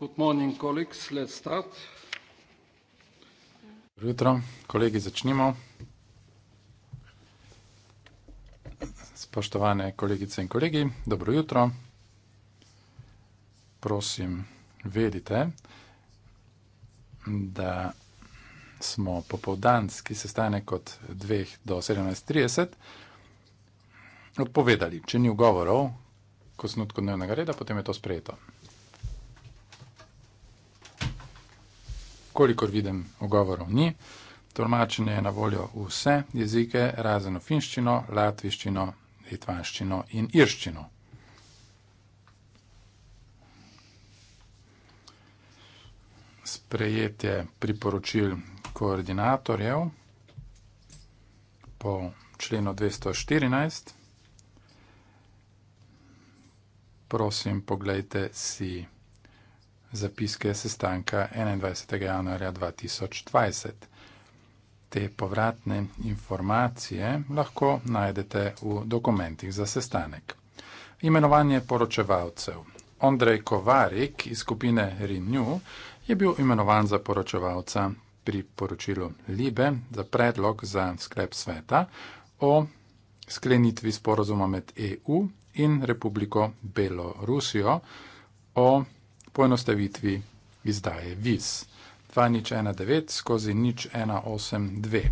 Good morning, colleagues. Let's start. Jutro, kolegi, začnimo. Spoštovane kolegice in kolegi, dobro jutro. Prosim, vedite, da smo popovdanski sestanek od 2 do 17.30 odpovedali. Če ni ugovorov, ko snutko dnevnega reda, potem je to sprejeto. kolikor vidim, ogovorov ni. Tolmačenje je na voljo vse jezike, razen finščino, latviščino, litvanščino in irščino. Sprejetje priporočil koordinatorjev po členu 214. Prosim, poglejte si zapiske sestanka 21. januarja 2020. Te povratne informacije lahko najdete v dokumentih za sestanek. Imenovanje poročevalcev. Andrej Kovarik iz skupine Renew je bil imenovan za poročevalca pri poročilu Libe za predlog za sklep sveta o sklenitvi sporozuma med EU in Republiko Belorusijo o poenostavitvi izdaje viz 2019 skozi nič 182.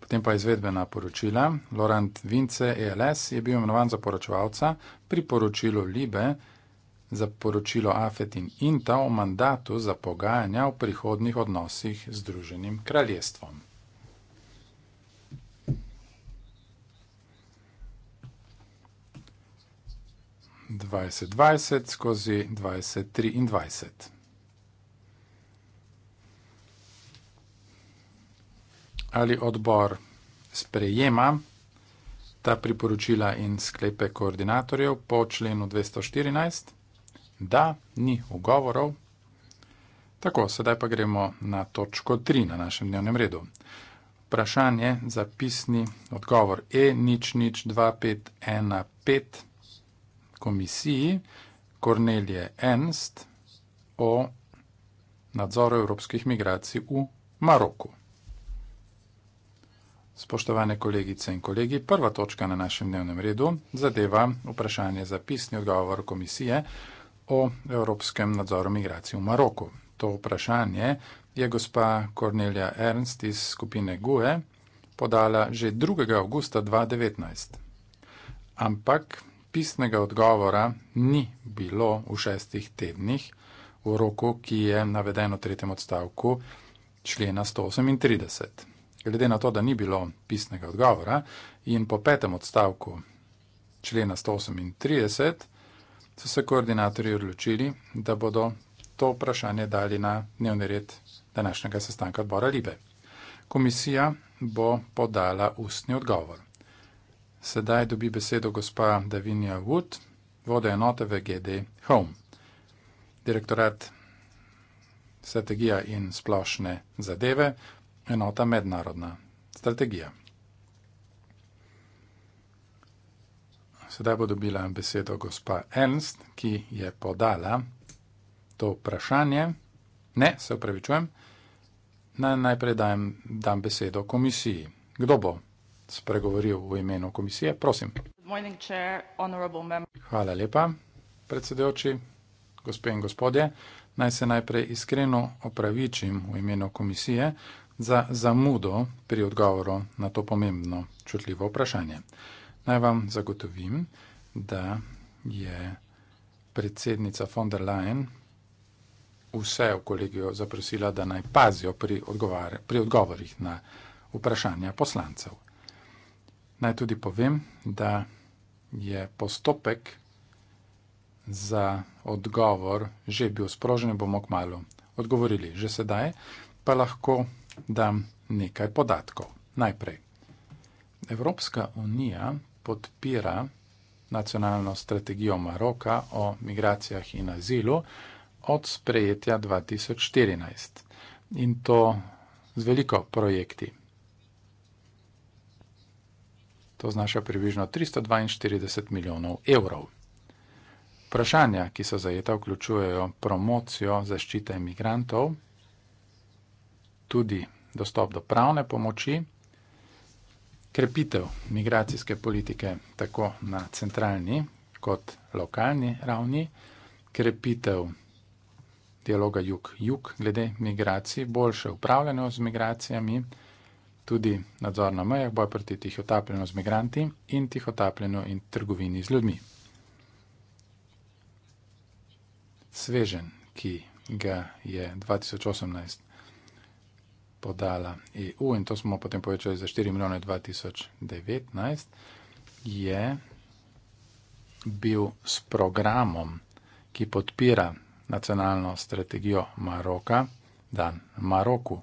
Potem pa izvedbena poročila. Laurent Vince ELS je bil imenovan za poročevalca pri poročilu Libe za poročilo AFET in INTA o mandatu za pogajanja v prihodnih odnosih z Združenim kraljestvom. 2020 skozi 2023. Ali odbor sprejema ta priporočila in sklepe koordinatorjev po členu 214? Da, ni ugovorov. Tako, sedaj pa gremo na točko 3 na našem dnevnem redu. Vprašanje, zapisni odgovor E nič nič 2515 komisiji Kornelije Enst o nadzoru evropskih migracij v Maroku. Spoštovane kolegice in kolegi, prva točka na našem dnevnem redu zadeva vprašanje za pisni odgovor komisije o evropskem nadzoru migracij v Maroku. To vprašanje je gospa Kornelija Ernst iz skupine GUE podala že 2. augusta 2019. Ampak pisnega odgovora ni bilo v šestih tednih v roku, ki je naveden v tretjem odstavku člena 138. Glede na to, da ni bilo pisnega odgovora in po petem odstavku člena 138, so se koordinatorji odločili, da bodo to vprašanje dali na dnevni red današnjega sestanka odbora Libe. Komisija bo podala ustni odgovor. Sedaj dobi besedo gospa Davinja Wood, vode enote VGD Home, direktorat strategija in splošne zadeve, enota mednarodna strategija. Sedaj bo dobila besedo gospa Ernst, ki je podala to vprašanje. Ne, se upravičujem. Naj najprej dam, dam besedo komisiji. Kdo bo spregovoril v imenu komisije. Prosim. Morning, chair, Hvala lepa, predsedujoči, gospe in gospodje. Naj se najprej iskreno opravičim v imenu komisije za zamudo pri odgovoru na to pomembno čutljivo vprašanje. Naj vam zagotovim, da je predsednica von der Leyen vse v kolegijo zaprosila, da naj pazijo pri, odgovar, pri odgovorih na vprašanja poslancev. Naj tudi povem, da je postopek za odgovor že bil sprožen, bomo kmalo odgovorili. Že sedaj pa lahko dam nekaj podatkov. Najprej. Evropska unija podpira nacionalno strategijo Maroka o migracijah in azilu od sprejetja 2014 in to z veliko projekti. To znaša približno 342 milijonov evrov. Vprašanja, ki so zajeta, vključujejo promocijo zaščite imigrantov, tudi dostop do pravne pomoči, krepitev migracijske politike tako na centralni kot lokalni ravni, krepitev dialoga jug-jug glede migracij, boljše upravljanje z migracijami tudi nadzor na mejah, boj proti tihotapljenju z migranti in tihotapljenju in trgovini z ljudmi. Svežen, ki ga je 2018 podala EU in to smo potem povečali za 4 milijone 2019, je bil s programom, ki podpira nacionalno strategijo Maroka, dan Maroku,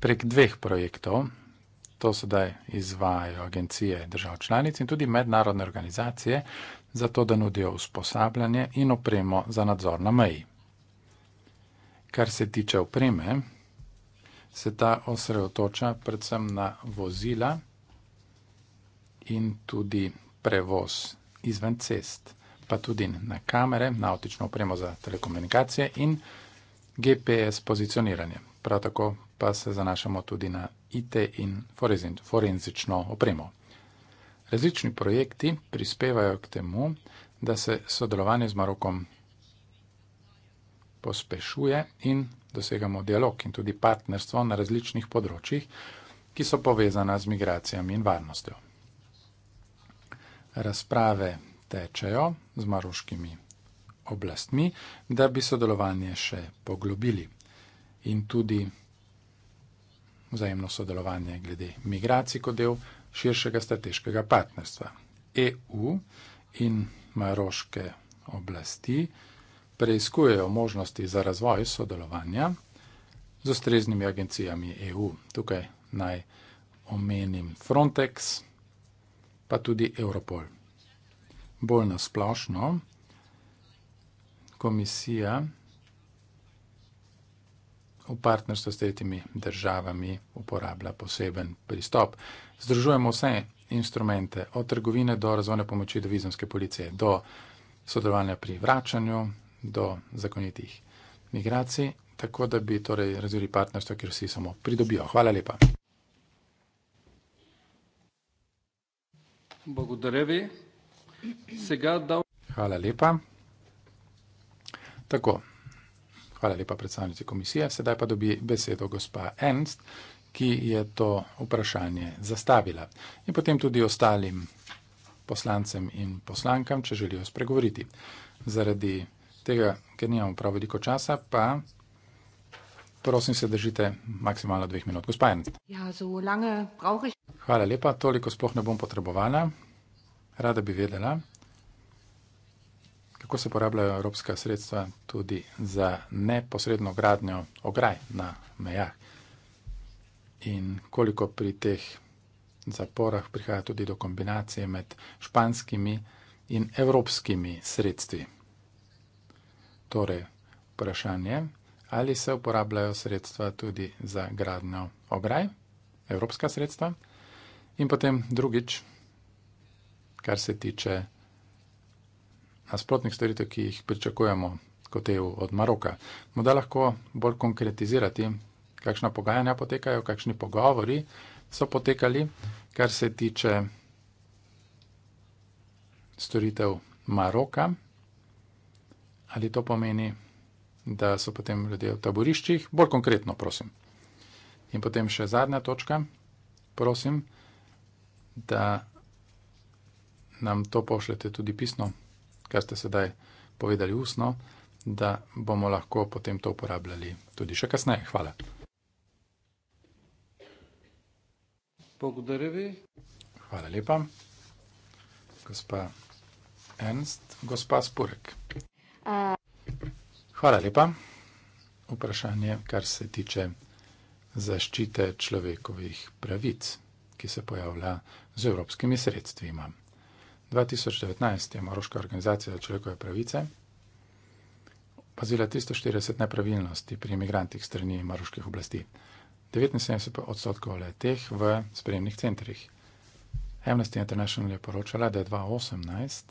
prek dveh projektov, to sedaj izvajajo agencije držav članic in tudi mednarodne organizacije, zato da nudijo usposabljanje in opremo za nadzor na meji. Kar se tiče opreme, se ta osredotoča predvsem na vozila in tudi prevoz izven cest, pa tudi na kamere, nautično opremo za telekomunikacije in GPS pozicioniranje. Prav tako pa se zanašamo tudi na IT in forenzično opremo. Različni projekti prispevajo k temu, da se sodelovanje z Marokom pospešuje in dosegamo dialog in tudi partnerstvo na različnih področjih, ki so povezana z migracijami in varnostjo. Razprave tečejo z maroškimi oblastmi, da bi sodelovanje še poglobili in tudi vzajemno sodelovanje glede migracij kot del širšega strateškega partnerstva. EU in maroške oblasti preizkujejo možnosti za razvoj sodelovanja z ustreznimi agencijami EU. Tukaj naj omenim Frontex, pa tudi Europol. Bolj nasplošno, komisija v partnerstvu s tretjimi državami uporablja poseben pristop. Združujemo vse instrumente, od trgovine do razvojne pomoči do vizumske policije, do sodelovanja pri vračanju, do zakonitih migracij, tako da bi torej razvili partnerstvo, kjer vsi samo pridobijo. Hvala lepa. Hvala lepa. Tako. Hvala lepa predstavnici komisije. Sedaj pa dobi besedo gospa Ernst, ki je to vprašanje zastavila. In potem tudi ostalim poslancem in poslankam, če želijo spregovoriti. Zaradi tega, ker nimamo prav veliko časa, pa. Prosim, se držite maksimalno dveh minut. Gospa Ernst. Ja, Hvala lepa, toliko sploh ne bom potrebovala. Rada bi vedela, kako se porabljajo evropska sredstva tudi za neposredno gradnjo ograj na mejah in koliko pri teh zaporah prihaja tudi do kombinacije med španskimi in evropskimi sredstvi. Torej, vprašanje, ali se uporabljajo sredstva tudi za gradnjo ograj, evropska sredstva, in potem drugič, kar se tiče nasprotnih storitev, ki jih pričakujemo kot EU od Maroka. Morda lahko bolj konkretizirati, kakšna pogajanja potekajo, kakšni pogovori so potekali, kar se tiče storitev Maroka. Ali to pomeni, da so potem ljudje v taboriščih? Bolj konkretno, prosim. In potem še zadnja točka, prosim, da nam to pošljete tudi pisno kar ste sedaj povedali ustno, da bomo lahko potem to uporabljali tudi še kasneje. Hvala. Hvala lepa. Gospa Ernst, gospa Spurek. Hvala lepa. Vprašanje, kar se tiče zaščite človekovih pravic, ki se pojavlja z evropskimi sredstvima. 2019 je Maroška organizacija za človekove pravice pazila 340 nepravilnosti pri imigrantih strani Maroških oblasti, 79 odstotkov le teh v spremnih centrih. Amnesty International je poročala, da je 2018,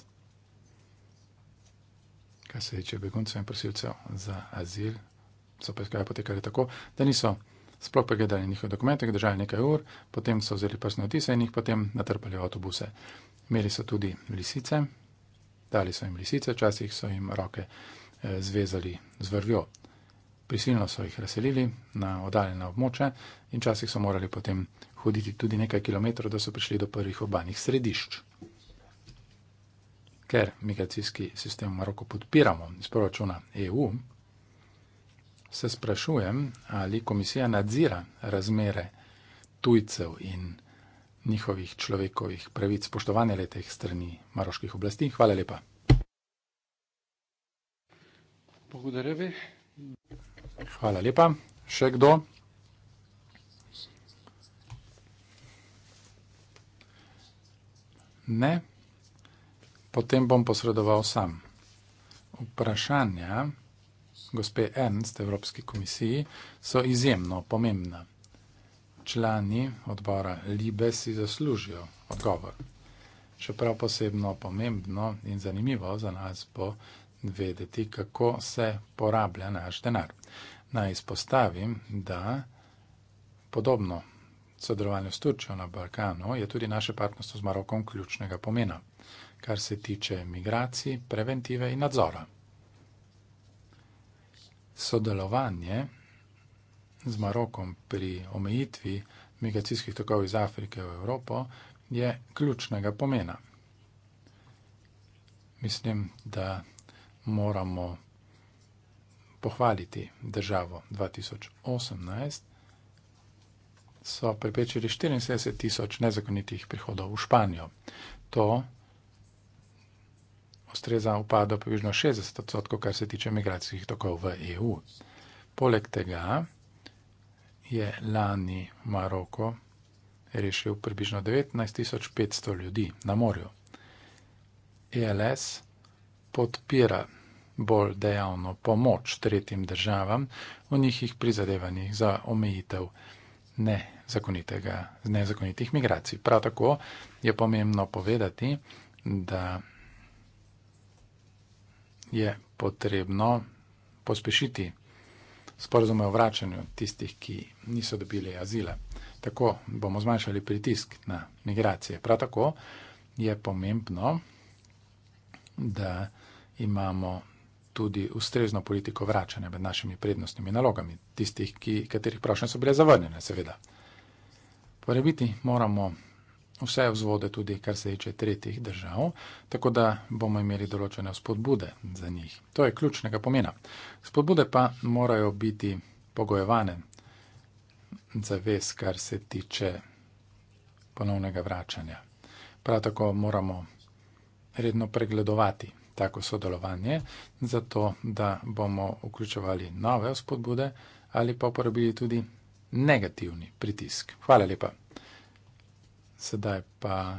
kar se tiče beguncev in prosilcev za azil, so preiskave potekale tako, da niso sploh pregledali njihov dokument, ki je držal nekaj ur, potem so vzeli prsne otise in jih potem natrpali v avtobuse. Imeli so tudi lisice, dali so jim lisice, včasih so jim roke eh, zvezali z vrvjo. Prisilno so jih razselili na oddaljena območja in včasih so morali potem hoditi tudi nekaj kilometrov, da so prišli do prvih obanih središč. Ker migracijski sistem v Maroku podpiramo iz proračuna EU, se sprašujem, ali komisija nadzira razmere tujcev in njihovih človekovih pravic, spoštovanje letih strani maroških oblasti. Hvala lepa. Hvala lepa. Še kdo? Ne. Potem bom posredoval sam. Vprašanja gospe N. z Evropske komisije so izjemno pomembna člani odbora Libe si zaslužijo odgovor. Čeprav posebno pomembno in zanimivo za nas bo vedeti, kako se porablja naš denar. Naj izpostavim, da podobno sodelovanju s Turčjo na Balkanu je tudi naše partnerstvo z Marokom ključnega pomena, kar se tiče migracij, preventive in nadzora. Sodelovanje z Marokom pri omejitvi migracijskih tokov iz Afrike v Evropo je ključnega pomena. Mislim, da moramo pohvaliti državo 2018, so prepečili 74 tisoč nezakonitih prihodov v Španijo. To ustreza upado približno 60 odstotkov, kar se tiče migracijskih tokov v EU. Poleg tega je lani Maroko rešil približno 19.500 ljudi na morju. ELS podpira bolj dejavno pomoč tretjim državam v njihih prizadevanjih za omejitev nezakonitih migracij. Prav tako je pomembno povedati, da je potrebno pospešiti sporozume o vračanju tistih, ki niso dobili azila. Tako bomo zmanjšali pritisk na migracije. Prav tako je pomembno, da imamo tudi ustrezno politiko vračanja med našimi prednostnimi nalogami, tistih, ki, katerih prošnje so bile zavrnjene, seveda. Porebiti moramo vse vzvode, tudi kar se tiče tretjih držav, tako da bomo imeli določene spodbude za njih. To je ključnega pomena. Spodbude pa morajo biti pogojevane za ves, kar se tiče ponovnega vračanja. Prav tako moramo redno pregledovati tako sodelovanje, zato da bomo vključevali nove spodbude ali pa uporabili tudi negativni pritisk. Hvala lepa. Sedaj pa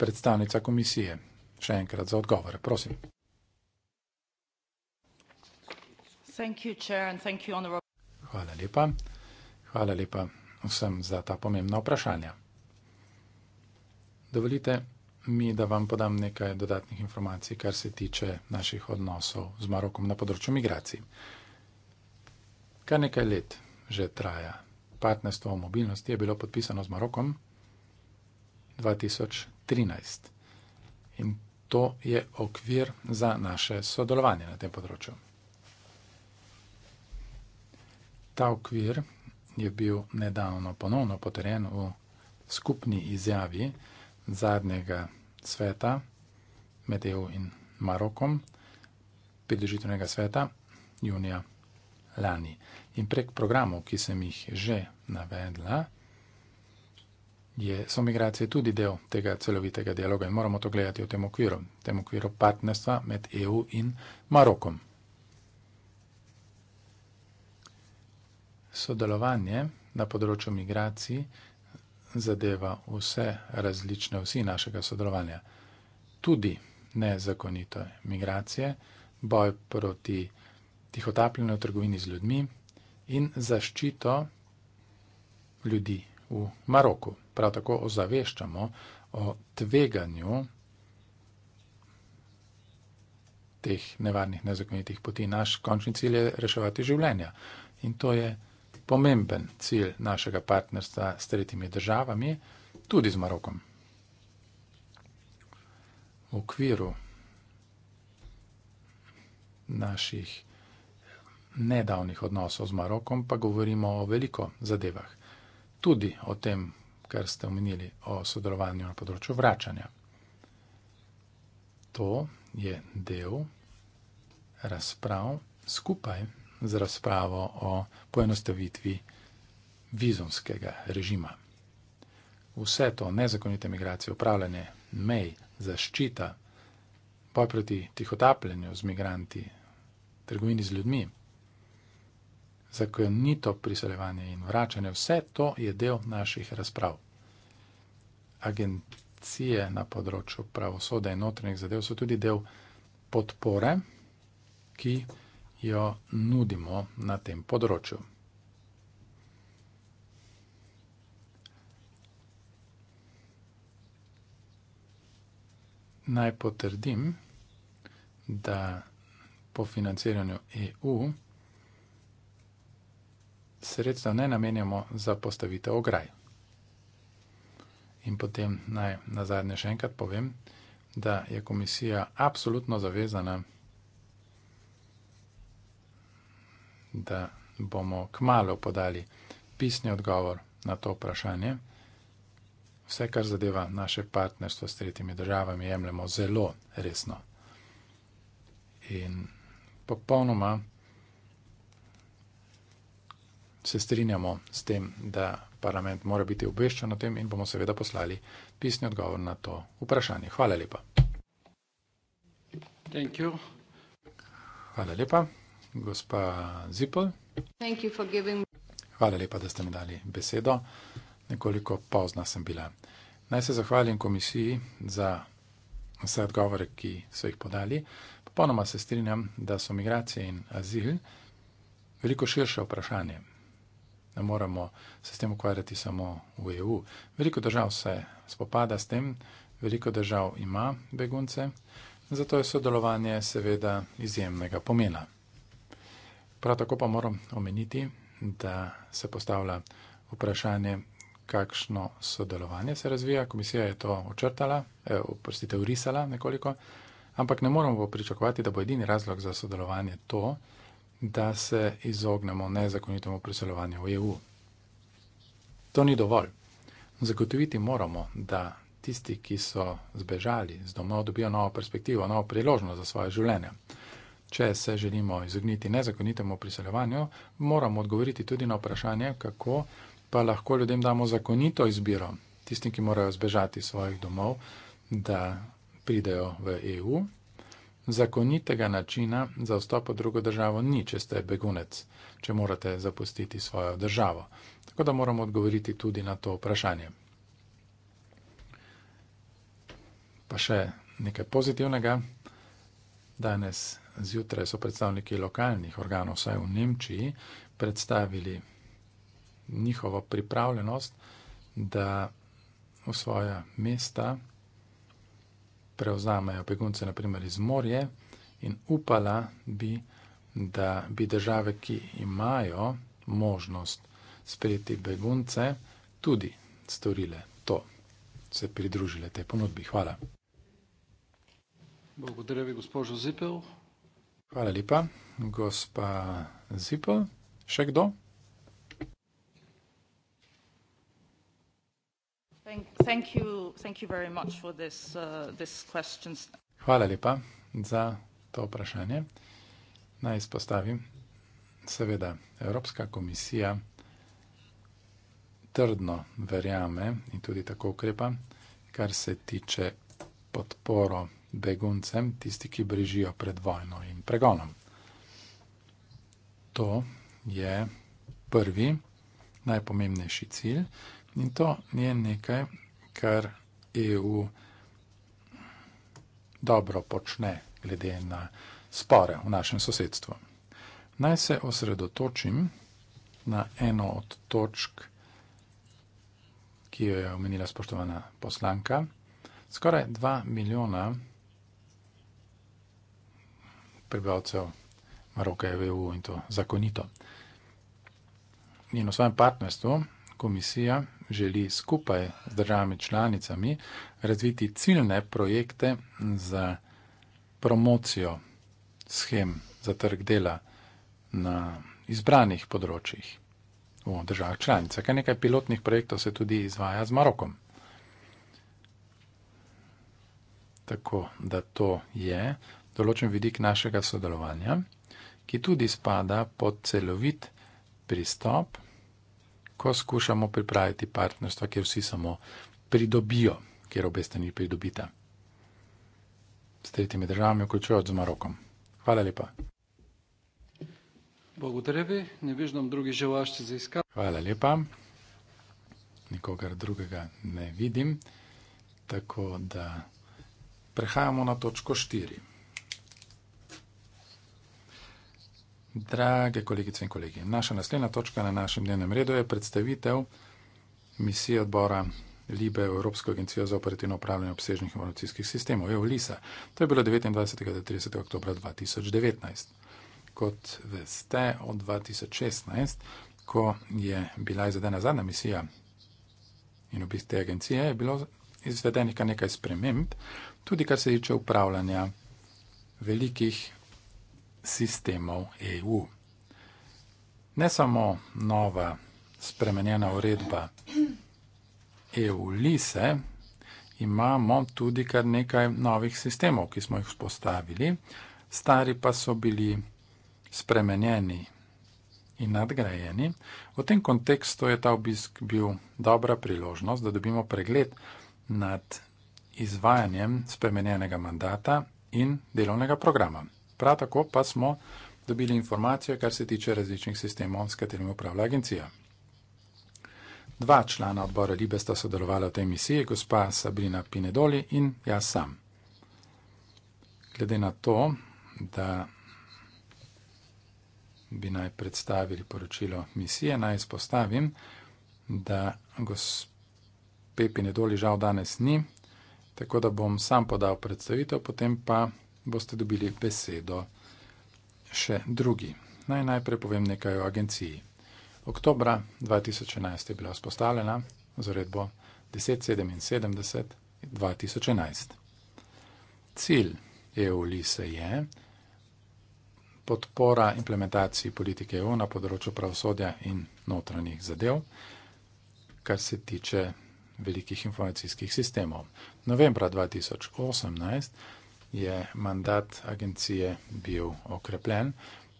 predstavnica komisije. Še enkrat za odgovore, prosim. Hvala lepa. Hvala lepa vsem za ta pomembna vprašanja. Dovolite mi, da vam podam nekaj dodatnih informacij, kar se tiče naših odnosov z Marokom na področju migracij. Kar nekaj let že traja partnerstvo o mobilnosti, je bilo podpisano z Marokom 2013. In to je okvir za naše sodelovanje na tem področju. Ta okvir je bil nedavno ponovno potrjen v skupni izjavi zadnjega sveta med EU in Marokom, pridružitvenega sveta junija lani. In prek programov, ki sem jih že navedla, je somigracija tudi del tega celovitega dialoga in moramo to gledati v tem okviru, v tem okviru partnerstva med EU in Marokom. Sodelovanje na področju migracij zadeva vse različne vsi našega sodelovanja. Tudi nezakonito migracije, boj proti tihotapljenju trgovini z ljudmi in zaščito ljudi v Maroku. Prav tako ozaveščamo o tveganju teh nevarnih nezakonitih poti. Naš končni cilj je reševati življenja in to je pomemben cilj našega partnerstva s tretjimi državami, tudi z Marokom. V okviru naših nedavnih odnosov z Marokom pa govorimo o veliko zadevah tudi o tem, kar ste omenili, o sodelovanju na področju vračanja. To je del razprav skupaj z razpravo o poenostavitvi vizumskega režima. Vse to nezakonite migracije, upravljanje mej, zaščita, boj proti tihotapljenju z migranti, trgovini z ljudmi zakonito priseljevanje in vračanje, vse to je del naših razprav. Agencije na področju pravosode in notranjih zadev so tudi del podpore, ki jo nudimo na tem področju. Naj potrdim, da po financiranju EU sredstev ne namenjamo za postavitev ograj. In potem naj na zadnje še enkrat povem, da je komisija apsolutno zavezana, da bomo k malo podali pisni odgovor na to vprašanje. Vse, kar zadeva naše partnerstvo s tretjimi državami, jemljemo zelo resno. In popolnoma se strinjamo s tem, da parlament mora biti obveščen o tem in bomo seveda poslali pisni odgovor na to vprašanje. Hvala lepa. Thank you. Hvala lepa, gospa Zipol. Thank you for giving... Hvala lepa, da ste mi dali besedo. Nekoliko pozna sem bila. Naj se zahvalim komisiji za vse odgovore, ki so jih podali. Popolnoma se strinjam, da so migracije in azil veliko širše vprašanje ne moremo se s tem ukvarjati samo v EU. Veliko držav se spopada s tem, veliko držav ima begunce, zato je sodelovanje seveda izjemnega pomena. Prav tako pa moram omeniti, da se postavlja vprašanje, kakšno sodelovanje se razvija. Komisija je to očrtala, eh, oprostite, urisala nekoliko, ampak ne moramo pričakovati, da bo edini razlog za sodelovanje to, da se izognemo nezakonitemu preseljevanju v EU. To ni dovolj. Zagotoviti moramo, da tisti, ki so zbežali z domov, dobijo novo perspektivo, novo priložnost za svoje življenje. Če se želimo izogniti nezakonitemu priseljevanju, moramo odgovoriti tudi na vprašanje, kako pa lahko ljudem damo zakonito izbiro, tistim, ki morajo zbežati svojih domov, da pridejo v EU Zakonitega načina za vstop v drugo državo ni, če ste begunec, če morate zapustiti svojo državo. Tako da moramo odgovoriti tudi na to vprašanje. Pa še nekaj pozitivnega. Danes zjutraj so predstavniki lokalnih organov, vsaj v Nemčiji, predstavili njihovo pripravljenost, da v svoja mesta prevzamejo begunce, naprimer iz morje, in upala bi, da bi države, ki imajo možnost sprejeti begunce, tudi storile to, se pridružile tej ponudbi. Hvala. Bogodere bi gospod Žozipel. Hvala lepa, gospa Zipel. Še kdo? Thank you, thank you this, uh, this Hvala lepa za to vprašanje. Naj izpostavim, seveda, Evropska komisija trdno verjame in tudi tako ukrepa, kar se tiče podporo beguncem, tisti, ki brežijo pred vojno in pregonom. To je prvi, najpomembnejši cilj. In to je nekaj, kar EU dobro počne, glede na spore v našem sosedstvu. Naj se osredotočim na eno od točk, ki jo je omenila spoštovana poslanka. Skoraj dva milijona prebivalcev Maroka je v EU in to zakonito. In v svojem partnerstvu komisija želi skupaj z državami članicami razviti ciljne projekte za promocijo schem za trg dela na izbranih področjih v državah članicah. Kaj nekaj pilotnih projektov se tudi izvaja z Marokom. Tako da to je določen vidik našega sodelovanja, ki tudi spada pod celovit pristop ko skušamo pripraviti partnerstva, kjer vsi samo pridobijo, kjer obe strani pridobita. S tretjimi državami, vključujoč z Marokom. Hvala lepa. Bogotrebi, ne vidim drugih želaščih za iskanje. Hvala lepa. Nikogar drugega ne vidim. Tako da prehajamo na točko štiri. Drage kolegice in kolegi, naša naslednja točka na našem dnevnem redu je predstavitev misije odbora Libe Evropske agencije za operativno upravljanje obsežnih informacijskih sistemov, EULISA. To je bilo 29. do 30. oktober 2019. Kot veste, od 2016, ko je bila izvedena zadnja misija in obisk te agencije, je bilo izvedenih kar nekaj sprememb, tudi kar se tiče upravljanja velikih sistemov EU. Ne samo nova spremenjena uredba EU-lise, imamo tudi kar nekaj novih sistemov, ki smo jih vzpostavili, stari pa so bili spremenjeni in nadgrajeni. V tem kontekstu je ta obisk bil dobra priložnost, da dobimo pregled nad izvajanjem spremenjenega mandata in delovnega programa. Prav tako pa smo dobili informacije, kar se tiče različnih sistemov, s katerimi upravlja agencija. Dva člana odbora Libe sta sodelovala v tej misiji, gospa Sabrina Pinedoli in jaz sam. Glede na to, da bi naj predstavili poročilo misije, naj izpostavim, da gospe Pinedoli žal danes ni, tako da bom sam podal predstavitev, potem pa boste dobili besedo še drugi. Naj najprej povem nekaj o agenciji. Oktobra 2011 je bila vzpostavljena z uredbo 1077 2011. Cilj EU-lise je podpora implementaciji politike EU na področju pravosodja in notranjih zadev, kar se tiče velikih informacijskih sistemov. Novembra 2018 je mandat agencije bil okrepljen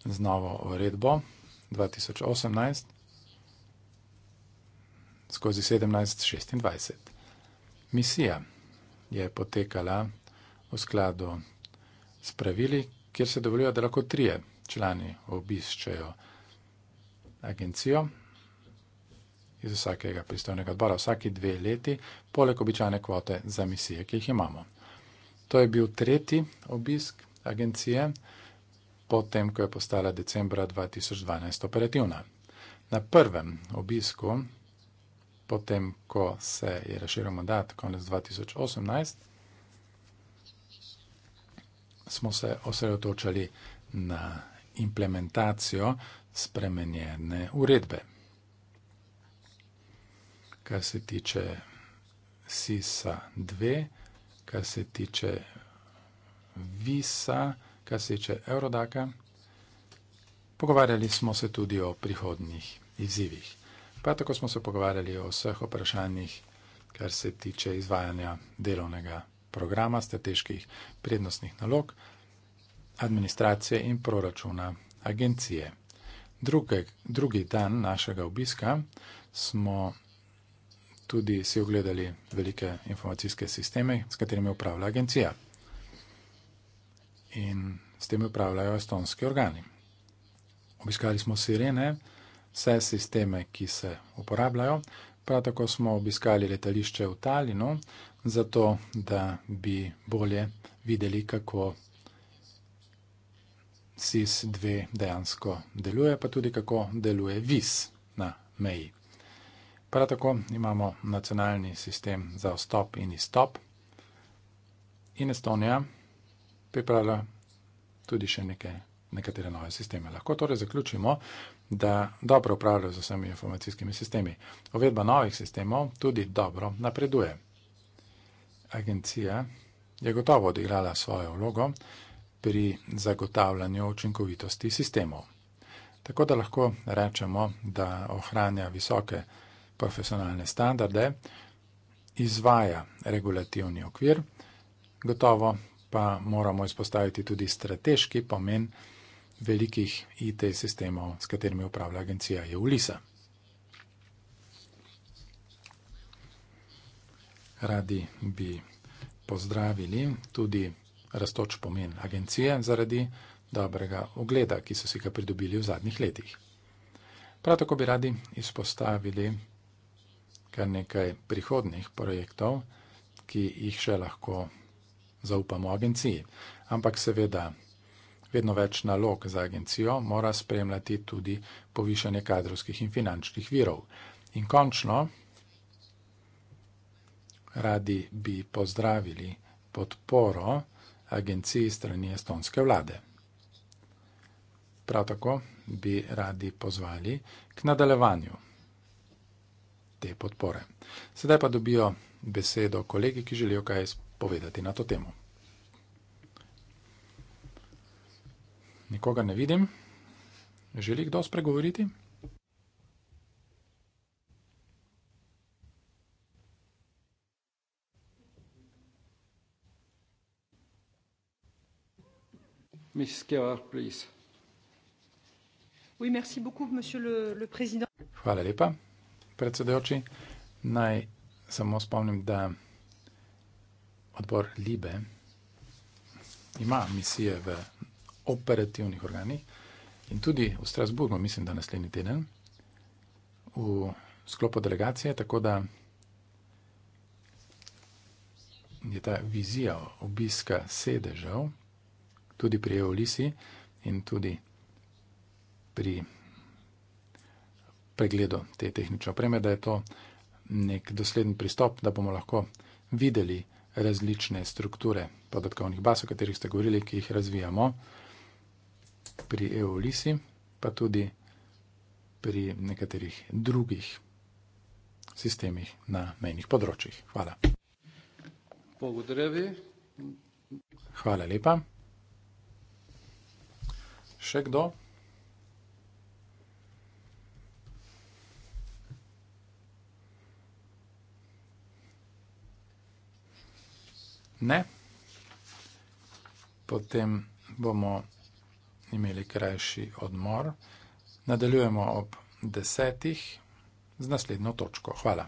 z novo uredbo 2018 skozi 1726. Misija je potekala v skladu s pravili, kjer se dovoljuje, da lahko trije člani obiščejo agencijo iz vsakega pristovnega odbora vsaki dve leti, poleg običajne kvote za misije, ki jih imamo. To je bil tretji obisk agencije, potem ko je postala decembra 2012 operativna. Na prvem obisku, potem ko se je razširil mandat konec 2018, smo se osredotočali na implementacijo spremenjene uredbe. Kar se tiče SISA 2, kar se tiče visa, kar se tiče Eurodaka. Pogovarjali smo se tudi o prihodnih izzivih. Pa tako smo se pogovarjali o vseh vprašanjih, kar se tiče izvajanja delovnega programa, strateških prednostnih nalog, administracije in proračuna agencije. Druge, drugi dan našega obiska smo tudi si ogledali velike informacijske sisteme, s katerimi upravlja agencija. In s tem upravljajo estonski organi. Obiskali smo sirene, vse sisteme, ki se uporabljajo, prav tako smo obiskali letališče v Talinu, zato da bi bolje videli, kako SIS-2 dejansko deluje, pa tudi kako deluje VIS na meji. Prav tako imamo nacionalni sistem za vstop in izstop, in Estonija pripravlja tudi še neke, nekatere nove sisteme. Lahko torej zaključimo, da dobro upravljajo z vsemi informacijskimi sistemi. Uvedba novih sistemov tudi dobro napreduje. Agencija je gotovo odigrala svojo vlogo pri zagotavljanju učinkovitosti sistemov. Tako da lahko rečemo, da ohranja visoke profesionalne standarde, izvaja regulativni okvir, gotovo pa moramo izpostaviti tudi strateški pomen velikih IT sistemov, s katerimi upravlja agencija Eulisa. Radi bi pozdravili tudi rastoč pomen agencije zaradi dobrega ogleda, ki so si ga pridobili v zadnjih letih. Prav tako bi radi izpostavili kar nekaj prihodnih projektov, ki jih še lahko zaupamo agenciji. Ampak seveda, vedno več nalog za agencijo mora spremljati tudi povišanje kadrovskih in finančnih virov. In končno, radi bi pozdravili podporo agenciji strani estonske vlade. Prav tako bi radi pozvali k nadaljevanju te podpore. Sedaj pa dobijo besedo kolegi, ki želijo kaj povedati na to temo. Nikoga ne vidim. Želi kdo spregovoriti? Hvala lepa predsedojoči. Naj samo spomnim, da odbor Libe ima misije v operativnih organih in tudi v Strasburgu, mislim, da naslednji teden, v sklopu delegacije, tako da je ta vizija obiska sedežev tudi pri Eulisi in tudi pri pregledu te tehnične opreme, da je to nek dosleden pristop, da bomo lahko videli različne strukture podatkovnih baz, o katerih ste govorili, ki jih razvijamo pri EOLISI, pa tudi pri nekaterih drugih sistemih na mejnih področjih. Hvala. Pogodre vi. Hvala lepa. Še kdo? ne, potem bomo imeli krajši odmor. Nadaljujemo ob desetih z naslednjo točko. Hvala.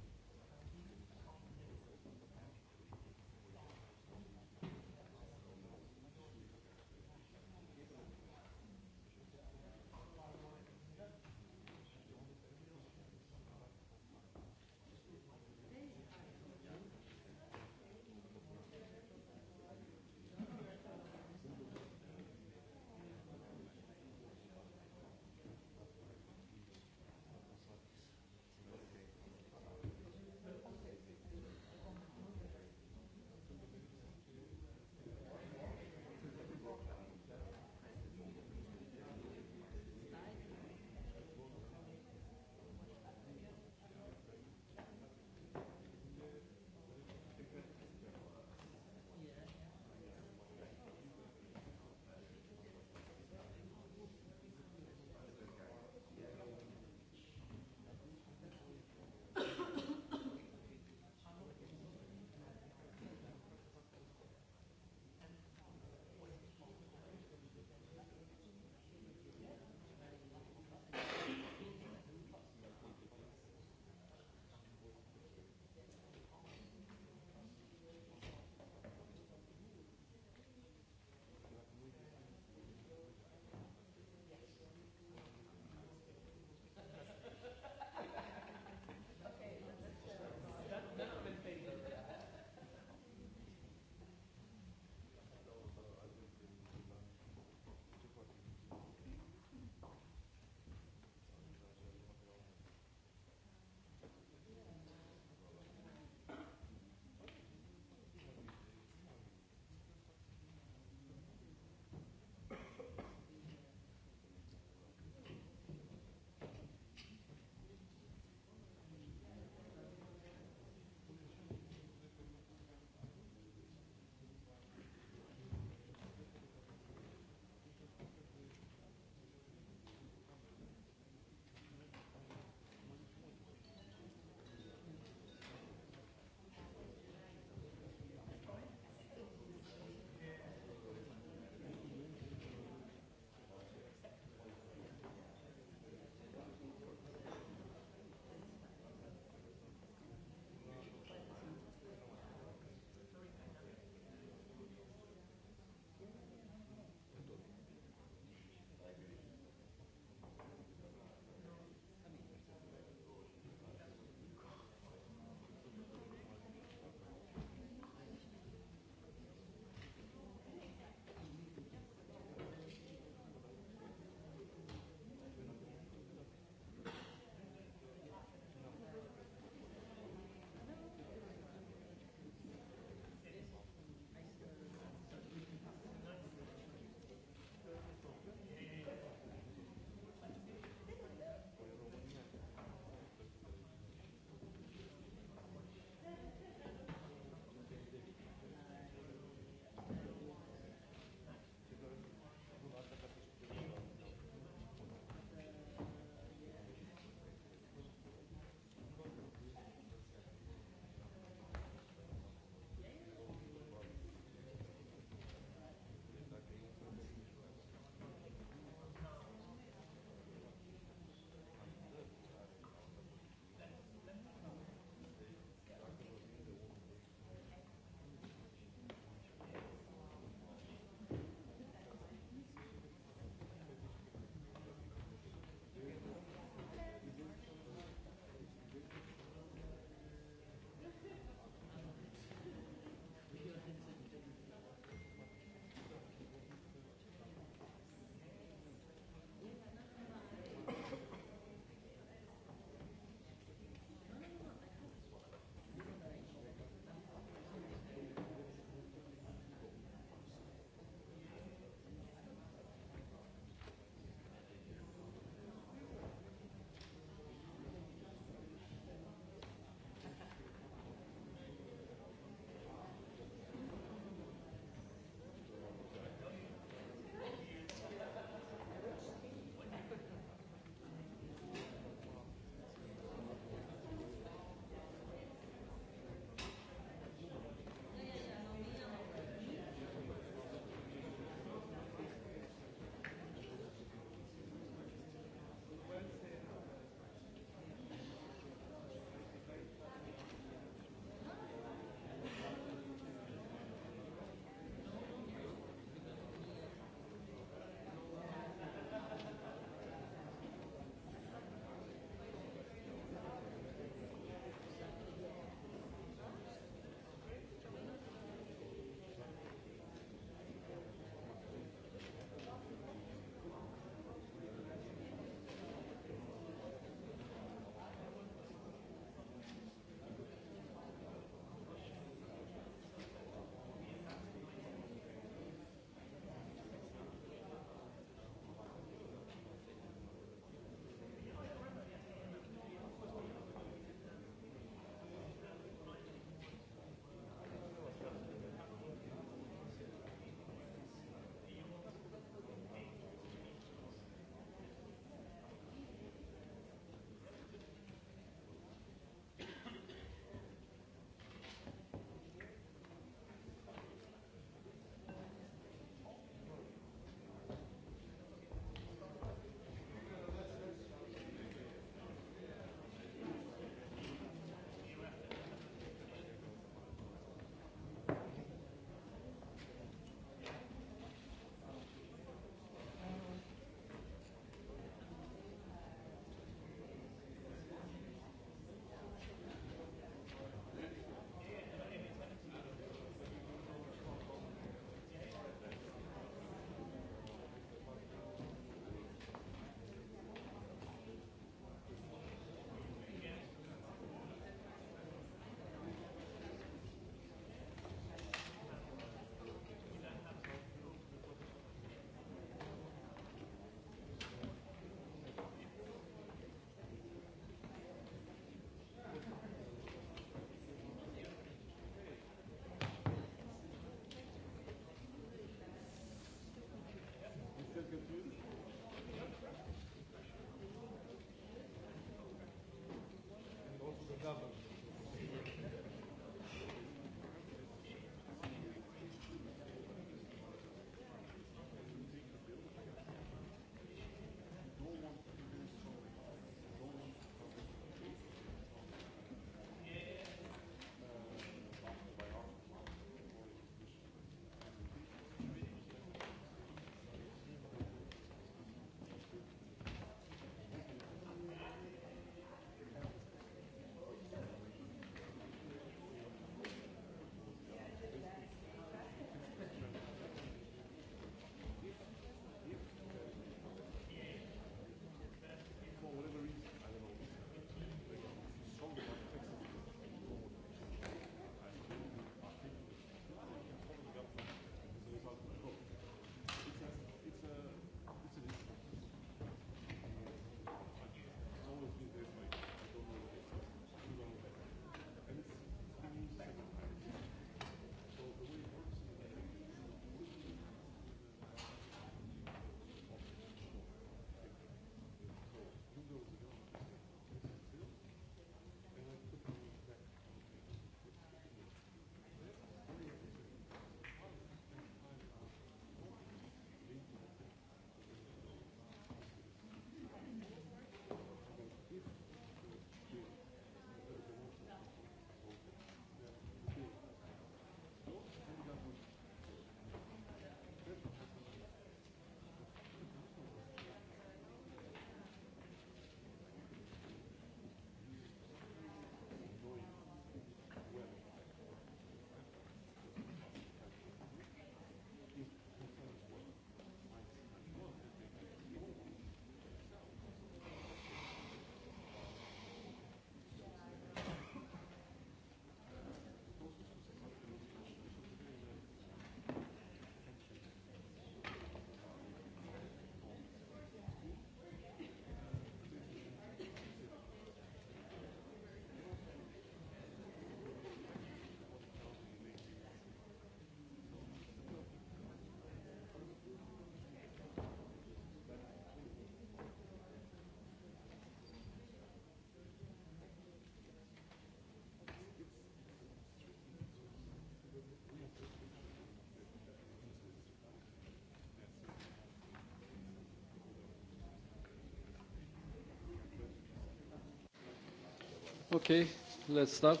Okay, let's start.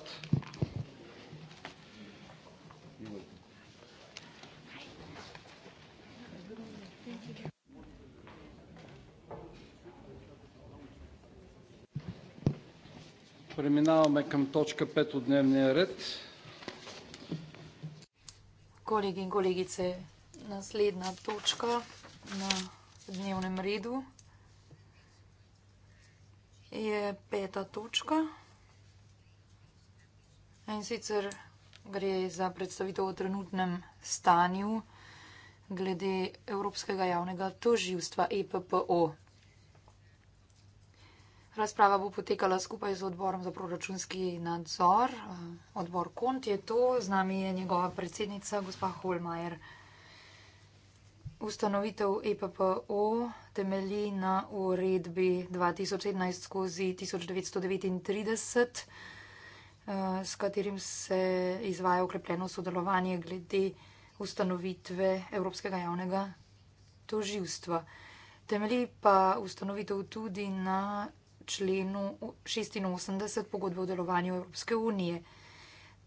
Preminavamo k točki pet v dnevnem redu. Kolegi in kolegice, naslednja točka na dnevnem redu je peta točka. In sicer gre za predstavitev o trenutnem stanju glede Evropskega javnega toživstva EPPO. Razprava bo potekala skupaj z odborom za proračunski nadzor. Eh, odbor KONT je to, z nami je njegova predsednica, gospa Holmajer. Ustanovitev EPPO temelji na uredbi 2017 skozi 1939. Eh, s katerim se izvaja ukrepljeno sodelovanje glede ustanovitve Evropskega javnega toživstva. Temelji pa ustanovitev tudi na členu 86 pogodbe o delovanju Evropske unije.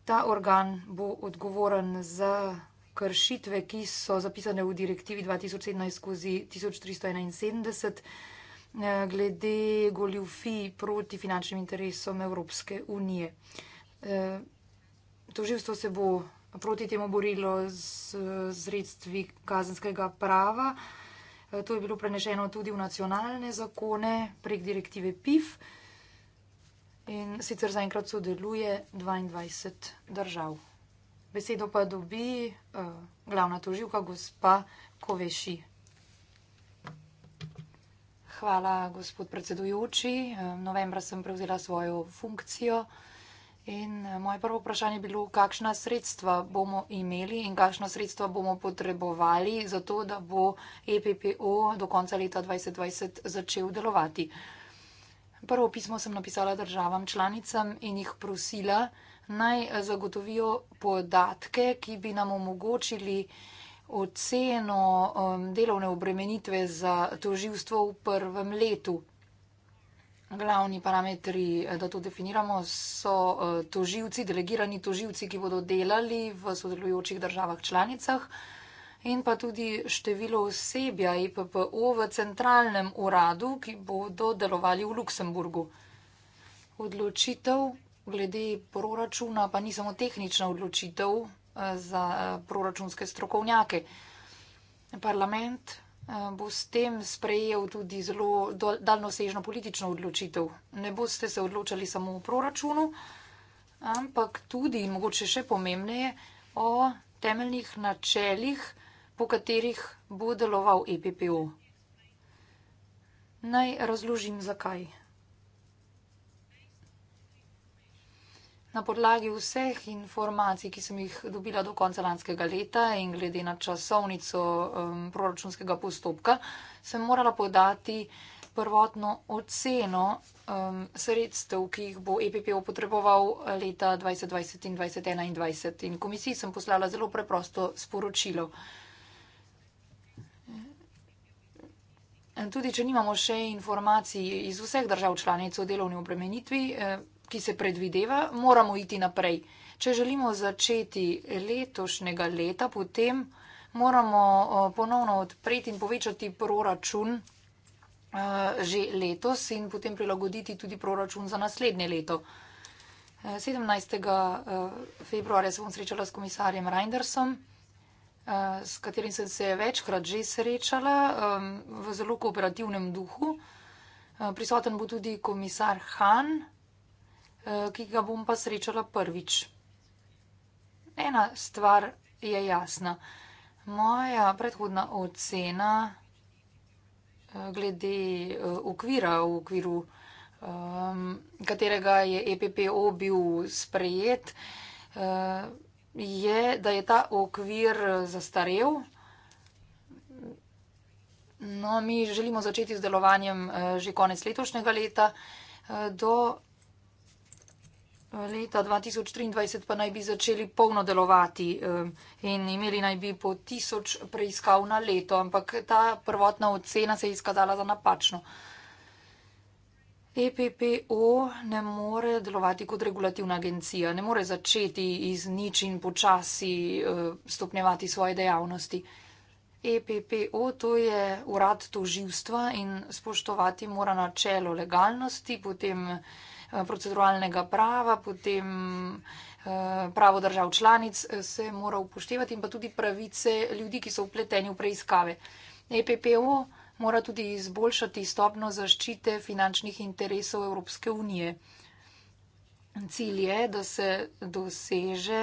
Ta organ bo odgovoren za kršitve, ki so zapisane v direktivi 2017 skozi 1371. Eh, glede goljufij proti finančnim interesom Evropske unije. Eh, toživstvo se bo proti temu borilo z sredstvi kazenskega prava. Eh, to je bilo preneženo tudi v nacionalne zakone prek direktive PIF in sicer zaenkrat sodeluje 22 držav. Besedo pa dobi uh, glavna toživka gospa Koveši. Hvala, gospod predsedujoči. Eh, novembra sem prevzela svojo funkcijo in eh, moje prvo vprašanje je bilo, kakšna sredstva bomo imeli in kakšna sredstva bomo potrebovali za to, da bo EPPO do konca leta 2020 začel delovati. Prvo pismo sem napisala državam članicam in jih prosila, naj eh, zagotovijo podatke, ki bi nam omogočili oceno um, delovne obremenitve za toživstvo v prvem letu. Glavni parametri, eh, da to definiramo, so eh, toživci, delegirani toživci, ki bodo delali v sodelujočih državah članicah in pa tudi število osebja IPPO e v centralnem uradu, ki bodo delovali v Luksemburgu. Odločitev glede proračuna pa ni samo tehnična odločitev, za eh, proračunske strokovnjake. Parlament eh, bo s tem sprejel tudi zelo daljnosežno politično odločitev. Ne boste se odločali samo o proračunu, ampak tudi in mogoče še pomembneje o temeljnih načelih, po katerih bo deloval EPPO. Naj razložim, zakaj. Na podlagi vseh informacij, ki sem jih dobila do konca lanskega leta in glede na časovnico um, proračunskega postopka, sem morala podati prvotno oceno um, sredstev, ki jih bo EPPO potreboval leta 2020 in 2021. In komisiji sem poslala zelo preprosto sporočilo. In tudi, če nimamo še informacij iz vseh držav članic o delovni obremenitvi, eh, ki se predvideva, moramo iti naprej. Če želimo začeti letošnjega leta, potem moramo ponovno odpreti in povečati proračun že letos in potem prilagoditi tudi proračun za naslednje leto. 17. februarja se bom srečala s komisarjem Reindersom, s katerim sem se večkrat že srečala v zelo kooperativnem duhu. Prisoten bo tudi komisar Han. Eh, ki ga bom pa srečala prvič. Ena stvar je jasna. Moja predhodna ocena eh, glede eh, okvira, v okviru ehm, katerega je EPPO bil sprejet, je, da je ta okvir zastarev. No, mi želimo začeti z delovanjem že konec letošnjega leta. Do leta 2023 pa naj bi začeli polno delovati in imeli naj bi po tisoč preiskav na leto, ampak ta prvotna ocena se je izkazala za napačno. EPPO ne more delovati kot regulativna agencija, ne more začeti iz nič in počasi eh, stopnjevati svoje dejavnosti. EPPO to je urad toživstva in spoštovati mora načelo legalnosti, potem. Eh, proceduralnega prava, potem eh, pravo držav članic eh, se mora upoštevati in pa tudi pravice ljudi, ki so upleteni v preiskave. EPPO mora tudi izboljšati stopno zaščite finančnih interesov Evropske unije. Cilj je, da se doseže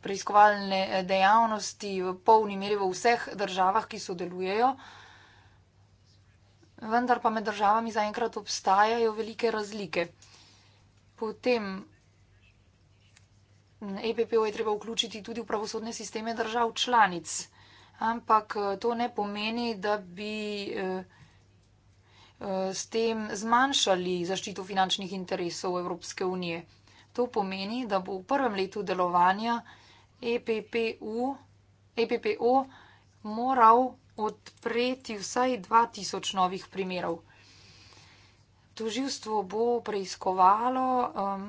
preiskovalne dejavnosti v polni meri v vseh državah, ki sodelujejo vendar pa med državami zaenkrat obstajajo velike razlike. Potem EPPO je treba vključiti tudi v pravosodne sisteme držav članic, ampak eh, to ne pomeni, da bi eh, eh, s tem zmanjšali zaščito finančnih interesov Evropske unije. To pomeni, da bo v prvem letu delovanja EPPO e moral odpreti vsaj 2000 novih primerov. Tožilstvo bo preiskovalo um,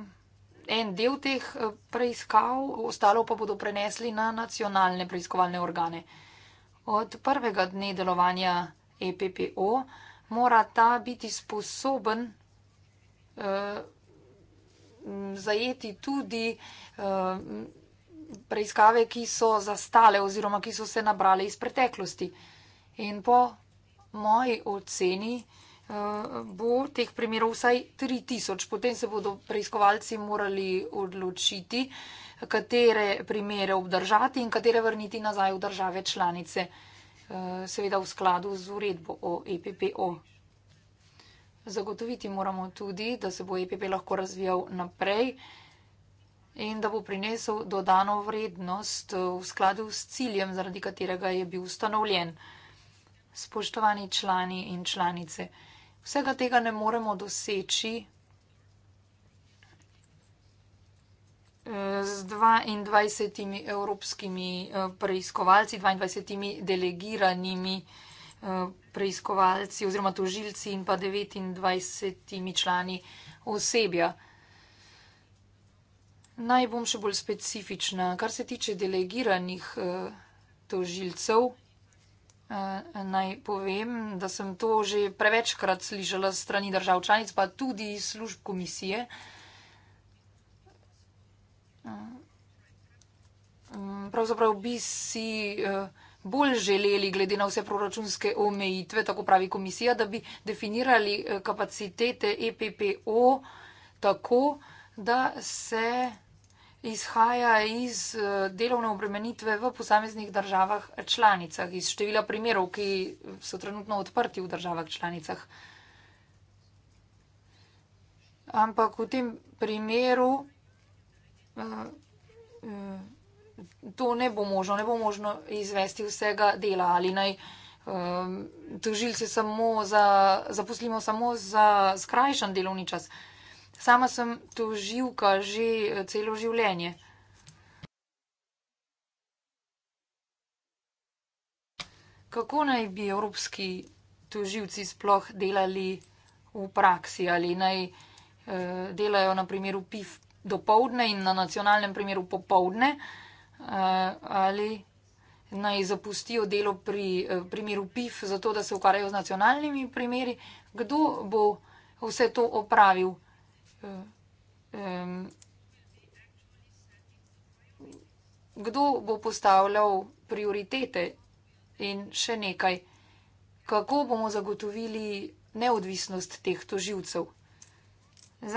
en del teh eh, preiskav, ostalo pa bodo prenesli na nacionalne preiskovalne organe. Od prvega dne delovanja EPPO mora ta biti sposoben eh, zajeti tudi eh, preiskave, ki so zastale oziroma ki so se nabrale iz preteklosti in po moji oceni eh, bo teh primerov vsaj 3000. Potem se bodo preiskovalci morali odločiti, katere primere obdržati in katere vrniti nazaj v države članice, eh, seveda v skladu z uredbo o EPPO. Zagotoviti moramo tudi, da se bo EPP lahko razvijal naprej in da bo prinesel dodano vrednost eh, v skladu s ciljem, zaradi katerega je bil ustanovljen spoštovani člani in članice, vsega tega ne moremo doseči eh, z 22 evropskimi eh, preiskovalci, 22 delegiranimi eh, preiskovalci oziroma tožilci in pa 29 člani osebja. Naj bom še bolj specifična, kar se tiče delegiranih tožilcev. Eh, naj povem, da sem to že prevečkrat slišala strani držav članic, pa tudi služb komisije. Eh, pravzaprav bi si eh, bolj želeli, glede na vse proračunske omejitve, tako pravi komisija, da bi definirali kapacitete EPPO tako, da se izhaja iz eh, delovne obremenitve v posameznih državah članicah, iz števila primerov, ki so trenutno odprti v državah članicah. Ampak v tem primeru eh, eh, to ne bo možno, ne bo možno izvesti vsega dela ali naj tožilce samo za, zaposlimo samo za skrajšan delovni čas. Sama sem to živka že eh, celo življenje. Kako naj bi evropski toživci sploh delali v praksi ali naj e, delajo na primeru PIF do povdne in na nacionalnem primeru popovdne e, eh, ali naj zapustijo delo pri e, primeru PIF zato, da se ukvarjajo z nacionalnimi primeri? Kdo bo vse to opravil? Eh, kdo bo postavljal prioritete in še nekaj, kako bomo zagotovili neodvisnost teh toživcev.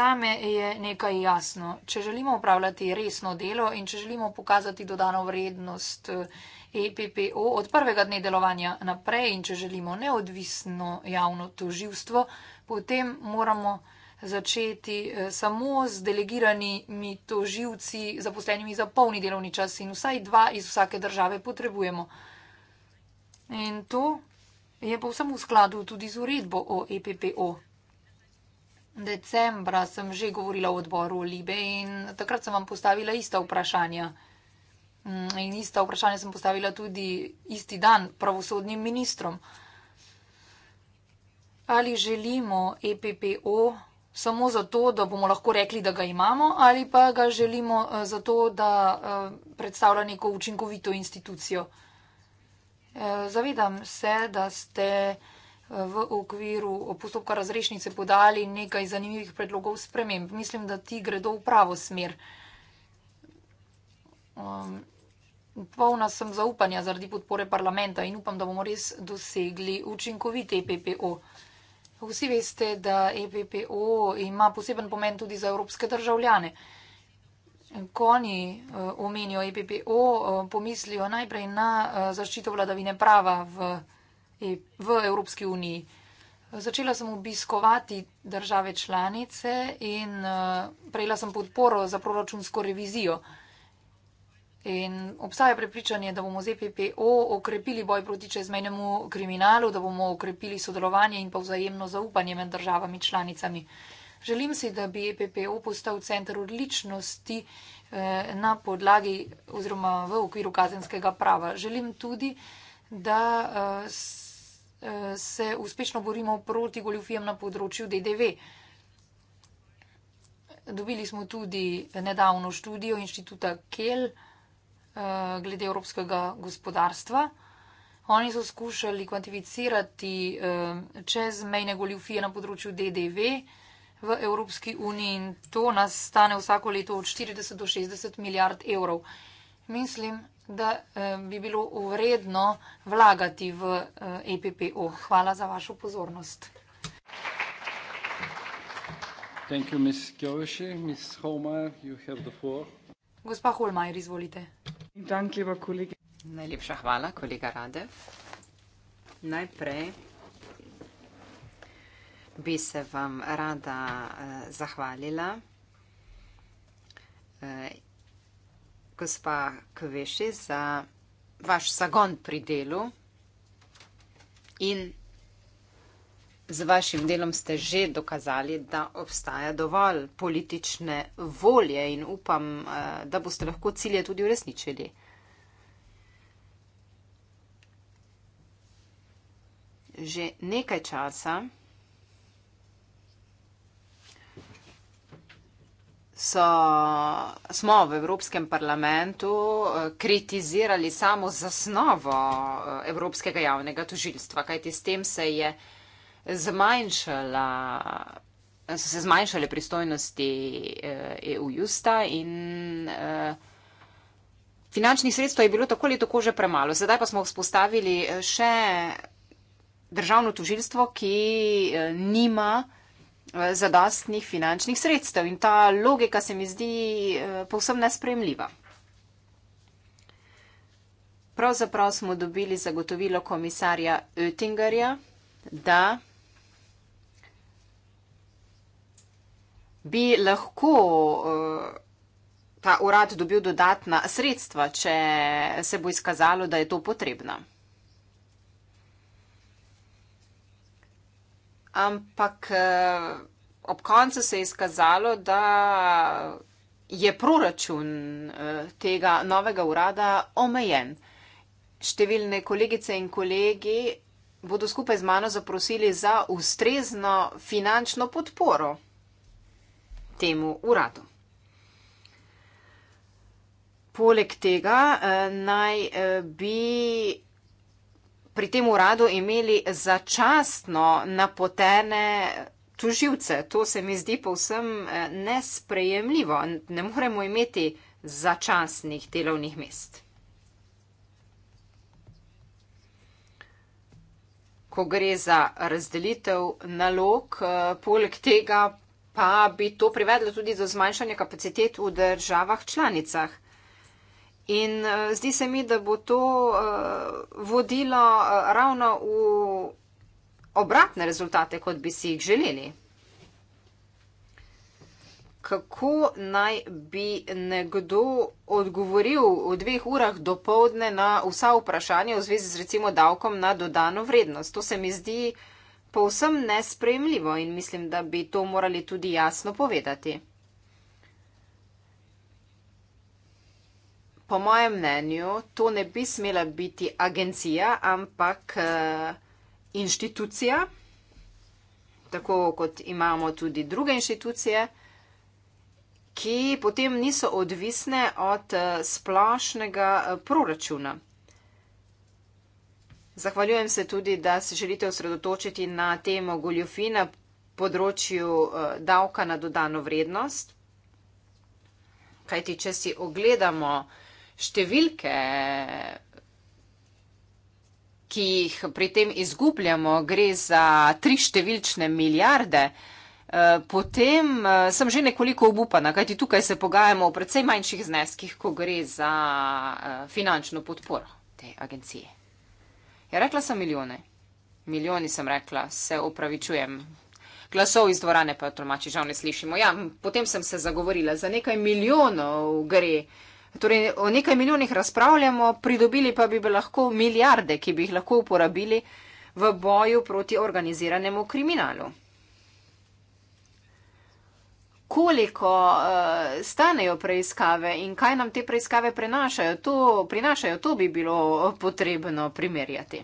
Zame je nekaj jasno. Če želimo upravljati resno delo in če želimo pokazati dodano vrednost EPPO eh, e od prvega dne delovanja naprej in če želimo neodvisno javno toživstvo, potem moramo začeti eh, samo z delegiranimi toživci, zaposlenimi za polni delovni čas in vsaj dva iz vsake države potrebujemo. In to je pa vsem v skladu tudi z uredbo o EPPO. Decembra sem že govorila o odboru Libe in takrat sem vam postavila ista vprašanja. Mm, in ista vprašanja sem postavila tudi isti dan pravosodnim ministrom. Ali želimo EPPO samo zato, da bomo lahko rekli, da ga imamo, ali pa ga želimo eh, zato, da eh, predstavlja neko učinkovito institucijo. Eh, zavedam se, da ste v okviru postopka razrešnice podali nekaj zanimivih predlogov sprememb. Mislim, da ti gredo v pravo smer. Um, polna sem zaupanja zaradi podpore parlamenta in upam, da bomo res dosegli učinkovit EPPO. Vsi veste, da EPPO ima poseben pomen tudi za evropske državljane. Ko oni eh, omenijo EPPO, eh, pomislijo najprej na eh, zaščito vladavine prava v, e, v Evropski uniji. Začela sem obiskovati države članice in prejela sem podporo za proračunsko revizijo. In obstaja prepričanje, da bomo z EPPO okrepili boj proti čezmejnemu kriminalu, da bomo okrepili sodelovanje in pa vzajemno zaupanje med državami članicami. Želim si, da bi EPPO postal center odličnosti eh, na podlagi oziroma v okviru kazenskega prava. Želim tudi, da eh, eh, se uspešno borimo proti goljufijem na področju DDV. Dobili smo tudi nedavno študijo inštituta Kel, ki Eh, glede evropskega gospodarstva. Oni so skušali kvantificirati eh, čezmejne goljufije na področju DDV v Evropski uniji in to nas stane vsako leto od 40 do 60 milijard evrov. Mislim, da eh, bi bilo vredno vlagati v EPPO. E Hvala za vašo pozornost. Thank you, Ms. Kjoviši. Ms. Homer, you have the floor. Gospa Holmajer, izvolite. Dan, kljub kolegi. Najlepša hvala, kolega Radev. Najprej bi se vam rada eh, zahvalila. Eh, gospa Kveši za vaš zagon pri delu in Z vašim delom ste že dokazali, da obstaja dovolj politične volje in upam, eh, da boste lahko cilje tudi uresničili. Že nekaj časa so, smo v Evropskem parlamentu eh, kritizirali samo zasnovo eh, Evropskega javnega tožilstva, kajti s tem se je zmanjšala. So se zmanjšale pristojnosti EU-justa eh, e in eh, finančnih sredstev je bilo tako ali tako že premalo. Sedaj pa smo vzpostavili eh, še državno tužilstvo, ki nima zadostnih finančnih sredstev in ta logika se mi zdi povsem nespremljiva. Pravzaprav smo dobili zagotovilo komisarja Oettingerja, da. bi lahko eh, ta urad dobil dodatna sredstva, če se bo izkazalo, da je to potrebno. Ampak eh, ob koncu se je izkazalo, da je proračun eh, tega novega urada omejen. Številne kolegice in kolegi bodo skupaj z mano zaprosili za ustrezno finančno podporo temu uradu. Poleg tega eh, naj eh, bi pri tem uradu imeli začastno napotene tuživce. To se mi zdi povsem eh, nesprejemljivo. Ne moremo imeti začasnih delovnih mest. Ko gre za razdelitev nalog, poleg tega pa bi to privedlo tudi do zmanjšanja kapacitet v državah članicah. In eh, zdi se mi, da bo to eh, vodilo eh, ravno v obratne rezultate, kot bi si jih želeli. Kako naj bi nekdo odgovoril v dveh urah do povdne na vsa vprašanja v zvezi z recimo davkom na dodano vrednost? To se mi zdi povsem nespremljivo in mislim, da bi to morali tudi jasno povedati. Po mojem mnenju to ne bi smela biti agencija, ampak eh, inštitucija, tako kot imamo tudi druge inštitucije, ki potem niso odvisne od eh, splošnega eh, proračuna. Zahvaljujem se tudi, da se želite osredotočiti na temo goljofij na področju eh, davka na dodano vrednost. Kajti, če si ogledamo številke, ki jih pri tem izgubljamo, gre za tri številčne milijarde, eh, potem eh, sem že nekoliko obupana, kajti tukaj se pogajamo o precej manjših zneskih, ko gre za finančno podporo te agencije. Ja, rekla sem milijone. Milijoni sem rekla, se upravičujem. Glasov iz dvorane pa tolmači žal ne slišimo. Ja, potem sem se zagovorila, za nekaj milijonov gre. Torej, o nekaj milijonih razpravljamo, pridobili pa bi lahko milijarde, ki bi jih lahko uporabili v boju proti organiziranemu kriminalu koliko uh, stanejo preiskave in kaj nam te preiskave prenašajo, to, prinašajo, to bi bilo potrebno primerjati.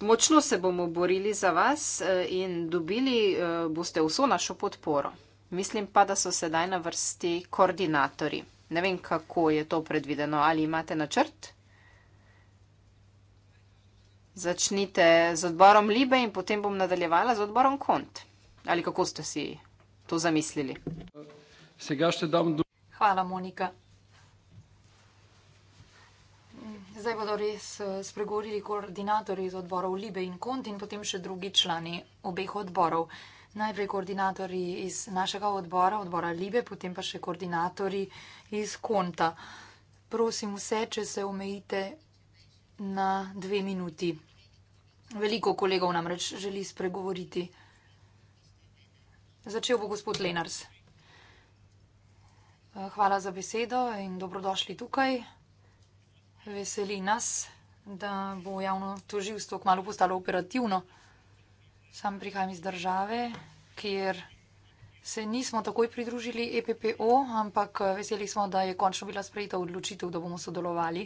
Močno se bomo borili za vas eh, in dobili eh, boste vso našo podporo. Mislim pa, da so sedaj na vrsti koordinatori. Ne vem, kako je to predvideno. Ali imate načrt? Začnite z odborom Libe in potem bom nadaljevala z odborom Kont ali kako ste si to zamislili? Hvala, Monika. Zdaj bodo res eh, spregovorili koordinatorji iz odborov Libe in Kont in potem še drugi člani obeh odborov. Najprej koordinatorji iz našega odbora, odbora Libe, potem pa še koordinatorji iz Konta. Prosim vse, če se omejite na dve minuti. Veliko kolegov namreč želi spregovoriti. Začel bo gospod Lenars. Eh, hvala za besedo in dobrodošli tukaj. Veseli nas, da bo javno toživstvo kmalo postalo operativno. Sam prihajam iz države, kjer se nismo takoj pridružili EPPO, ampak eh, veseli smo, da je končno bila sprejeta odločitev, da bomo sodelovali.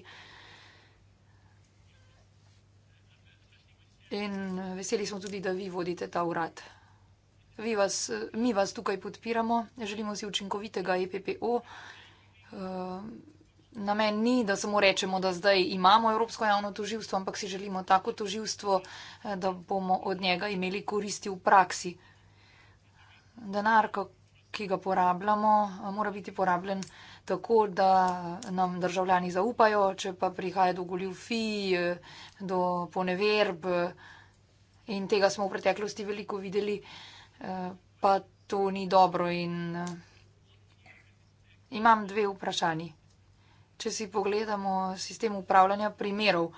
In eh, veseli smo tudi, da vi vodite ta urad vas, mi vas tukaj podpiramo, želimo si učinkovitega EPPO. Eh, namen ni, da samo rečemo, da zdaj imamo Evropsko javno toživstvo, ampak si želimo tako toživstvo, eh, da bomo od njega imeli koristi v praksi. Denar, ki ga porabljamo, eh, mora biti porabljen tako, da nam državljani zaupajo, če pa prihaja do goljufi, do poneverb in tega smo v preteklosti veliko videli. Eh, pa to ni dobro in eh, imam dve vprašanji. Če si pogledamo sistem upravljanja primerov,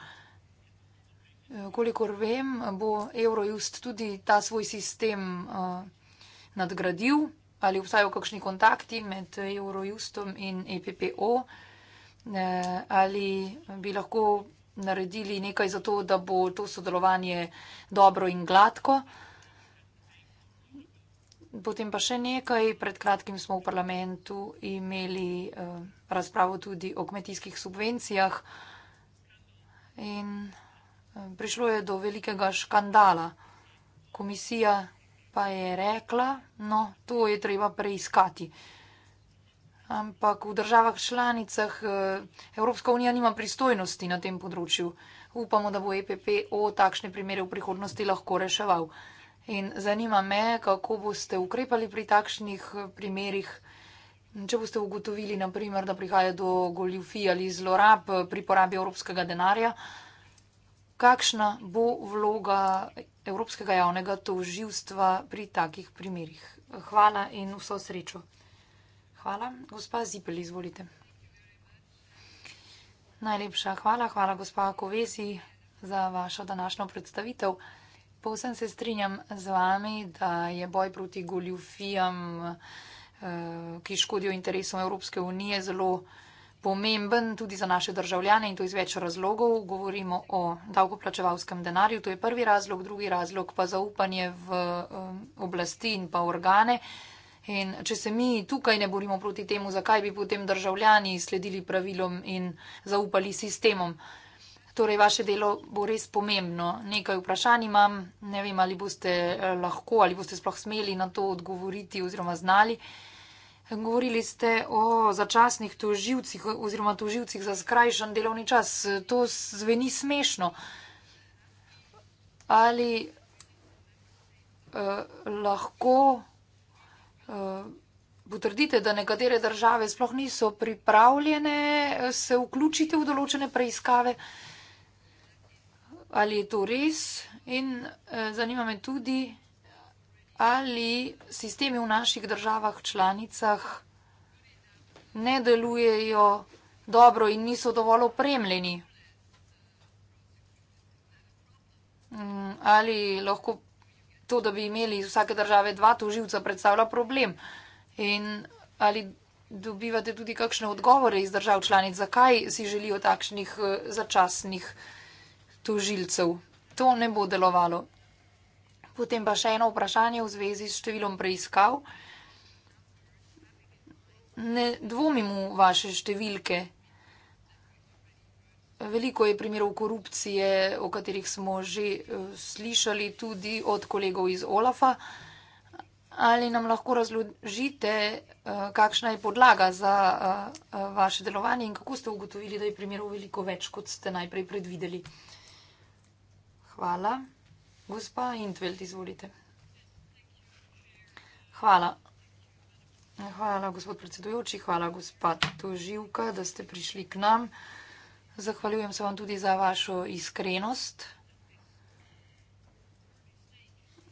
eh, kolikor vem, bo Eurojust tudi ta svoj sistem nadgradil ali obstajajo kakšni kontakti med Eurojustom in EPPO ali bi lahko naredili nekaj za to, da bo to sodelovanje dobro in gladko. Potem pa še nekaj. Pred kratkim smo v parlamentu imeli eh, razpravo tudi o kmetijskih subvencijah in eh, prišlo je do velikega škandala. Komisija pa je rekla, no, to je treba preiskati. Ampak v državah članicah eh, Evropska unija nima pristojnosti na tem področju. Upamo, da bo EPP o takšne primere v prihodnosti lahko reševal. In zanima me, kako boste ukrepali pri takšnih primerih, če boste ugotovili, naprimer, da prihaja do goljufi ali zlorab pri porabi evropskega denarja. Kakšna bo vloga Evropskega javnega toživstva pri takih primerih? Hvala in vso srečo. Hvala, gospa Zipel, izvolite. Najlepša hvala, hvala gospa Kovesi za vašo današnjo predstavitev. Povsem se strinjam z vami, da je boj proti goljufijam, eh, ki škodijo interesom Evropske unije, zelo pomemben tudi za naše državljane in to iz več razlogov. Govorimo o davkoplačevalskem denarju, to je prvi razlog, drugi razlog pa zaupanje v eh, oblasti in pa organe. In če se mi tukaj ne borimo proti temu, zakaj bi potem državljani sledili pravilom in zaupali sistemom? Torej, vaše delo bo res pomembno. Nekaj vprašanj imam, ne vem, ali boste eh, lahko, ali boste sploh smeli na to odgovoriti oziroma znali. Govorili ste o začasnih toživcih oziroma toživcih za skrajšan delovni čas. To zveni smešno. Ali eh, lahko eh, potrdite, eh, da nekatere države sploh niso pripravljene eh, se vključiti v določene preiskave? ali je to res in eh, zanima me tudi, ali sistemi v naših državah članicah ne delujejo dobro in niso dovolj opremljeni. Mm, ali lahko to, da bi imeli iz vsake države dva toživca, predstavlja problem? In ali dobivate tudi kakšne odgovore iz držav članic, zakaj si želijo takšnih eh, začasnih držav? tožilcev. To ne bo delovalo. Potem pa še eno vprašanje v zvezi s številom preiskav. Ne dvomim v vaše številke. Veliko je primerov korupcije, o katerih smo že eh, slišali tudi od kolegov iz Olafa. Ali nam lahko razložite, eh, kakšna je podlaga za eh, vaše delovanje in kako ste ugotovili, da je primerov veliko več, kot ste najprej predvideli? Hvala. Gospa Intveld, izvolite. Hvala. Hvala, gospod predsedujoči, hvala, gospa toživka, da ste prišli k nam. Zahvaljujem se vam tudi za vašo iskrenost.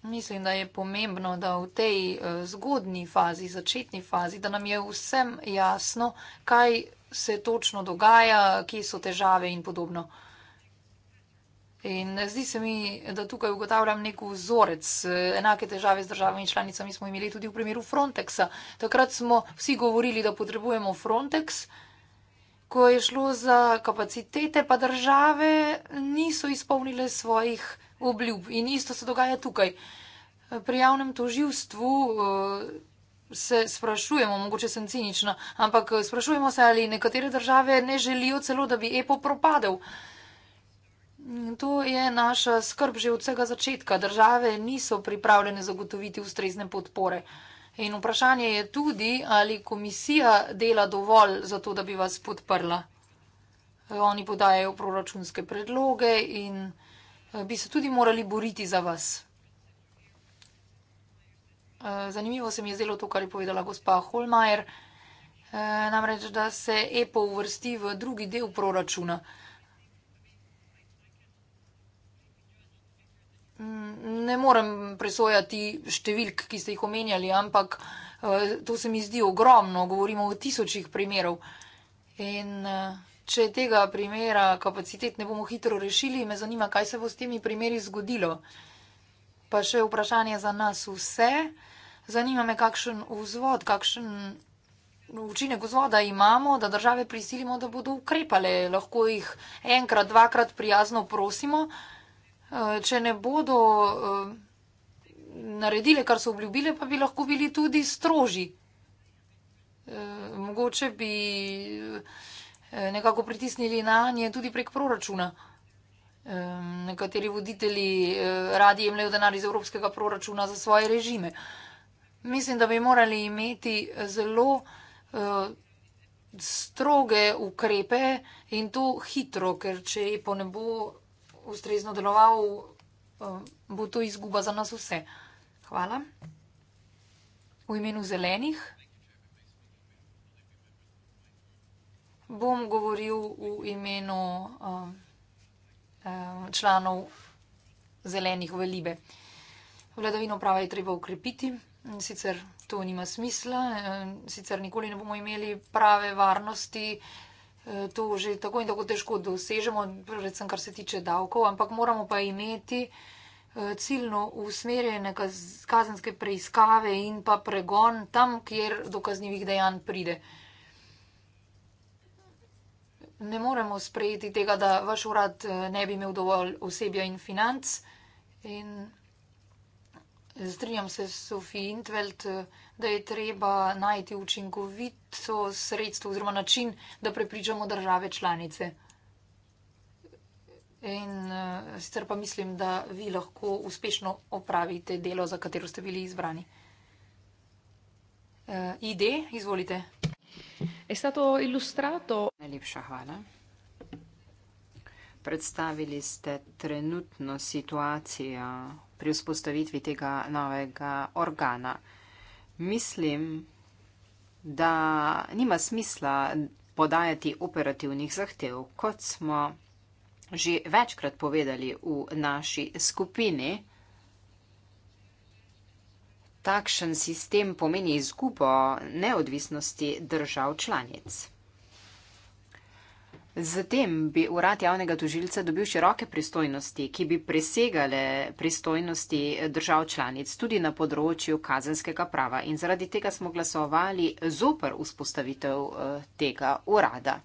Mislim, da je pomembno, da v tej eh, zgodni fazi, začetni fazi, da nam je vsem jasno, kaj se točno dogaja, kje so težave in podobno. In zdi se mi, da tukaj ugotavljam nek vzorec. Enake težave z državami članicami smo imeli tudi v primeru Frontexa. Takrat smo vsi govorili, da potrebujemo Frontex. Ko je šlo za kapacitete, pa države niso izpolnile svojih obljub. In isto se dogaja tukaj. Pri javnem toživstvu eh, se sprašujemo, mogoče sem cinična, ampak eh, sprašujemo se, ali nekatere države ne želijo celo, da bi EPO propadel. To je naša skrb že od vsega začetka. Države niso pripravljene zagotoviti ustrezne podpore. In vprašanje je tudi, ali komisija dela dovolj za to, da bi vas podprla. Oni podajajo proračunske predloge in eh, bi se tudi morali boriti za vas. Eh, zanimivo se mi je zelo to, kar je povedala gospa Holmajer, eh, namreč, da se EPO uvrsti v drugi del proračuna. ne morem presojati številk, ki ste jih omenjali, ampak eh, to se mi zdi ogromno, govorimo o tisočih primerov. In eh, če tega primera kapacitet ne bomo hitro rešili, me zanima, kaj se bo s temi primeri zgodilo. Pa še vprašanje za nas vse. Zanima me, kakšen vzvod, kakšen učinek vzvoda imamo, da države prisilimo, da bodo ukrepale. Lahko jih enkrat, dvakrat prijazno prosimo. Eh, če ne bodo eh, naredile, kar so obljubile, pa bi lahko bili tudi stroži. Eh, mogoče bi nekako pritisnili na nje tudi prek proračuna. Nekateri voditelji radi jemljajo denar iz evropskega proračuna za svoje režime. Mislim, da bi morali imeti zelo uh, stroge ukrepe in to hitro, ker če EPO ne bo ustrezno deloval, eh, bo to izguba za nas vse. Hvala. V imenu zelenih bom govoril v imenu eh, eh, članov zelenih v Libe. Vladavino prava je treba ukrepiti, sicer to nima smisla, sicer nikoli ne bomo imeli prave varnosti, E, to že tako in tako težko dosežemo, predvsem kar se tiče davkov, ampak moramo pa imeti e, ciljno usmerjene kazenske preiskave in pa pregon tam, kjer do kaznjivih dejanj pride. Ne moremo sprejeti tega, da vaš urad e, ne bi imel dovolj osebja in financ. In Strinjam se s Sofijo Intveld, da je treba najti učinkovito sredstvo oziroma način, da prepričamo države članice. In eh, sicer pa mislim, da vi lahko uspešno opravite delo, za katero ste bili izbrani. Eh, Ide, izvolite. Je stato ilustrato. Najlepša hvala. Predstavili ste trenutno situacijo pri vzpostavitvi tega novega organa. Mislim, da nima smisla podajati operativnih zahtev, kot smo že večkrat povedali v naši skupini. Takšen sistem pomeni izgubo neodvisnosti držav članic. Zatem bi urad javnega tožilca dobil široke pristojnosti, ki bi presegale pristojnosti držav članic tudi na področju kazenskega prava in zaradi tega smo glasovali zoper vzpostavitev eh, tega urada.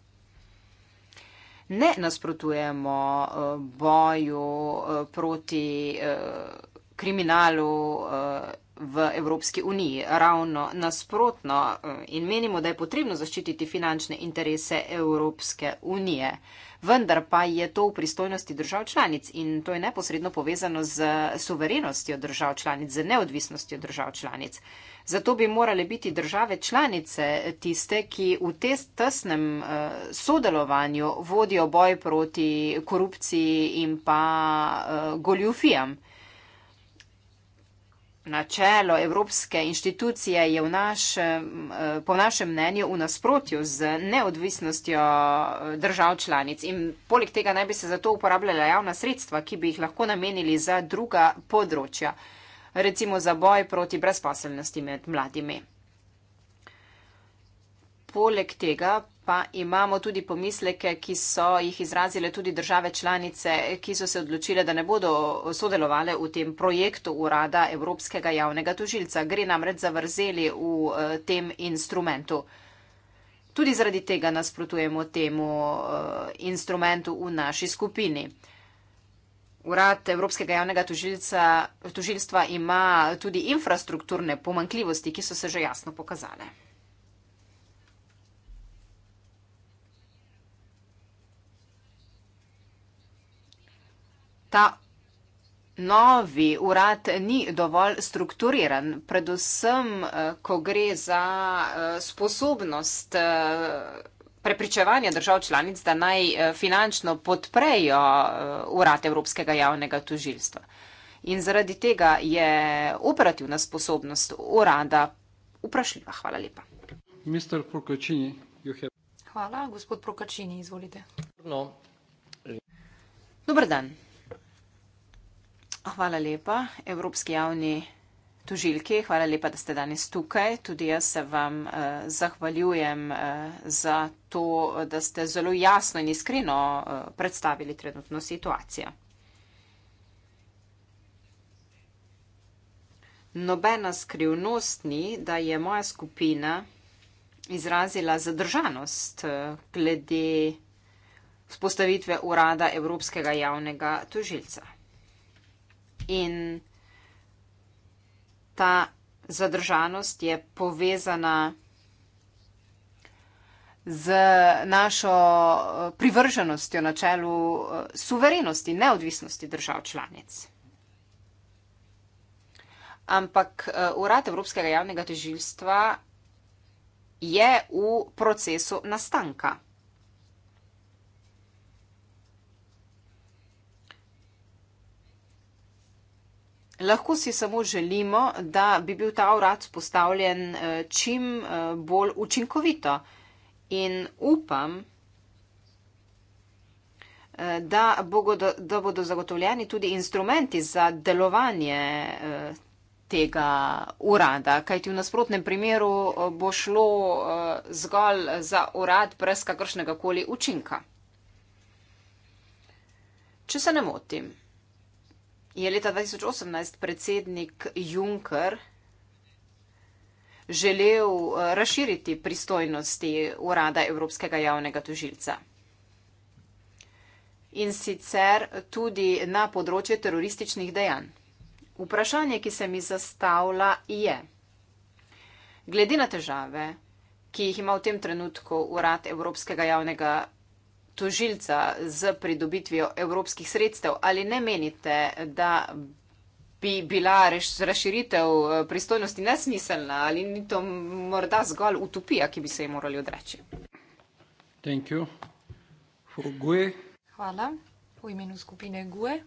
Ne nasprotujemo eh, boju eh, proti kriminalu v Evropski uniji. Ravno nasprotno eh, in menimo, da je potrebno zaščititi finančne interese Evropske unije. Vendar pa je to v pristojnosti držav članic in to je neposredno povezano z suverenostjo držav članic, z neodvisnostjo držav članic. Zato bi morale biti države članice tiste, ki v tesnem eh, sodelovanju vodijo boj proti korupciji in pa eh, goljufijam načelo Evropske inštitucije je v naš, eh, po našem mnenju v nasprotju z neodvisnostjo eh, držav članic in poleg tega naj bi se zato uporabljala javna sredstva, ki bi jih lahko namenili za druga področja, recimo za boj proti brezposelnosti med mladimi. Poleg tega pa imamo tudi pomisleke, ki so jih izrazile tudi države članice, ki so se odločile, da ne bodo sodelovali v tem projektu urada Evropskega javnega tožilca. Gre namreč za vrzeli v eh, tem instrumentu. Tudi zaradi tega nasprotujemo temu eh, instrumentu v naši skupini. Urad Evropskega javnega tožilca, tožilstva ima tudi infrastrukturne pomankljivosti, ki so se že jasno pokazale. ta novi urad ni dovolj strukturiran, predvsem, eh, ko gre za eh, sposobnost eh, prepričevanja držav članic, da naj finančno podprejo urad Evropskega javnega tužilstva. In zaradi tega je operativna sposobnost urada vprašljiva. Hvala lepa. Hvala, gospod Prokačini, izvolite. No. Dobar dan. Hvala lepa, Evropski javni tožilki. Hvala lepa, da ste danes tukaj. Tudi jaz se vam uh, zahvaljujem uh, za to, da ste zelo jasno in iskreno uh, predstavili trenutno situacijo. Nobena skrivnost ni, da je moja skupina izrazila zadržanost glede vzpostavitve urada Evropskega javnega tožilca in ta zadržanost je povezana z našo eh, privrženostjo na čelu eh, suverenosti, neodvisnosti držav članic. Ampak eh, Urad Evropskega javnega težilstva je v procesu nastanka. Lahko si samo želimo, da bi bil ta urad spostavljen eh, čim eh, bolj učinkovito. In upam, eh, da, bogo, da bodo zagotovljeni tudi instrumenti za delovanje tega urada, kajti v nasprotnem primeru bo šlo zgolj za urad brez kakršnega koli učinka. Če se ne motim je leta 2018 predsednik Juncker želel eh, razširiti pristojnosti urada Evropskega javnega tožilca. In sicer tudi na področje terorističnih dejanj. Vprašanje, ki se mi zastavlja, je, glede na težave, ki jih ima v tem trenutku urad Evropskega javnega tožilca z pridobitvijo evropskih sredstev. Ali ne menite, da bi bila razširitev eh, pristojnosti nesmiselna ali ni to morda zgolj utopija, ki bi se ji morali odreči? Hvala. V imenu skupine GUE.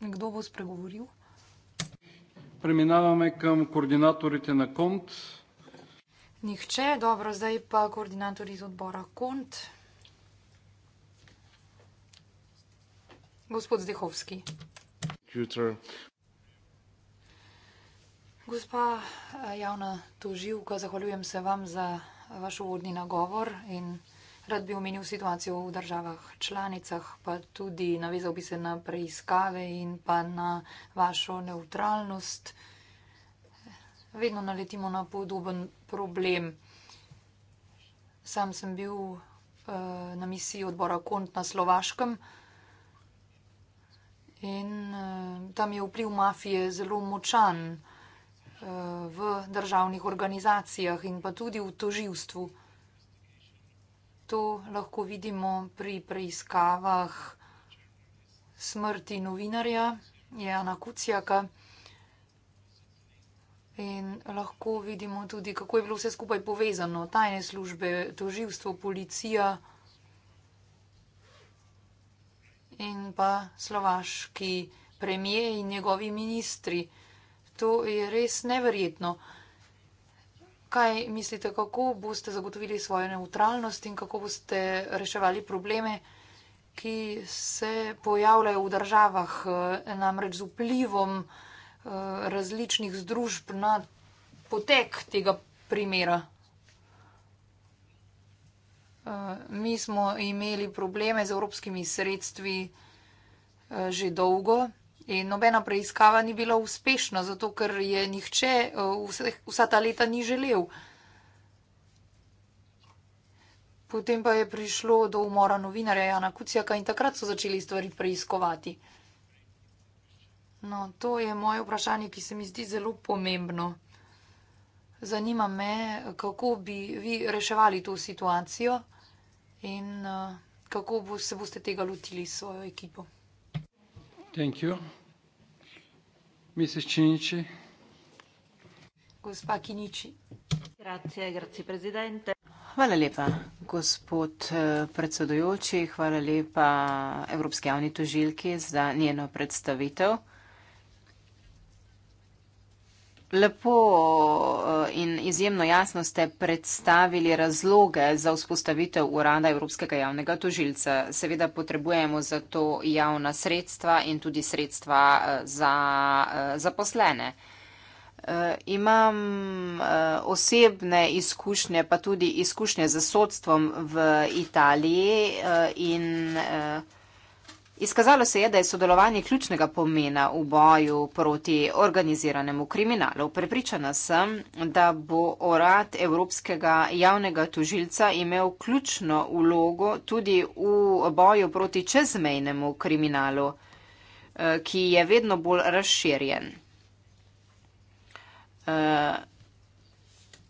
Kdo bo spregovoril? Preminavame k koordinatorite na kont. Nihče, dobro, zdaj pa koordinator iz odbora Kont. Gospod Zdehovski. Jutro. Gospa eh, javna toživka, zahvaljujem se vam za eh, vaš uvodni nagovor in rad bi omenil situacijo v državah članicah, pa tudi navezal bi se na preiskave in pa na vašo neutralnost vedno naletimo na podoben problem. Sam sem bil uh, na misiji odbora Kont na Slovaškem in uh, tam je vpliv mafije zelo močan uh, v državnih organizacijah in pa tudi v toživstvu. To lahko vidimo pri preiskavah smrti novinarja Jana Kucijaka. In lahko vidimo tudi, kako je bilo vse skupaj povezano. Tajne službe, toživstvo, policija in pa slovaški premije in njegovi ministri. To je res neverjetno. Kaj mislite, kako boste zagotovili svojo neutralnost in kako boste reševali probleme, ki se pojavljajo v državah, eh, namreč z vplivom Eh, različnih združb na potek tega primera. Eh, mi smo imeli probleme z evropskimi sredstvi eh, že dolgo in nobena preiskava ni bila uspešna, zato ker je nihče vsa ta leta ni želel. Potem pa je prišlo do umora novinarja Jana Kucijaka in takrat so začeli stvari preiskovati. No, to je moje vprašanje, ki se mi zdi zelo pomembno. Zanima me, kako bi vi reševali to situacijo in uh, kako bo, se boste tega lotili s svojo ekipo. Thank you. Mrs. Kinici. Gospa Kinici. Grazie, grazie, presidente. Hvala lepa, gospod eh, predsedojoči. Hvala lepa Evropske javni tožilki za njeno predstavitev. Lepo eh, in izjemno jasno ste predstavili razloge za vzpostavitev urada Evropskega javnega tožilca. Seveda potrebujemo za to javna sredstva in tudi sredstva eh, za eh, zaposlene. Imam osebne izkušnje, pa tudi izkušnje z sodstvom v Italiji in. Izkazalo se je, da je sodelovanje ključnega pomena v boju proti organiziranemu kriminalu. Prepričana sem, da bo orad Evropskega javnega tužilca imel ključno ulogo tudi v boju proti čezmejnemu kriminalu, eh, ki je vedno bolj razširjen. Eh,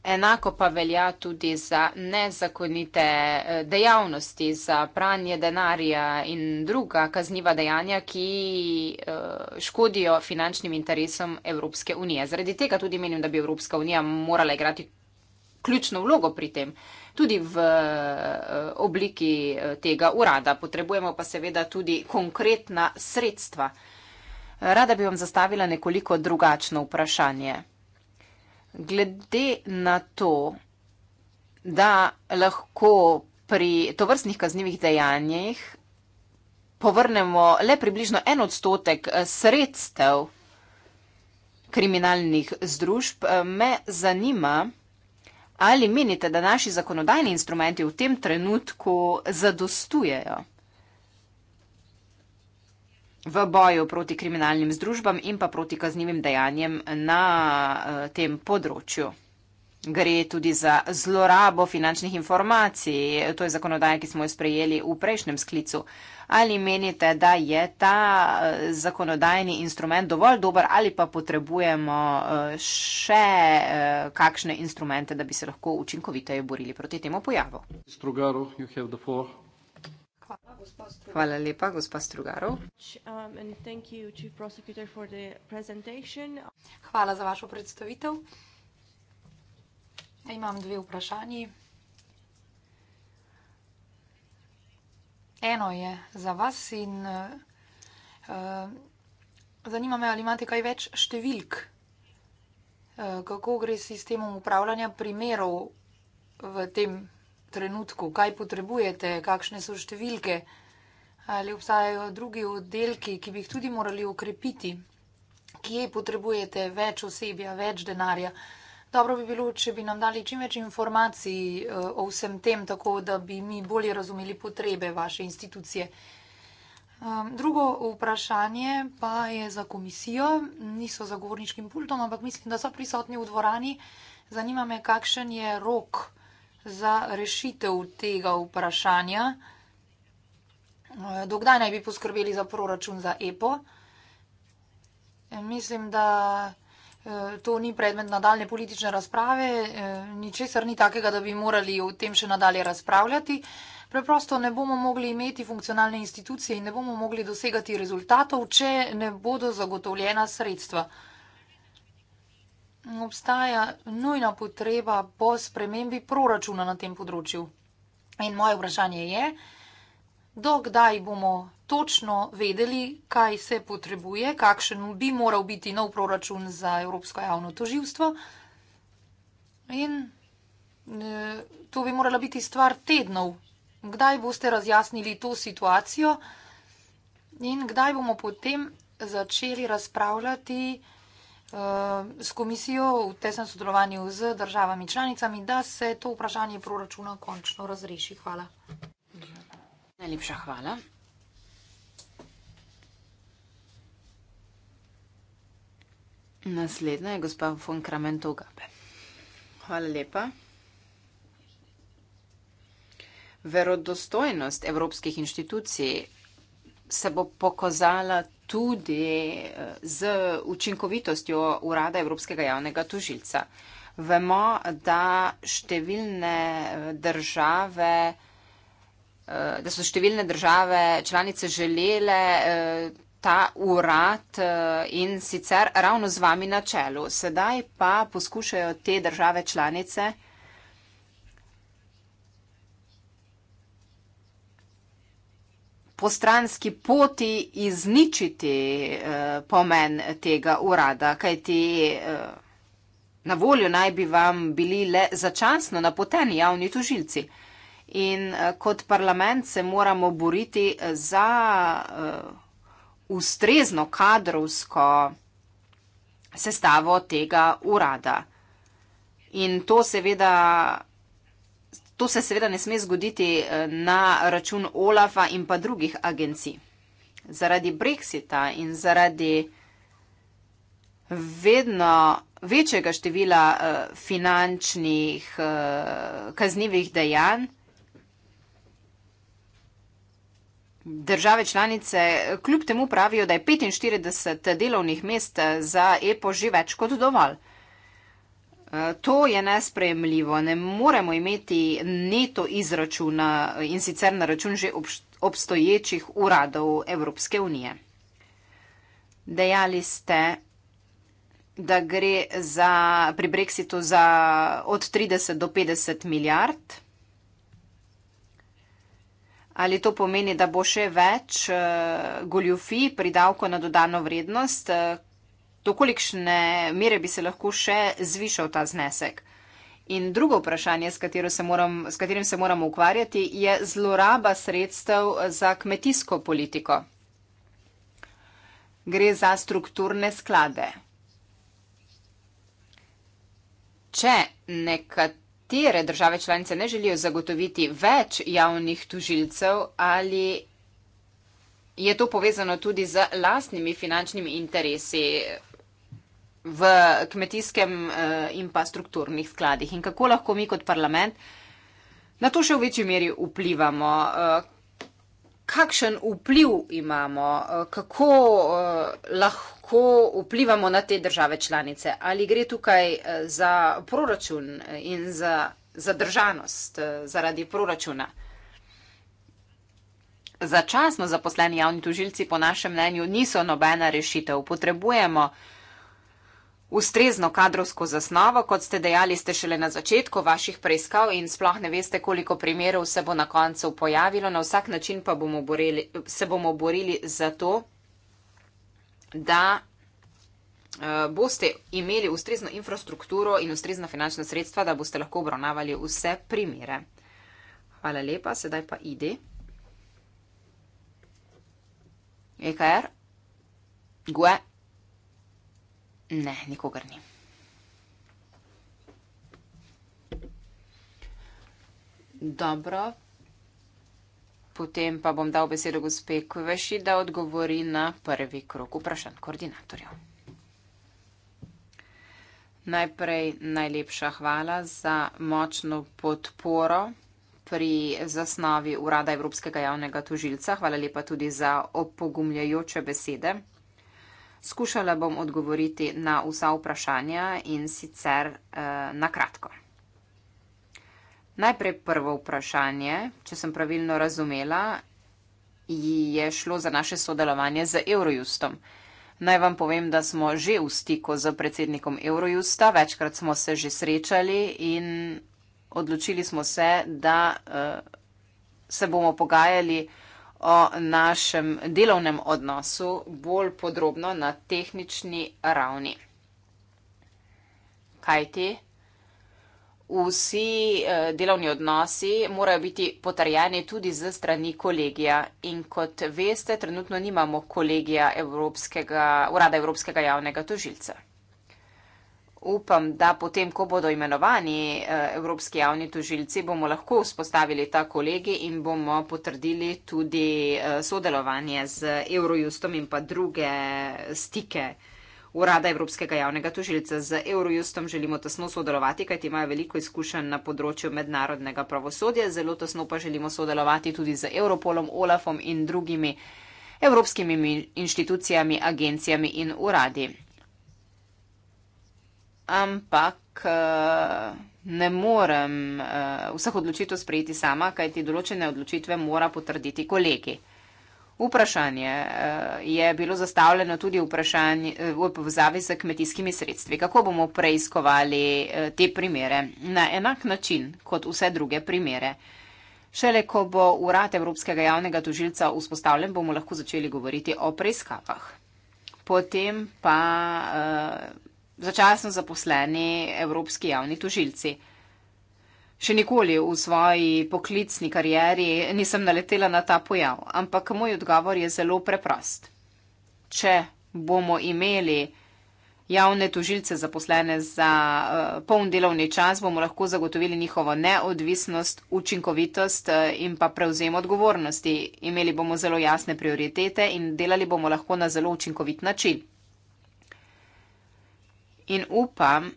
Enako pa velja tudi za nezakonite eh, dejavnosti, za pranje denarja in druga kazniva dejanja, ki eh, škodijo finančnim interesom Evropske unije. Zaradi tega tudi menim, da bi Evropska unija morala igrati ključno vlogo pri tem, tudi v eh, obliki tega urada. Potrebujemo pa seveda tudi konkretna sredstva. Rada bi vam zastavila nekoliko drugačno vprašanje glede na to, da lahko pri tovrstnih kaznjivih dejanjih povrnemo le približno en odstotek eh, sredstev kriminalnih združb, eh, me zanima, ali menite, da naši zakonodajni instrumenti v tem trenutku zadostujejo v boju proti kriminalnim združbam in pa proti kaznjivim dejanjem na eh, tem področju. Gre tudi za zlorabo finančnih informacij. To je zakonodaja, ki smo jo sprejeli v prejšnjem sklicu. Ali menite, da je ta eh, zakonodajni instrument dovolj dober ali pa potrebujemo eh, še kakšne instrumente, da bi se lahko učinkoviteje borili proti temu pojavu? Strugaro, Hvala lepa, gospa Strugarov. Um, Hvala za vašo predstavitev. Ja, imam dve vprašanji. Eno je za vas in uh, zanima me, ali imate kaj več številk, uh, kako gre s sistemom upravljanja primerov v tem trenutku, kaj potrebujete, kakšne so številke, ali obstajajo drugi oddelki, ki bi jih tudi morali ukrepiti, kje potrebujete več osebja, več denarja. Dobro bi bilo, če bi nam dali čim več informacij eh, o vsem tem, tako da bi mi bolje razumeli potrebe vaše institucije. Ehm, drugo vprašanje pa je za komisijo. Niso zagovorniškim pultom, ampak mislim, da so prisotni v dvorani. Zanima me, kakšen je rok za rešitev tega vprašanja. Dokdaj naj bi poskrbeli za proračun za EPO? Mislim, da eh, to ni predmet nadaljne politične razprave, eh, ničesar ni takega, da bi morali o tem še nadalje razpravljati. Preprosto ne bomo mogli imeti funkcionalne institucije in ne bomo mogli dosegati rezultatov, če ne bodo zagotovljena sredstva obstaja nujna potreba po spremembi proračuna na tem področju. In moje vprašanje je, dokdaj bomo točno vedeli, kaj se potrebuje, kakšen bi moral biti nov proračun za Evropsko javno toživstvo. In eh, to bi morala biti stvar tednov. Kdaj boste razjasnili to situacijo in kdaj bomo potem začeli razpravljati, Eh, s komisijo v tesnem sodelovanju z državami članicami, da se to vprašanje proračuna končno razreši. Hvala. Najlepša hvala. Naslednja je gospa von Kramentogabe. Hvala lepa. Verodostojnost evropskih inštitucij se bo pokazala tudi eh, z učinkovitostjo Urada Evropskega javnega tužilca. Vemo, da številne eh, države, eh, da so številne države članice želele ta urad in sicer ravno z vami na čelu. Sedaj pa poskušajo te države članice po stranski poti izničiti eh, pomen tega urada, kajti eh, na voljo naj bi vam bili le začasno napoteni javni tožilci. In eh, kot parlament se moramo boriti za eh, ustrezno kadrovsko sestavo tega urada. In to seveda To se seveda ne sme zgoditi eh, na račun OLAF-a in pa drugih agencij. Zaradi Brexita in zaradi vedno večjega števila eh, finančnih eh, kaznivih dejanj države članice kljub temu pravijo, da je 45 delovnih mest za EPO že več kot dovolj. Eh, to je nespremljivo. Ne moremo imeti neto izračuna eh, in sicer na račun že obstoječih uradov Evropske unije. Dejali ste, da gre za, pri Brexitu za od 30 do 50 milijard. Ali to pomeni, da bo še več eh, goljufi pri davko na dodano vrednost, do kolikšne mere bi se lahko še zvišal ta znesek. In drugo vprašanje, s, se moram, s katerim se moramo ukvarjati, je zloraba sredstev za kmetijsko politiko. Gre za strukturne sklade. Če nekatere države članice ne želijo zagotoviti več javnih tužilcev, ali je to povezano tudi z lastnimi finančnimi interesi v kmetijskem eh, in pa strukturnih skladih in kako lahko mi kot parlament na to še v večji meri vplivamo. Eh, kakšen vpliv imamo, eh, kako lahko vplivamo na te države članice? Ali gre tukaj za proračun in za zadržanost zaradi proračuna? Začasno zaposleni javni tužilci po našem mnenju niso nobena rešitev. Potrebujemo ustrezno kadrovsko zasnovo, kot ste dejali, ste šele na začetku vaših preiskav in sploh ne veste, koliko primerov se bo na koncu pojavilo. Na vsak način pa bomo boreli, se bomo borili za to, da eh, boste imeli ustrezno infrastrukturo in ustrezna finančna sredstva, da boste lahko obravnavali vse primere. Hvala lepa, sedaj pa idi. EKR. Er? Gue. Ne, nikogar ni. Dobro. Potem pa bom dal besedo gospe Kveši, da odgovori na prvi krok vprašanj koordinatorjev. Najprej najlepša hvala za močno podporo pri zasnovi Urada Evropskega javnega tožilca. Hvala lepa tudi za opogumljajoče besede. Skušala bom odgovoriti na vsa vprašanja in sicer eh, na kratko. Najprej prvo vprašanje, če sem pravilno razumela, je šlo za naše sodelovanje z Eurojustom. Naj vam povem, da smo že v stiku z predsednikom Eurojusta, večkrat smo se že srečali in odločili smo se, da eh, se bomo pogajali o našem delovnem odnosu bolj podrobno na tehnični ravni. Kaj ti? Vsi eh, delovni odnosi morajo biti potrjeni tudi z strani kolegija in kot veste, trenutno nimamo kolegija Evropskega, urada Evropskega javnega tožilca upam, da potem, ko bodo imenovani eh, evropski javni tožilci, bomo lahko vzpostavili ta kolegi in bomo potrdili tudi eh, sodelovanje z Eurojustom in pa druge stike. Urada Evropskega javnega tožilca z Eurojustom želimo tesno sodelovati, kajti imajo veliko izkušenj na področju mednarodnega pravosodja. Zelo tesno pa želimo sodelovati tudi z Europolom, Olafom in drugimi evropskimi inštitucijami, agencijami in uradi ampak uh, ne morem uh, vseh odločitev sprejeti sama, kajti določene odločitve mora potrditi kolegi. Vprašanje uh, je bilo zastavljeno tudi vprašanje, uh, v povezavi z kmetijskimi sredstvi. Kako bomo preiskovali uh, te primere? Na enak način kot vse druge primere. Šele, ko bo urad Evropskega javnega tožilca vzpostavljen, bomo lahko začeli govoriti o preiskavah. Potem pa začasno zaposleni evropski javni tožilci. Še nikoli v svoji poklicni karieri nisem naletela na ta pojav, ampak moj odgovor je zelo preprost. Če bomo imeli javne tožilce zaposlene za uh, poln delovni čas, bomo lahko zagotovili njihovo neodvisnost, učinkovitost uh, in pa prevzem odgovornosti. Imeli bomo zelo jasne prioritete in delali bomo lahko na zelo učinkovit način in upam,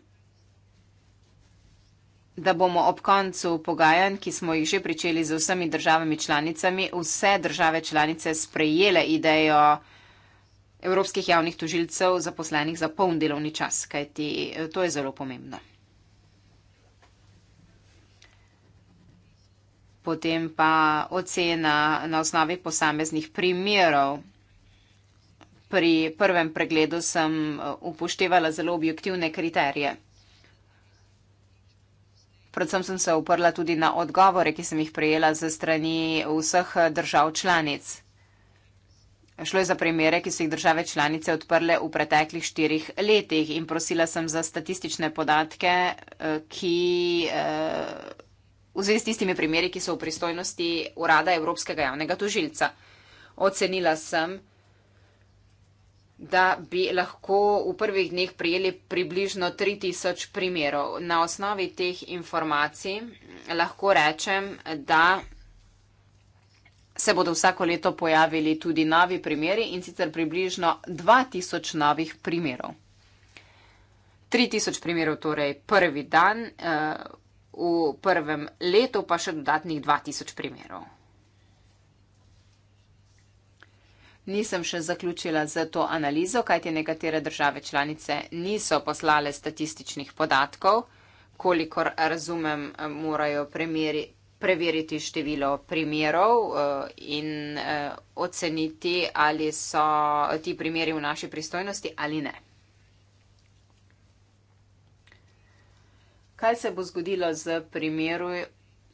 da bomo ob koncu pogajanj, ki smo jih že pričeli z vsemi državami članicami, vse države članice sprejele idejo evropskih javnih tožilcev zaposlenih za poln delovni čas, kajti eh, to je zelo pomembno. Potem pa ocena na osnovi posameznih primerov pri prvem pregledu sem eh, upoštevala zelo objektivne kriterije. Predvsem sem se uprla tudi na odgovore, ki sem jih prejela ze strani vseh eh, držav članic. Šlo je za primere, ki so jih države članice odprle v preteklih štirih letih in prosila sem za statistične podatke, eh, ki v zvezi s tistimi primeri, ki so v pristojnosti Urada Evropskega javnega tožilca. Ocenila sem, da bi lahko v prvih dneh prijeli približno 3000 primerov. Na osnovi teh informacij lahko rečem, da se bodo vsako leto pojavili tudi novi primeri in sicer približno 2000 novih primerov. 3000 primerov torej prvi dan, eh, v prvem letu pa še dodatnih 2000 primerov. nisem še zaključila z to analizo, kajti nekatere države članice niso poslale statističnih podatkov, kolikor razumem, morajo premjeri preveriti število primerov eh, in eh, oceniti, ali so ti primeri v naši pristojnosti ali ne. Kaj se bo zgodilo z primeru,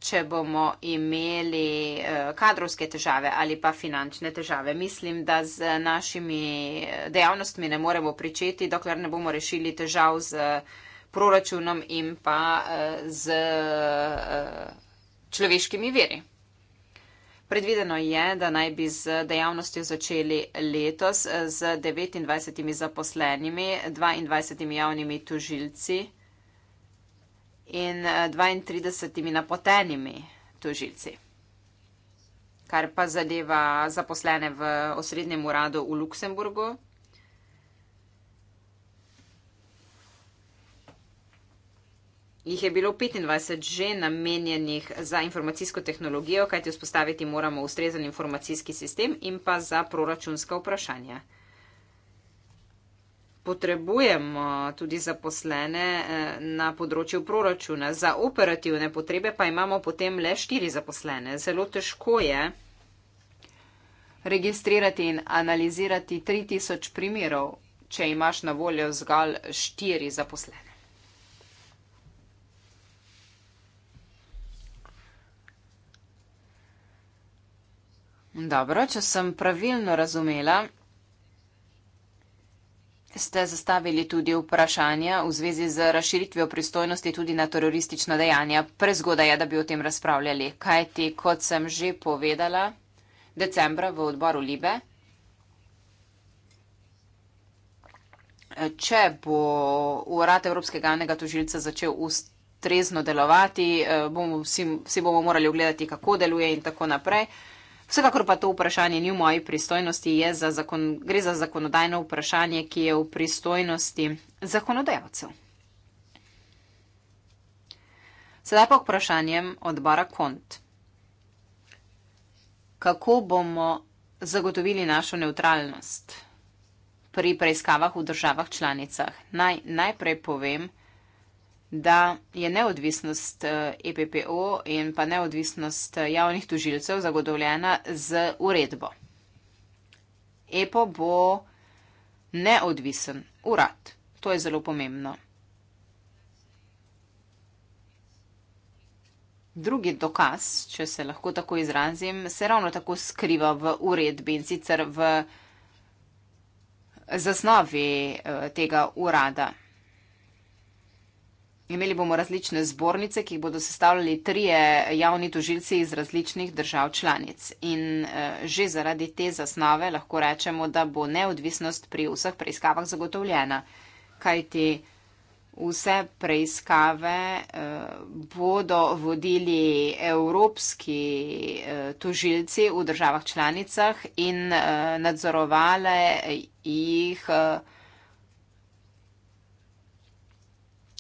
če bomo imeli eh, kadrovske težave ali pa finančne težave. Mislim, da z našimi dejavnostmi ne moremo pričeti, dokler ne bomo rešili težav z proračunom in pa eh, z eh, človeškimi veri. Predvideno je, da naj bi z dejavnostjo začeli letos z 29 zaposlenimi, 22 javnimi tužilci in 32 eh, napotenimi tožilci. Kar pa zadeva zaposlene v osrednjem uradu v Luksemburgu, jih je bilo 25 že namenjenih za informacijsko tehnologijo, kajti vzpostaviti moramo ustrezen informacijski sistem in pa za proračunska vprašanja potrebujemo tudi zaposlene eh, na področju proračuna. Za operativne potrebe pa imamo potem le štiri zaposlene. Zelo težko je registrirati in analizirati 3000 primerov, če imaš na voljo zgolj štiri zaposlene. Dobro, če sem pravilno razumela, ste zastavili tudi vprašanja v zvezi z razširitvijo pristojnosti tudi na teroristična dejanja. Prezgodaj je, da bi o tem razpravljali. Kaj ti, kot sem že povedala, decembra v odboru Libe? Če bo urad Evropskega javnega tožilca začel ustrezno delovati, eh, bomo, vsi, vsi bomo morali ogledati, kako deluje in tako naprej. Vsekakor pa to vprašanje ni v moji pristojnosti, za zakon, gre za zakonodajno vprašanje, ki je v pristojnosti zakonodajalcev. Sedaj pa vprašanjem odbora Kont. Kako bomo zagotovili našo neutralnost pri preiskavah v državah članicah? Naj najprej povem, da je neodvisnost EPPO eh, e in pa neodvisnost eh, javnih tužilcev zagotovljena z uredbo. EPO bo neodvisen urad. To je zelo pomembno. Drugi dokaz, če se lahko tako izrazim, se ravno tako skriva v uredbi in sicer v zasnovi eh, tega urada. Imeli bomo različne zbornice, ki jih bodo sestavljali trije javni tožilci iz različnih držav članic. In eh, že zaradi te zasnove lahko rečemo, da bo neodvisnost pri vseh preiskavah zagotovljena. Kajti vse preiskave eh, bodo vodili evropski eh, tožilci v državah članicah in nadzorovale jih.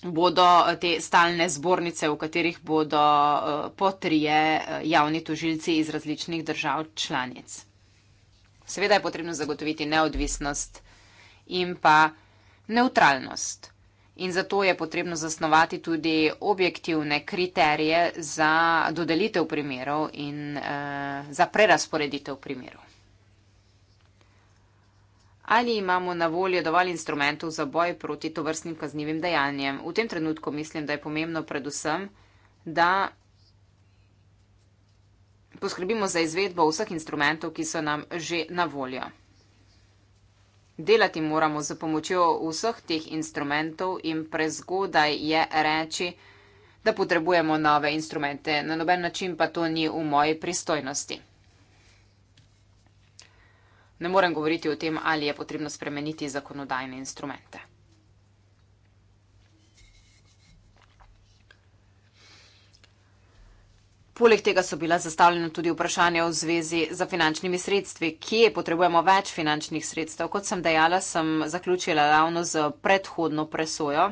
bodo eh, te stalne zbornice, v katerih bodo eh, po trije eh, javni tožilci iz različnih držav članic. Seveda je potrebno zagotoviti neodvisnost in pa neutralnost. In zato je potrebno zasnovati tudi objektivne kriterije za dodelitev primerov in eh, za prerasporeditev primerov ali imamo na voljo dovolj instrumentov za boj proti tovrstnim kaznjivim dejanjem. V tem trenutku mislim, da je pomembno predvsem, da poskrbimo za izvedbo vseh instrumentov, ki so nam že na voljo. Delati moramo z pomočjo vseh teh instrumentov in prezgodaj je reči, da potrebujemo nove instrumente. Na noben način pa to ni v moji pristojnosti ne morem govoriti o tem, ali je potrebno spremeniti zakonodajne instrumente. Poleg tega so bila zastavljena tudi vprašanja v zvezi za finančnimi sredstvi, kje potrebujemo več finančnih sredstev. Kot sem dejala, sem zaključila ravno z predhodno presojo.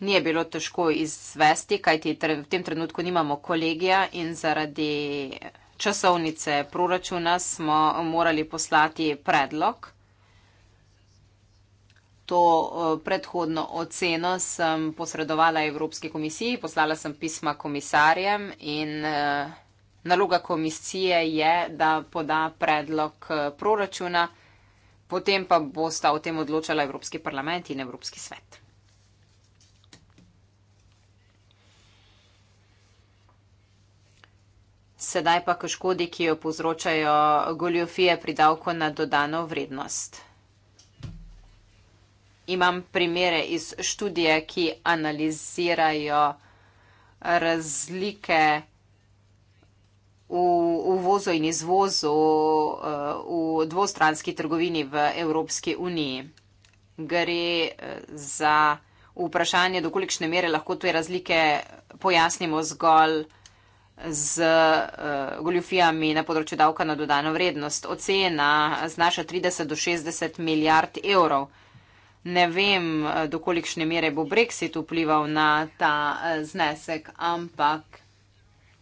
Ni je bilo težko izvesti, kajti v tem trenutku nimamo kolegija in zaradi časovnice proračuna smo morali poslati predlog. To eh, predhodno oceno sem posredovala Evropski komisiji, poslala sem pisma komisarjem in eh, naloga komisije je, da poda predlog eh, proračuna, potem pa bosta o tem odločala Evropski parlament in Evropski svet. sedaj pa k škodi, ki jo povzročajo goljofije pri davku na dodano vrednost. Imam primere iz študije, ki analizirajo razlike v uvozu in izvozu eh, v dvostranski trgovini v Evropski uniji. Gre eh, za vprašanje, dokolikšne mere lahko te razlike pojasnimo zgolj z uh, goljufijami na področju davka na dodano vrednost. Ocena znaša 30 do 60 milijard evrov. Ne vem, eh, do kolikšne mere bo Brexit vplival na ta eh, znesek, ampak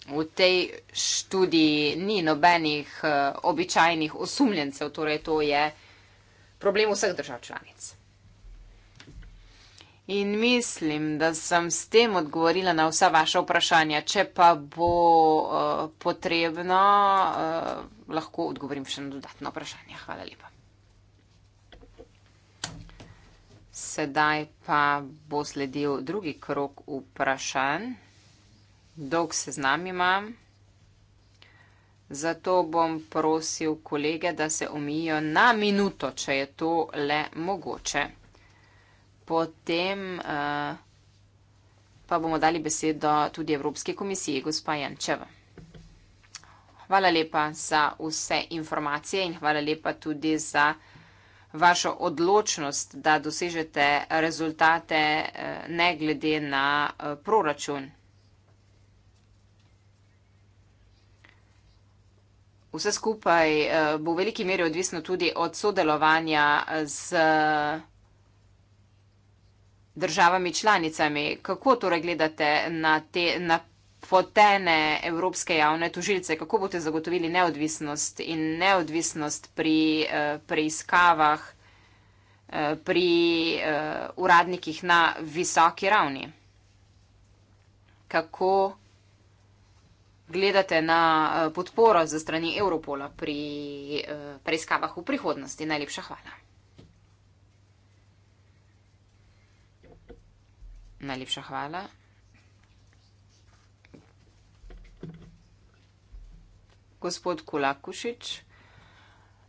v tej študiji ni nobenih običajnih osumljencev, torej to je problem vseh držav članic. In mislim, da sem s tem odgovorila na vsa vaša vprašanja. Če pa bo uh, potrebno, uh, lahko odgovorim še na dodatno vprašanje. Hvala lepa. Sedaj pa bo sledil drugi krok vprašanj. Dolg se z nami imam. Zato bom prosil kolege, da se omijo na minuto, če je to le mogoče. Potem uh, pa bomo dali besedo tudi Evropske komisije, gospa Jančeva. Hvala lepa za vse informacije in hvala lepa tudi za vašo odločnost, da dosežete rezultate uh, ne glede na uh, proračun. Vse skupaj bo v veliki meri odvisno tudi od sodelovanja z državami članicami. Kako torej gledate na te napotene evropske javne tožilce? Kako boste zagotovili neodvisnost in neodvisnost pri eh, preiskavah, eh, pri eh, uradnikih na visoki ravni? Kako gledate na podporo za strani Evropola pri preiskavah v prihodnosti? Najlepša hvala. Najlepša hvala. Gospod Kulakušič,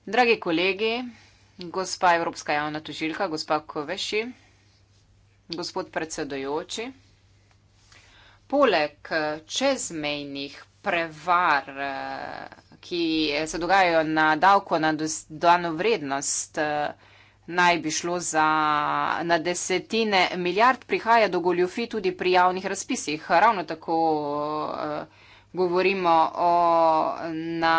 dragi kolegi, gospa Evropska javna tužilka, gospa Koveši, gospod predsedojoči, poleg čezmejnih prevar, eh, ki se dogajajo na davko na dodano vrednost, eh, naj bi šlo za na desetine milijard, prihaja do goljufi tudi pri javnih razpisih. Ravno tako eh, govorimo o na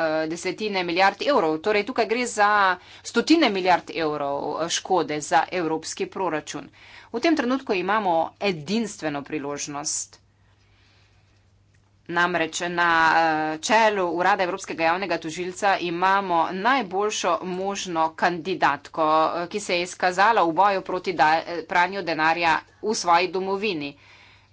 eh, desetine milijard evrov. Torej, tukaj gre za stotine milijard evrov eh, škode za evropski proračun. V tem trenutku imamo edinstveno priložnost. Namreč na eh, čelu Urada Evropskega javnega tožilca imamo najboljšo možno kandidatko, eh, ki se je izkazala v boju proti eh, pranju denarja v svoji domovini.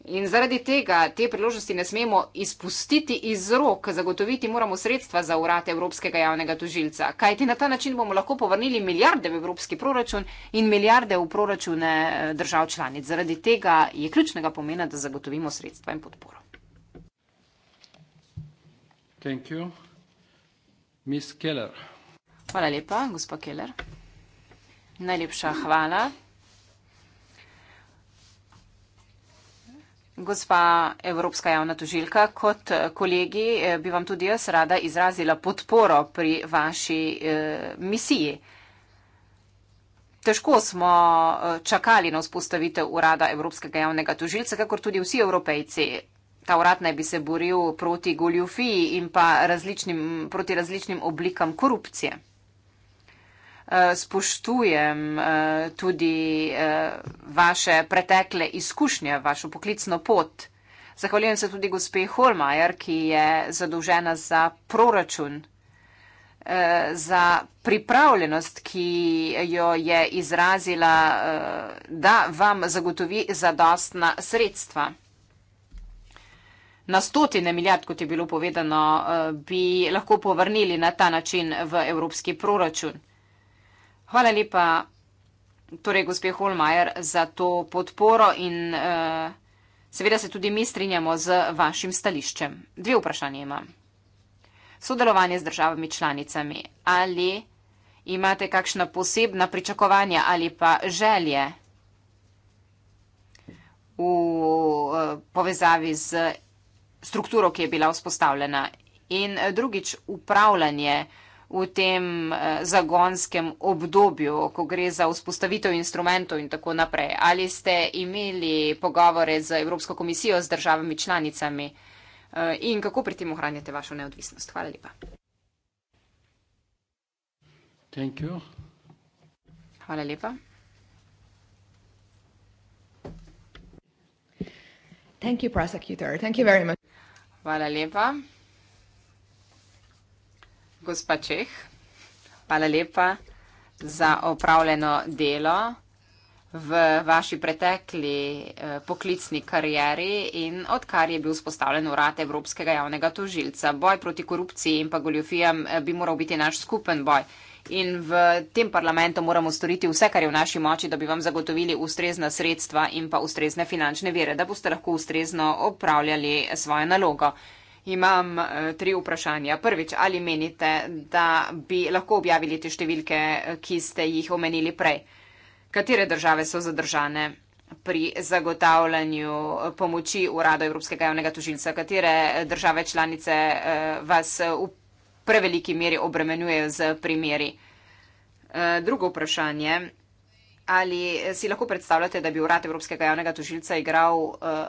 In zaradi tega te priložnosti ne smemo izpustiti iz rok, zagotoviti moramo sredstva za urad Evropskega javnega tožilca. Kaj ti na ta način bomo lahko povrnili milijarde v evropski proračun in milijarde v proračune držav članic. Zaradi tega je ključnega pomena, da zagotovimo sredstva in podporo. Thank you. Ms. Keller. Hvala lepa, gospod Keller. Najlepša hvala. Gospa Evropska javna tožilka, kot kolegi eh, bi vam tudi jaz rada izrazila podporo pri vaši eh, misiji. Težko smo eh, čakali na vzpostavitev urada Evropskega javnega tožilca, kakor tudi vsi evropejci. Ta urad naj bi se boril proti goljufiji in pa različnim, proti različnim oblikam korupcije. Eh, spoštujem eh, tudi eh, vaše pretekle izkušnje, vašo poklicno pot. Zahvaljujem se tudi gospe Holmajer, ki je zadolžena za proračun, za pripravljenost, ki jo je izrazila, da vam zagotovi zadostna sredstva na stotine milijard, kot je bilo povedano, eh, bi lahko povrnili na ta način v evropski proračun. Hvala lepa, torej gospe Holmajer, za to podporo in eh, seveda se tudi mi strinjamo z vašim stališčem. Dve vprašanje imam. Sodelovanje z državami članicami. Ali imate kakšna posebna pričakovanja ali pa želje v eh, povezavi z evropskim proračunom? strukturo, ki je bila vzpostavljena. In eh, drugič, upravljanje v tem eh, zagonskem obdobju, ko gre za vzpostavitev instrumentov in tako naprej. Ali ste imeli pogovore z Evropsko komisijo, z državami članicami eh, in kako pri tem ohranjate vašo neodvisnost? Hvala lepa. Thank you. Hvala lepa. Thank you, prosecutor. Thank you very much. Hvala lepa. Gospa Čeh, hvala lepa za opravljeno delo v vaši pretekli eh, poklicni karieri in odkar je bil spostavljen urad Evropskega javnega tožilca. Boj proti korupciji in pa goljofijam eh, bi moral biti naš skupen boj in v tem parlamentu moramo storiti vse, kar je v naši moči, da bi vam zagotovili ustrezna sredstva in pa ustrezne finančne vere, da boste lahko ustrezno opravljali svojo nalogo. Imam eh, tri vprašanja. Prvič, ali menite, da bi lahko objavili te številke, eh, ki ste jih omenili prej? Katere države so zadržane? pri zagotavljanju eh, pomoči uradu Evropskega javnega tožilca, katere države članice vas preveliki meri obremenjujejo z primeri. Eh, drugo vprašanje. Ali si lahko predstavljate, da bi urad Evropskega javnega tožilca igral eh,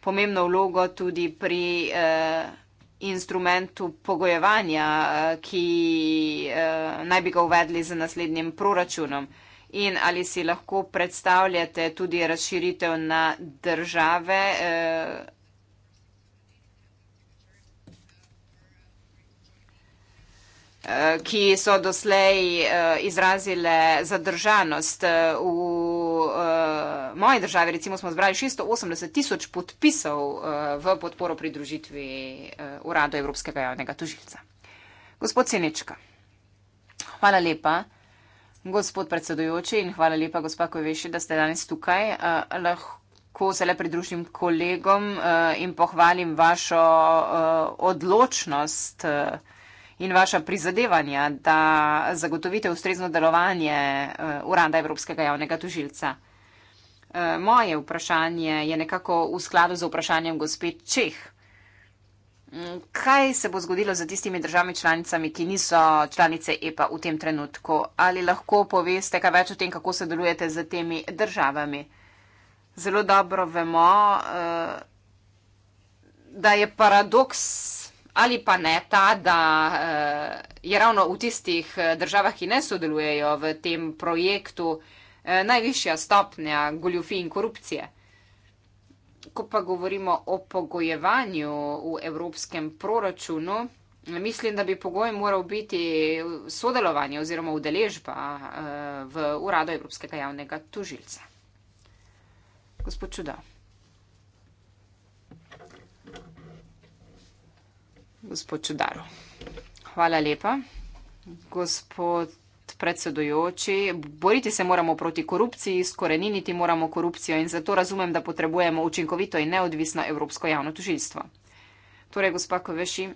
pomembno vlogo tudi pri eh, instrumentu pogojevanja, ki naj bi ga uvedli z naslednjim proračunom? In ali si lahko predstavljate tudi razširitev na države, eh, Eh, ki so doslej eh, izrazile zadržanost. Eh, v moji državi recimo smo zbrali 680 tisoč podpisov v podporo pridružitvi uradu Evropskega javnega tužilca. Gospod Senečka, hvala lepa. Gospod predsedujoči in hvala lepa, gospa Koveši, da ste danes tukaj. Uh, lahko se le pridružim kolegom uh, in pohvalim vašo uh, odločnost. Uh, in vaša prizadevanja, da zagotovite ustrezno delovanje eh, Uranda Evropskega javnega tožilca. Eh, moje vprašanje je nekako v skladu z vprašanjem gospod Čeh. Mm, kaj se bo zgodilo za tistimi državami članicami, ki niso članice EPA v tem trenutku? Ali lahko poveste kaj več o tem, kako sodelujete z temi državami? Zelo dobro vemo, eh, da je paradoks ali pa ne ta, da eh, je ravno v tistih eh, državah, ki ne sodelujejo v tem projektu, eh, najvišja stopnja goljufi in korupcije. Ko pa govorimo o pogojevanju v evropskem proračunu, mislim, da bi pogoj moral biti sodelovanje oziroma udeležba v uradu Evropskega javnega tužilca. Gospod Čuda. gospod Čudaro. Hvala lepa. Gospod predsedujoči, boriti se moramo proti korupciji, skoreniniti moramo korupcijo in zato razumem, da potrebujemo učinkovito in neodvisno Evropsko javno tužilstvo. Torej, gospa Koveši,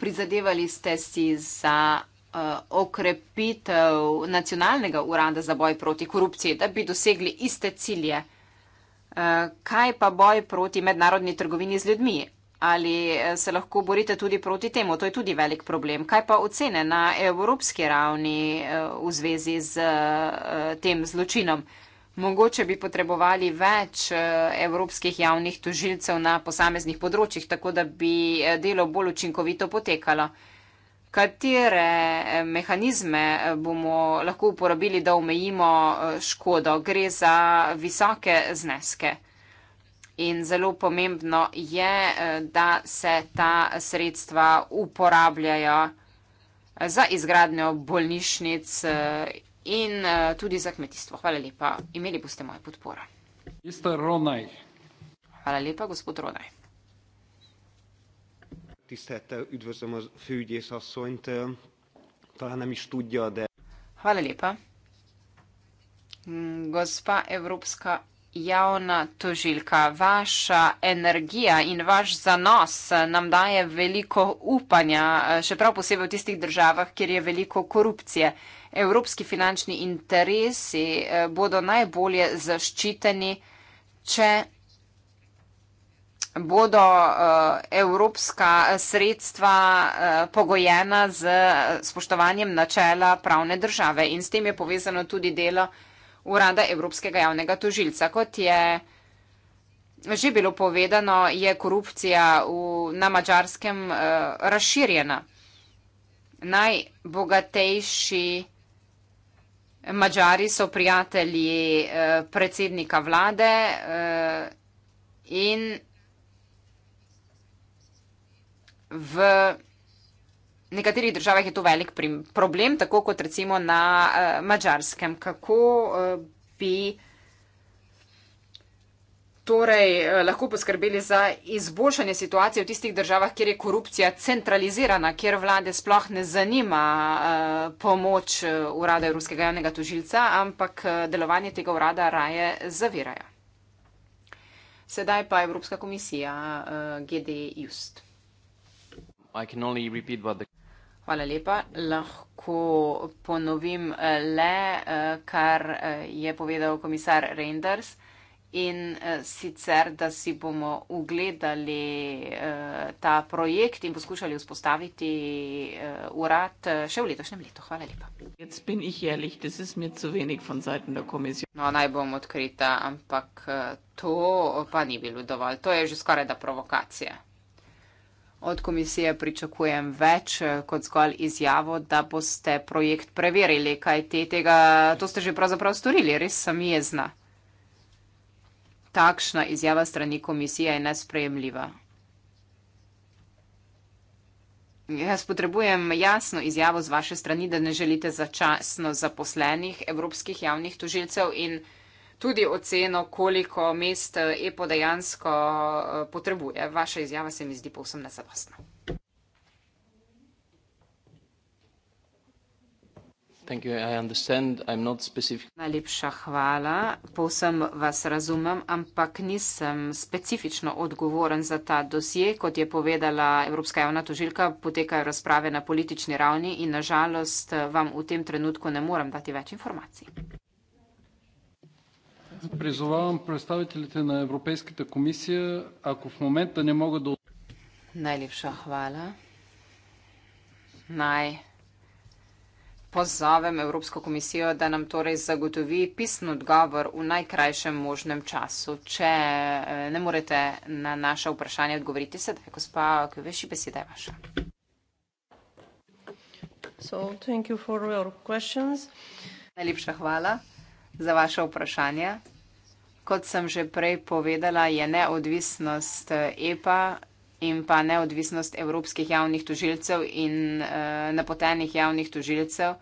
prizadevali ste si za uh, okrepitev nacionalnega urada za boj proti korupciji, da bi dosegli iste cilje. Eh, kaj pa boj proti mednarodni trgovini z ljudmi? Ali eh, se lahko borite tudi proti temu? To je tudi velik problem. Kaj pa ocene na evropski ravni eh, v zvezi z tem zločinom? Mogoče bi potrebovali več evropskih javnih tožilcev na posameznih področjih, tako da bi delo bolj učinkovito potekalo. Katere eh, mehanizme eh, bomo lahko uporabili, da omejimo eh, škodo? Gre za visoke zneske. In zelo pomembno je, da se ta sredstva uporabljajo za izgradnjo bolnišnic in tudi za kmetijstvo. Hvala lepa. Imeli boste mojo podporo. Hvala lepa, gospod Ronaj. Tisztelettel üdvözlöm a főügyészasszonyt. Talán nem is tudja, de... Hvala lepa. Mm, gospa Evropska javna tožilka, vaša energija in vaš zanos nam daje veliko upanja, e, še prav posebej v tistih državah, kjer je veliko korupcije. Evropski finančni interesi e, bodo najbolje zaščiteni, če bodo eh, evropska sredstva eh, pogojena z eh, spoštovanjem načela pravne države. In s tem je povezano tudi delo Urada Evropskega javnega tožilca. Kot je že bilo povedano, je korupcija v, na mačarskem razširjena. Najbogatejši mačari so prijatelji predsednika vlade in v nekaterih državah je to velik problem, tako kot recimo na uh, eh, mačarskem. Kako uh, bi torej uh, lahko poskrbeli za izboljšanje situacije v tistih državah, kjer je korupcija centralizirana, kjer vlade sploh ne zanima uh, pomoč urada Evropskega javnega tožilca, ampak delovanje tega urada raje zavirajo. Sedaj pa Evropska komisija uh, GD Just. Hvala lepa. Lahko ponovim le, eh, kar eh, je povedal komisar Reinders in eh, sicer, da si bomo ugledali ta projekt in poskušali vzpostaviti urad še v letošnjem letu. Hvala lepa. No, naj bom odkrita, ampak to pa ni bilo dovolj. To je že skoraj da provokacija od komisije pričakujem več eh, kot zgolj izjavo, da boste projekt preverili, kaj te tega, to ste že pravzaprav storili, res sem jezna. Takšna izjava strani komisije je nesprejemljiva. Jaz potrebujem jasno izjavo z vaše strani, da ne želite začasno zaposlenih evropskih javnih tožilcev in tudi oceno, koliko mest eh, EPO dejansko eh, potrebuje. Vaša izjava se mi zdi povsem nezadostna. Najlepša hvala, povsem vas razumem, ampak nisem specifično odgovoren za ta dosje. Kot je povedala Evropska javna tožilka, potekajo razprave na politični ravni in nažalost eh, vam v tem trenutku ne morem dati več informacij. Призовавам представителите на Европейската комисия, ако в момента не могат да... Najlepša hvala. Naj pozovem Evropsko komisijo, da nam torej zagotovi pisni odgovor v najkrajšem možnem času. Če eh, ne morete na naše vprašanje odgovoriti sedaj, gospa, ki veš, beseda je vaša. Najlepša hvala za vaše vprašanje kot sem že prej povedala, je neodvisnost EPA eh, e in pa neodvisnost evropskih javnih tožilcev in uh, napotenih javnih tožilcev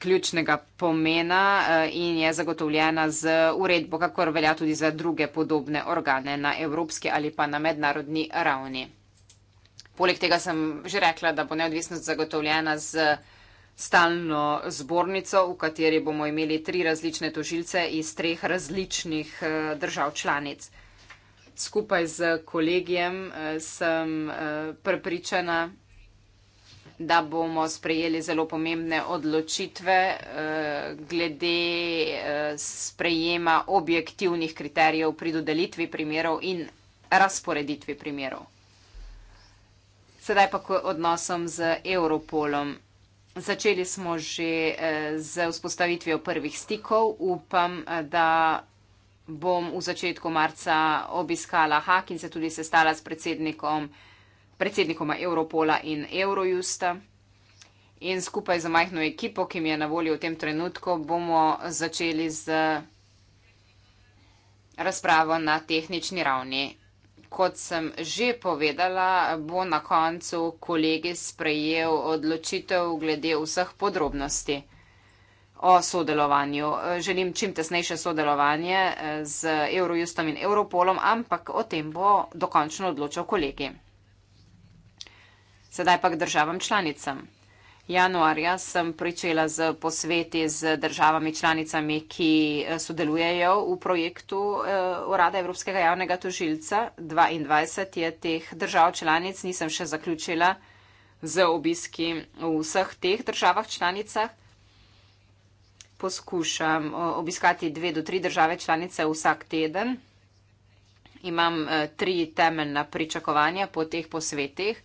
ključnega pomena eh, in je zagotovljena z uredbo, kakor velja tudi za druge podobne organe na evropski ali pa na mednarodni ravni. Poleg tega sem že rekla, da bo neodvisnost zagotovljena z uh, stalno zbornico, v kateri bomo imeli tri različne tožilce iz treh različnih eh, držav članic. Skupaj z kolegijem eh, sem eh, prepričana, da bomo sprejeli zelo pomembne odločitve glede sprejema objektivnih kriterijev pri dodelitvi primerov in razporeditvi primerov. Sedaj pa k odnosom z Europolom. Začeli smo že eh, z vzpostavitvijo prvih stikov. Upam, eh, da bom v začetku marca obiskala Hak in se tudi sestala s predsednikom, predsednikoma Europola in Eurojusta. In skupaj z majhno ekipo, ki mi je na voljo v tem trenutku, bomo začeli z razpravo na tehnični ravni kot sem že povedala, bo na koncu kolegi sprejel odločitev glede vseh podrobnosti o sodelovanju. Želim čim tesnejše sodelovanje eh, z Eurojustom in Europolom, ampak o tem bo dokončno odločil kolegi. Sedaj pa k državam članicam januarja sem pričela z posveti z državami članicami, ki eh, sodelujejo v projektu eh, Urada Evropskega javnega tožilca. 22 je teh držav članic, nisem še zaključila z obiski v vseh teh državah članicah. Poskušam eh, obiskati dve do tri države članice vsak teden. Imam tri temeljna pričakovanja po teh posvetih.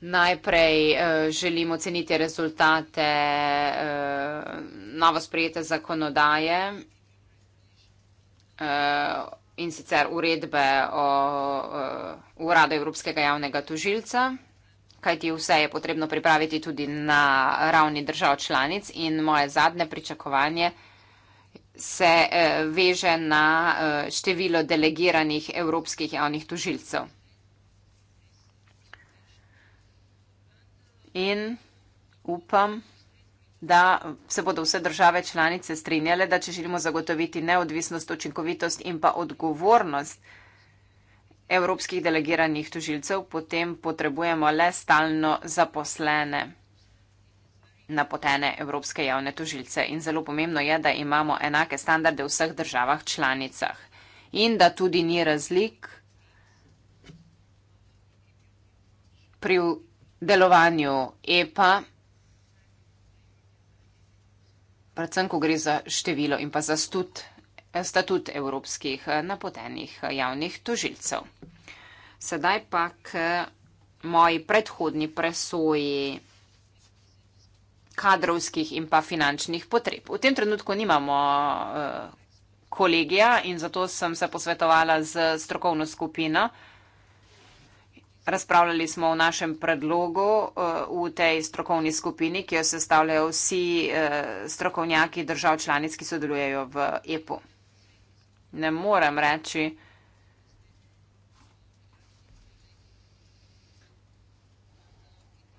Najprej eh, želim oceniti rezultate eh, novo sprejete zakonodaje eh, in sicer uredbe o uradu Evropskega javnega tožilca, kajti vse je potrebno pripraviti tudi na ravni držav članic in moje zadnje pričakovanje se veže na število delegiranih evropskih javnih tožilcev. in upam, da se bodo vse države članice strinjale, da če želimo zagotoviti neodvisnost, očinkovitost in pa odgovornost evropskih delegiranih tožilcev, potem potrebujemo le stalno zaposlene napotene evropske javne tožilce. In zelo pomembno je, da imamo enake standarde v vseh državah članicah in da tudi ni razlik pri delovanju EPA, predvsem, ko gre za število in pa za statut, statut evropskih eh, napotenih eh, javnih tožilcev. Sedaj pa k eh, moji predhodni presoji kadrovskih in pa finančnih potreb. V tem trenutku nimamo kolegija in zato sem se posvetovala z strokovno skupino Razpravljali smo o našem predlogu eh, v tej strokovni skupini, ki jo sestavljajo vsi eh, strokovnjaki držav članic, ki sodelujejo v EPO. Ne morem reči,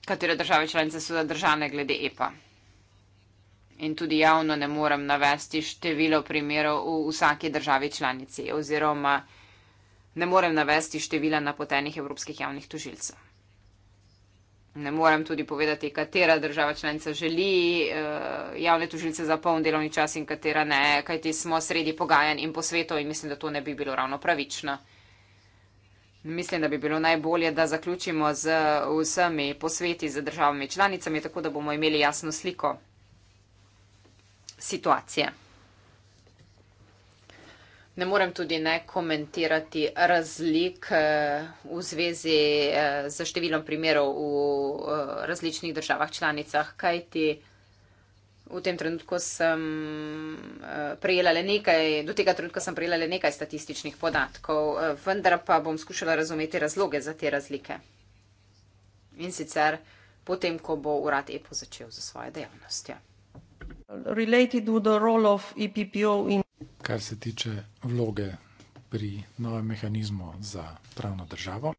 katere države članice so zadržane glede EPA. In tudi javno ne morem navesti število primerov v vsaki državi članici oziroma EPA. Ne morem navesti števila napotenih evropskih javnih tožilcev. Ne morem tudi povedati, katera država članica želi uh, javne tožilce za poln delovni čas in katera ne, kajti smo sredi pogajanj in po svetu in mislim, da to ne bi bilo ravno pravično. Mislim, da bi bilo najbolje, da zaključimo z vsemi posveti z državami članicami, tako da bomo imeli jasno sliko situacije ne morem tudi ne komentirati razlik eh, v zvezi z eh, številom primerov v eh, različnih državah članicah, kajti v tem trenutku sem prejela le nekaj, do tega trenutka sem prejela le nekaj statističnih podatkov, vendar pa bom skušala razumeti razloge za te razlike. In sicer potem, ko bo urad EPO začel za svoje dejavnosti. Related to the role of EPPO in kar se tiče vloge pri novem mehanizmu za pravno državo.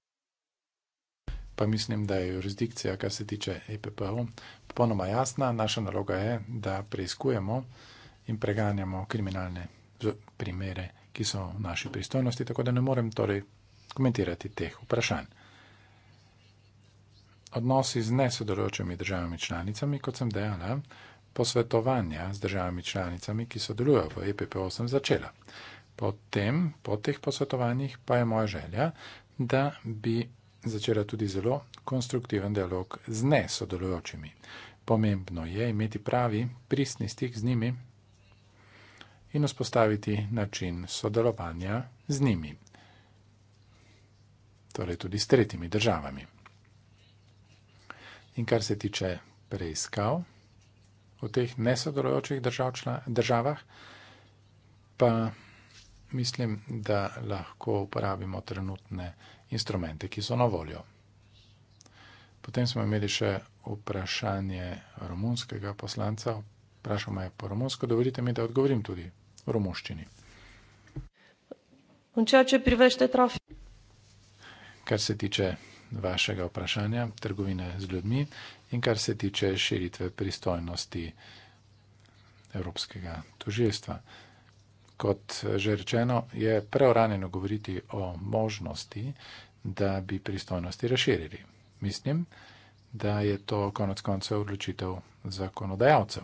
Pa mislim, da je jurisdikcija, kar se tiče EPPO, popolnoma jasna. Naša naloga je, da preiskujemo in preganjamo kriminalne primere, ki so v naši pristojnosti, tako da ne morem torej komentirati teh vprašanj. Odnosi z nesodelujočimi državami članicami, kot sem dejala, posvetovanja z državami članicami, ki sodelujo v EPP8 začela. Potem, po teh posvetovanjih, pa je moja želja, da bi začela tudi zelo konstruktiven dialog z ne sodelujočimi. Pomembno je imeti pravi, pristni stik z njimi in vzpostaviti način sodelovanja z njimi, torej tudi s tretjimi državami. In kar se tiče preiskav, v teh nesodelujočih držav, državah, pa mislim, da lahko uporabimo trenutne instrumente, ki so na voljo. Potem smo imeli še vprašanje romunskega poslanca. Vprašal me je po romunsko, dovolite mi, da odgovorim tudi v romuščini. Kar se tiče vašega vprašanja, trgovine z ljudmi in kar se tiče širitve pristojnosti Evropskega tožilstva. Kot že rečeno, je preoranjeno govoriti o možnosti, da bi pristojnosti razširili. Mislim, da je to konec koncev odločitev zakonodajalcev,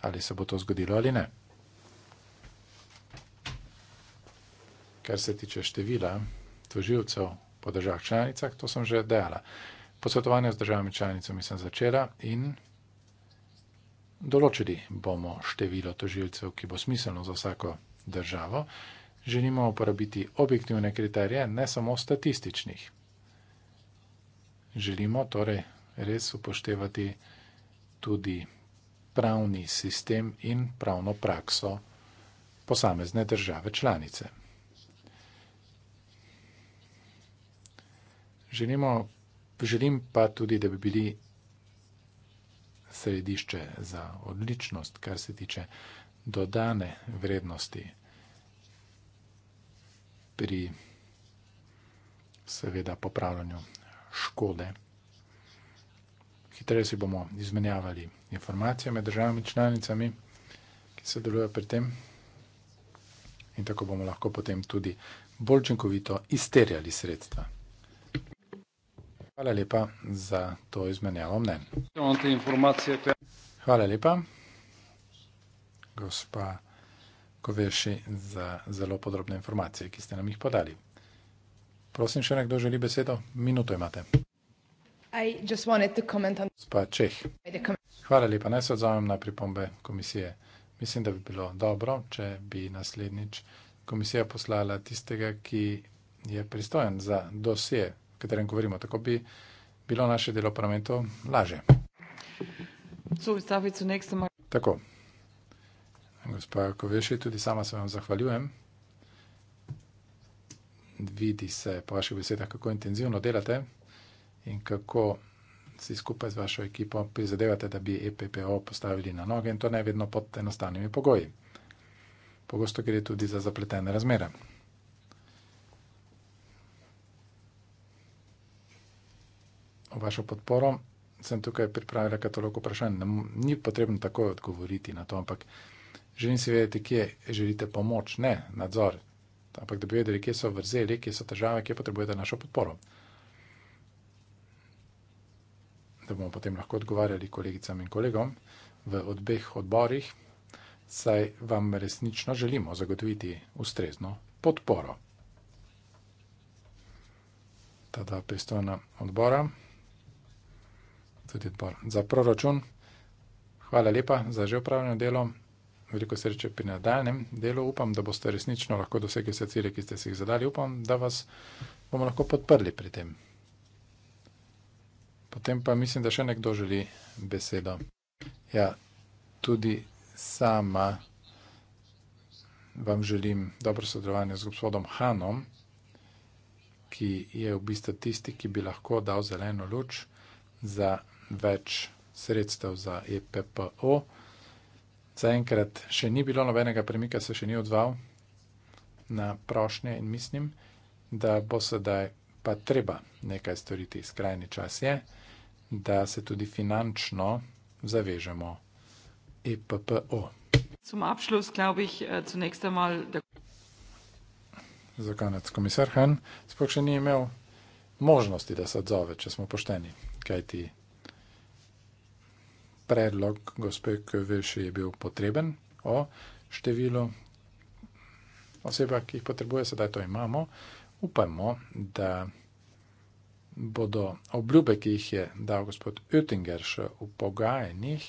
ali se bo to zgodilo ali ne. Kar se tiče števila tožilcev, po državah članicah, to sem že dejala. Posvetovanje z državami članicami sem začela in določili bomo število toživcev, ki bo smiselno za vsako državo. Želimo uporabiti objektivne kriterije, ne samo statističnih. Želimo torej res upoštevati tudi pravni sistem in pravno prakso posamezne države članice. Želimo, želim pa tudi, da bi bili središče za odličnost, kar se tiče dodane vrednosti pri seveda popravljanju škode. Hitreje si bomo izmenjavali informacije med državami članicami, ki se delujejo pri tem in tako bomo lahko potem tudi bolj učinkovito izterjali sredstva. Hvala lepa za to izmenjavo mnen. Hvala lepa, gospa Koveši, za zelo podrobne informacije, ki ste nam jih podali. Prosim, še nekdo želi besedo? Minuto imate. Gospa Čeh. Hvala lepa, naj se odzovem na pripombe komisije. Mislim, da bi bilo dobro, če bi naslednjič komisija poslala tistega, ki je pristojen za dosje katerem govorimo. Tako bi bilo naše delo v parlamentu laže. Tako. Gospa Koveši, tudi sama se vam zahvaljujem. Vidi se po vaših besedah, kako intenzivno delate in kako si skupaj z vašo ekipo prizadevate, da bi EPPO postavili na noge in to ne vedno pod enostavnimi pogoji. Pogosto gre tudi za zapletene razmere. vašo podporo. Sem tukaj pripravila katalog vprašanj. Ni potrebno takoj odgovoriti na to, ampak želim si vedeti, kje želite pomoč, ne nadzor, ampak da bi vedeli, kje so vrzeli, kje so težave, kje potrebujete našo podporo. Da bomo potem lahko odgovarjali kolegicam in kolegom v obeh odborih, saj vam resnično želimo zagotoviti ustrezno podporo. Ta dva pristojna odbora tudi odbor. Za proračun, hvala lepa za že upravljeno delo. Veliko sreče pri nadaljem delu. Upam, da boste resnično lahko dosegli vse cilje, ki ste si jih zadali. Upam, da vas bomo lahko podprli pri tem. Potem pa mislim, da še nekdo želi besedo. Ja, tudi sama vam želim dobro sodelovanje z gospodom Hanom, ki je v bistvu tisti, ki bi lahko dal zeleno luč za več sredstev za EPPO. Zaenkrat še ni bilo nobenega premika, se še ni odzval na prošnje in mislim, da bo sedaj pa treba nekaj storiti. Skrajni čas je, da se tudi finančno zavežemo EPPO. Zum abschluss, glaube ich, äh, zunächst einmal. Za konec, komisar Han sploh še ni imel možnosti, da se odzove, če smo pošteni, kaj ti je predlog gospe Kveši je bil potreben o številu oseba, ki jih potrebuje, sedaj to imamo. Upajmo, da bodo obljube, ki jih je dal gospod Oettinger še v pogajanjih,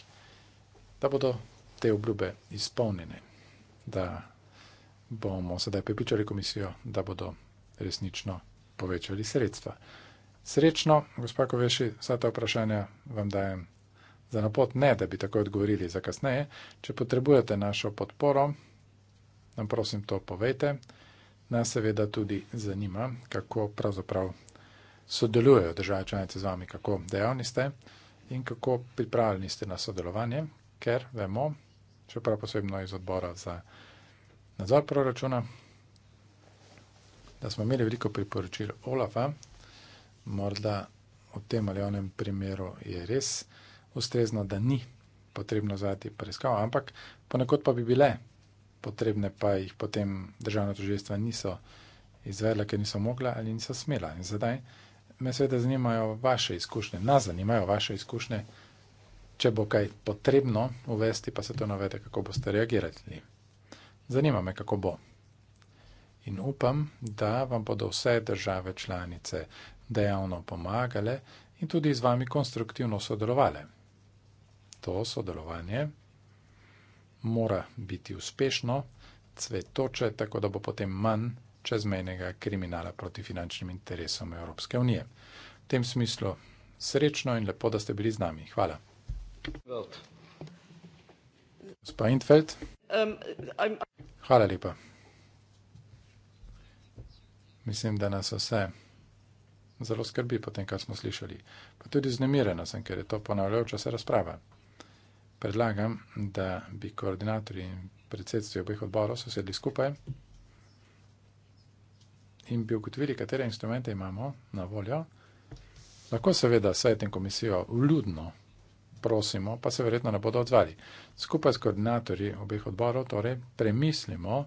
da bodo te obljube izpolnjene, da bomo sedaj pripričali komisijo, da bodo resnično povečali sredstva. Srečno, gospod Koveši, vsa ta vprašanja vam dajem za napot, ne da bi takoj odgovorili za kasneje. Če potrebujete našo podporo, nam prosim to povejte. Nas seveda tudi zanima, kako pravzaprav sodelujejo države članice z vami, kako dejavni ste in kako pripravljeni ste na sodelovanje, ker vemo, čeprav posebno iz odbora za nadzor proračuna, da smo imeli veliko priporočil Olafa, morda v tem ali onem primeru je res, da ustrezno, da ni potrebno zati preiskav, ampak ponekod pa bi bile potrebne, pa jih potem državna tožilstva niso izvedla, ker niso mogla ali niso smela. In zdaj me seveda zanimajo vaše izkušnje, nas zanimajo vaše izkušnje, če bo kaj potrebno uvesti, pa se to navede, kako boste reagirali. Zanima me, kako bo. In upam, da vam bodo vse države članice dejavno pomagale in tudi z vami konstruktivno sodelovali to sodelovanje mora biti uspešno, cvetoče, tako da bo potem manj čezmejnega kriminala proti finančnim interesom Evropske unije. V tem smislu srečno in lepo, da ste bili z nami. Hvala. Gospa Intfeld. Um, Hvala lepa. Mislim, da nas vse zelo skrbi po tem, kar smo slišali. Pa tudi znemirena sem, ker je to ponavljajoča se razprava predlagam, da bi koordinatorji in predsedstvi obeh odborov sosedli skupaj in bi ugotovili, katere instrumente imamo na voljo. Lahko seveda svetem komisijo vljudno prosimo, pa se verjetno ne bodo odzvali. Skupaj s koordinatorji obeh odborov torej premislimo,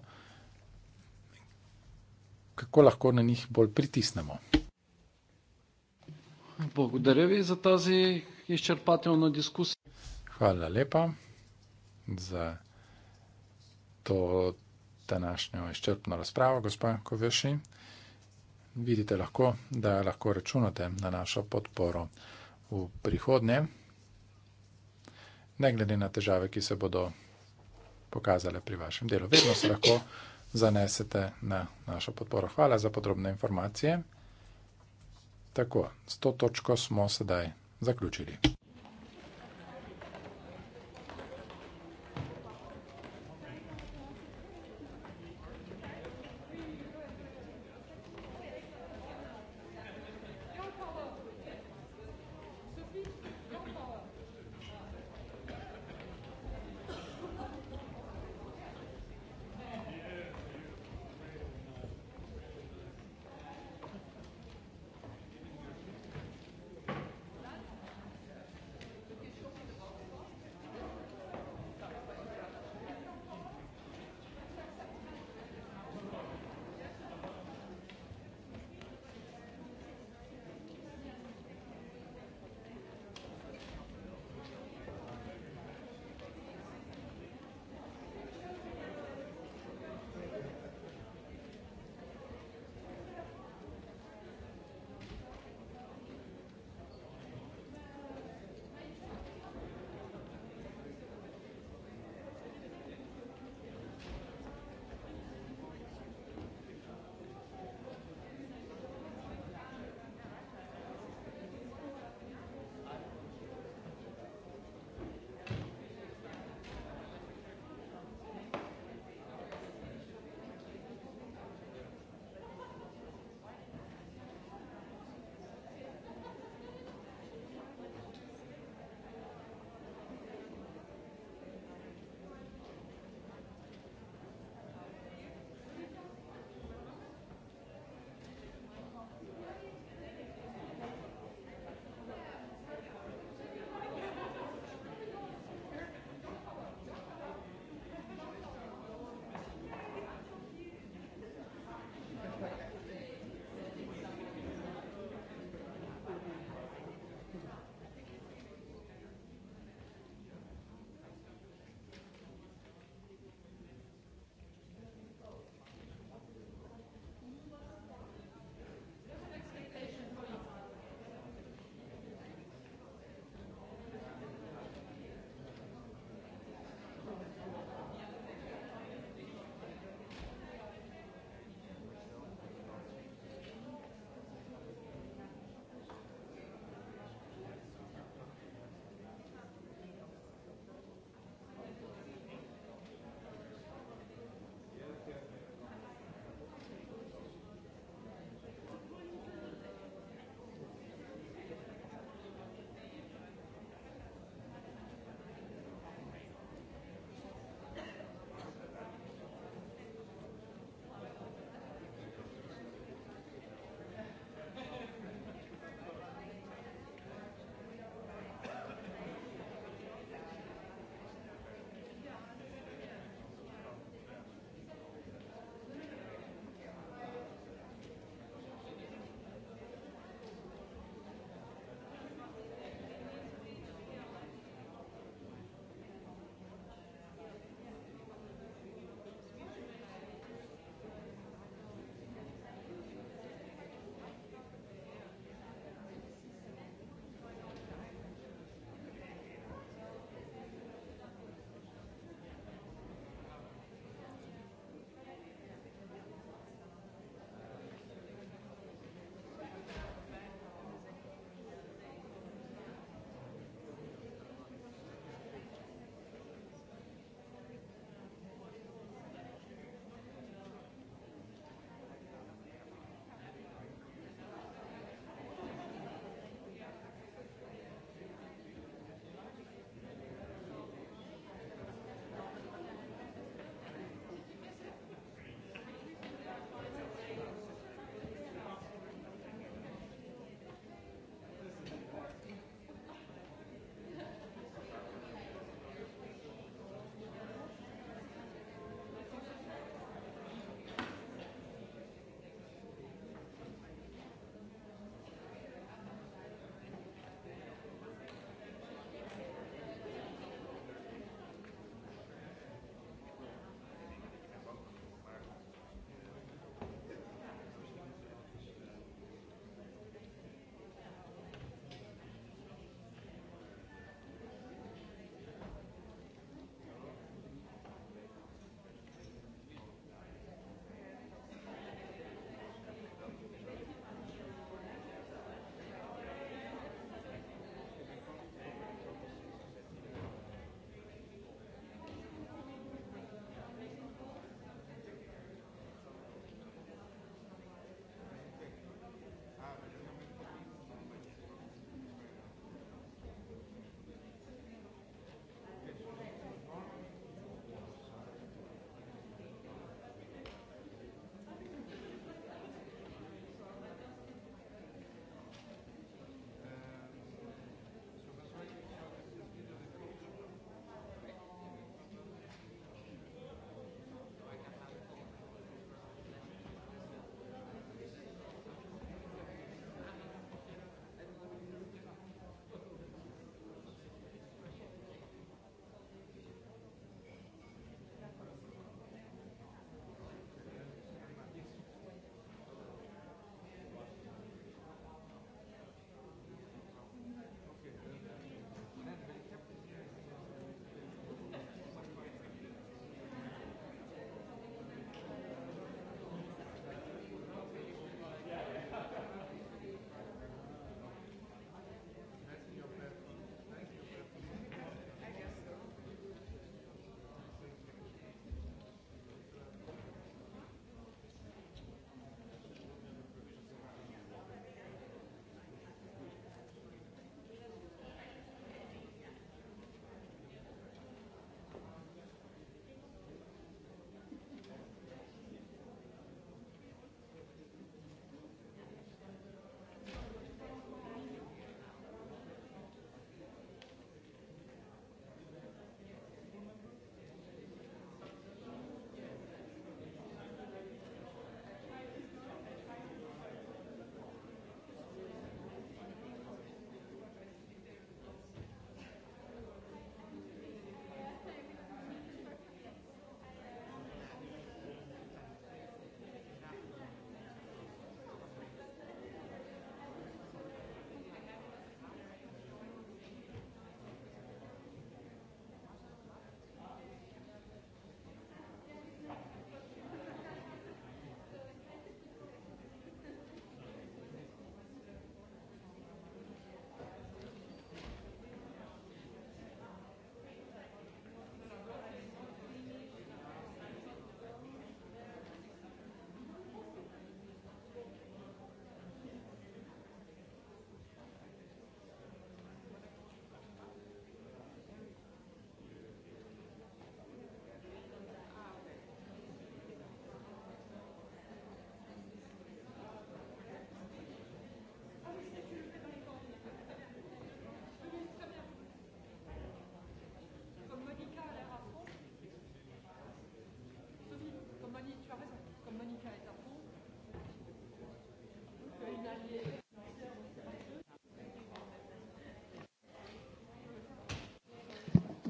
kako lahko na njih bolj pritisnemo. Благодаря ви за тази изчерпателна дискусия. Hvala lepa za to današnjo izčrpno razpravo, gospa Koveši. Vidite lahko, da lahko računate na našo podporo v prihodnje, ne glede na težave, ki se bodo pokazale pri vašem delu. Vedno se lahko zanesete na našo podporo. Hvala za podrobne informacije. Tako, s to točko smo sedaj zaključili.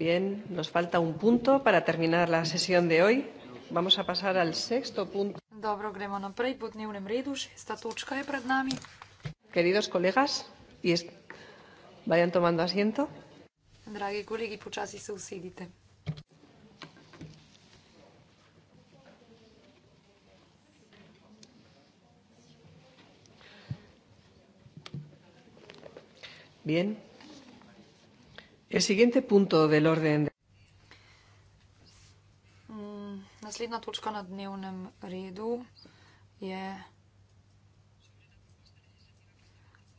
Bien, nos falta un punto para terminar la sesión de hoy. Vamos a pasar al sexto punto. Dobro, gremo naprej po dnevnem redu. Šesta točka je pred nami. Queridos colegas, y es... vayan tomando asiento. Dragi kolegi, počasi se usedite. Bien, El siguiente punto del orden. De... Mm, naslednja točka na dnevnem redu je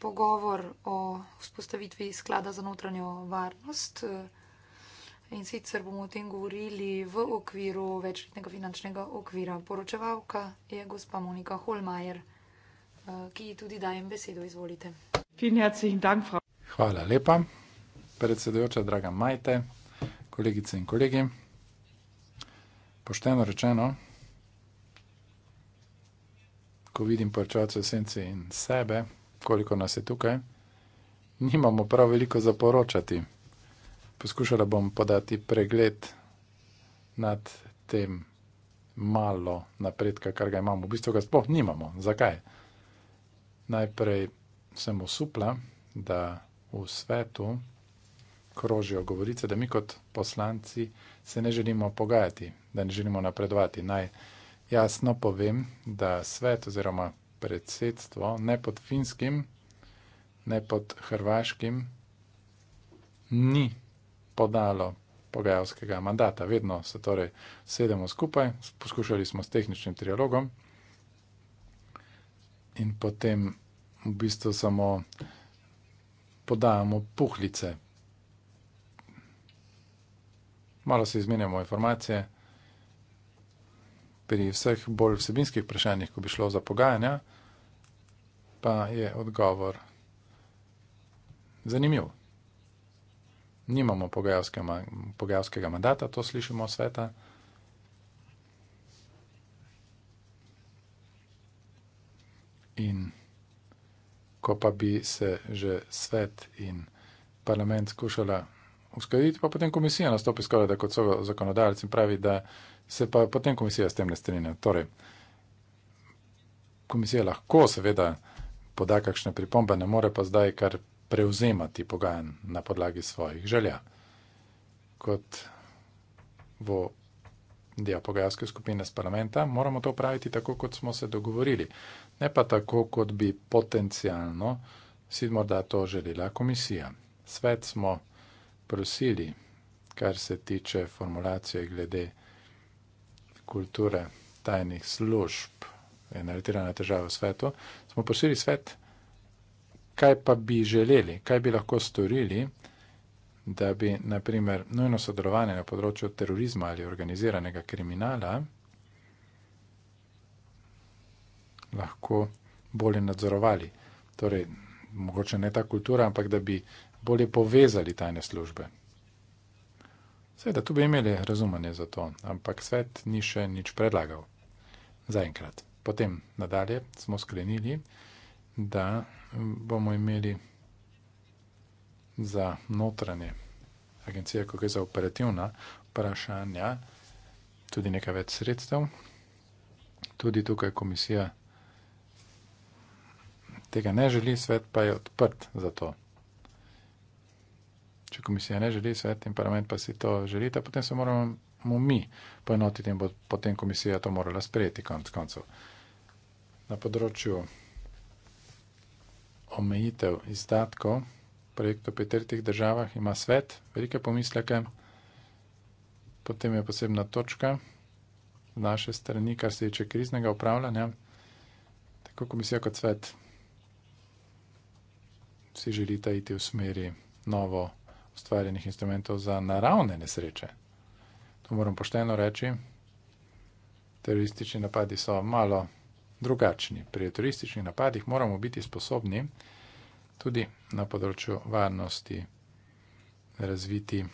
pogovor o vzpostavitvi sklada za notranjo varnost. In sicer bomo o tem govorili v okviru večletnega finančnega okvira. Poročevalka je gospa Monika Holmajer, eh, ki ji tudi dajem besedo. Izvolite. Hvala lepa predsedujoča, draga Majte, kolegice in kolegi. Pošteno rečeno, ko vidim porčavce v senci in sebe, koliko nas je tukaj, nimamo prav veliko za poročati. Poskušala bom podati pregled nad tem malo napredka, kar ga imamo. V bistvu ga sploh nimamo. Zakaj? Najprej sem osupla, da v svetu krožijo govorice, da mi kot poslanci se ne želimo pogajati, da ne želimo napredovati. Naj jasno povem, da svet oziroma predsedstvo ne pod finskim, ne pod hrvaškim ni podalo pogajalskega mandata. Vedno se torej sedemo skupaj, poskušali smo s tehničnim trialogom in potem v bistvu samo podajamo puhlice, malo se izmenjamo informacije. Pri vseh bolj vsebinskih vprašanjih, ko bi šlo za pogajanja, pa je odgovor zanimiv. Nimamo pogajalskega mandata, to slišimo od sveta. In ko pa bi se že svet in parlament skušala uskladiti, pa potem komisija nastopi skoraj da kot so zakonodajalci in pravi, da se pa potem komisija s tem ne strinja. Torej, komisija lahko seveda poda kakšne pripombe, ne more pa zdaj kar prevzemati pogajanj na podlagi svojih želja. Kot v del pogajalske skupine z parlamenta, moramo to praviti tako, kot smo se dogovorili, ne pa tako, kot bi potencialno si morda to želela komisija. Svet smo prosili, kar se tiče formulacije glede kulture tajnih služb in naletirane težave v svetu, smo prosili svet, kaj pa bi želeli, kaj bi lahko storili, da bi naprimer nujno sodelovanje na področju terorizma ali organiziranega kriminala lahko bolje nadzorovali. Torej, mogoče ne ta kultura, ampak da bi bolje povezali tajne službe. Seveda, tu bi imeli razumanje za to, ampak svet ni še nič predlagal. Zaenkrat. Potem nadalje smo sklenili, da bomo imeli za notranje agencije, kako je za operativna vprašanja, tudi nekaj več sredstev. Tudi tukaj komisija tega ne želi, svet pa je odprt za to. Če komisija ne želi, svet in parlament pa si to želite, potem se moramo mi poenotiti in bo potem komisija to morala sprejeti konc koncev. Na področju omejitev izdatkov projektu v petrtih državah ima svet velike pomisleke, potem je posebna točka z naše strani, kar se tiče kriznega upravljanja, tako komisija kot svet si želite iti v smeri novo ustvarjenih instrumentov za naravne nesreče. To moram pošteno reči. Teroristični napadi so malo drugačni. Pri terorističnih napadih moramo biti sposobni tudi na področju varnosti razviti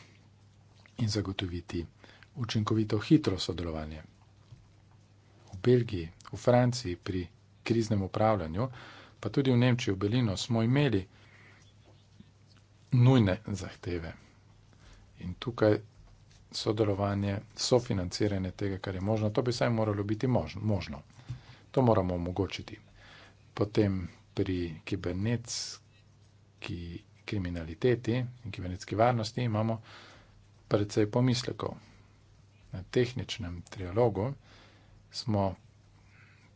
in zagotoviti učinkovito hitro sodelovanje. V Belgiji, v Franciji pri kriznem upravljanju, pa tudi v Nemčiji, v Belino smo imeli nujne zahteve. In tukaj sodelovanje, sofinanciranje tega, kar je možno, to bi saj moralo biti možno. To moramo omogočiti. Potem pri kibernetski kriminaliteti in kibernetski varnosti imamo predvsej pomislekov. Na tehničnem trialogu smo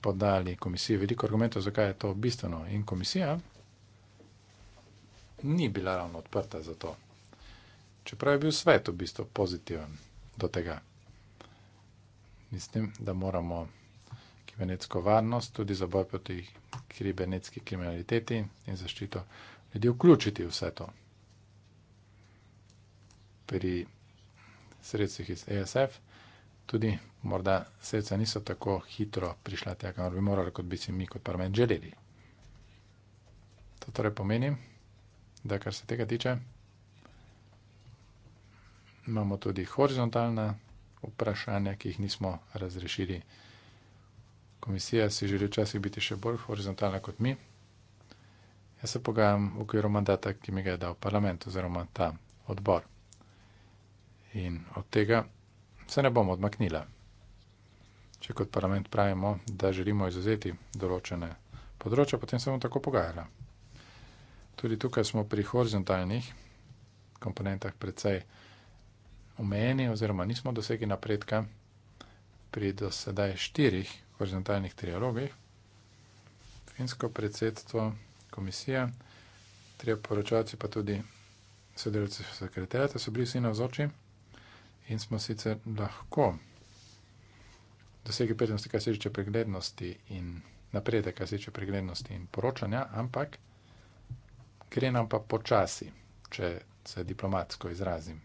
podali komisiji veliko argumentov, zakaj je to bistveno. In komisija ni bila ravno odprta za to. Čeprav je bil svet v bistvu pozitiven do tega. Mislim, da moramo kibernetsko varnost tudi za boj proti kibernetski kriminaliteti in zaščito ljudi vključiti vse to. Pri sredstvih iz ESF tudi morda sredstva niso tako hitro prišla tja, kamor bi morali, kot bi si mi kot parlament želeli. To torej pomeni, da kar se tega tiče. Imamo tudi horizontalna vprašanja, ki jih nismo razrešili. Komisija si želi včasih biti še bolj horizontalna kot mi. Jaz se pogajam v okviru mandata, ki mi ga je dal parlament oziroma ta odbor. In od tega se ne bomo odmaknila. Če kot parlament pravimo, da želimo izuzeti določene področja, potem se bomo tako pogajala. Tudi tukaj smo pri horizontalnih komponentah precej omejeni, oziroma nismo dosegli napredka pri dosedaj štirih horizontalnih trialogih. Finsko predsedstvo, komisija, trije poročavci, pa tudi sodelavci sekretarjata so bili vsi na vzoči in smo sicer lahko dosegli prednosti, kar se tiče preglednosti in napredek, kar se tiče preglednosti in poročanja, ampak gre nam pa počasi, če se diplomatsko izrazim.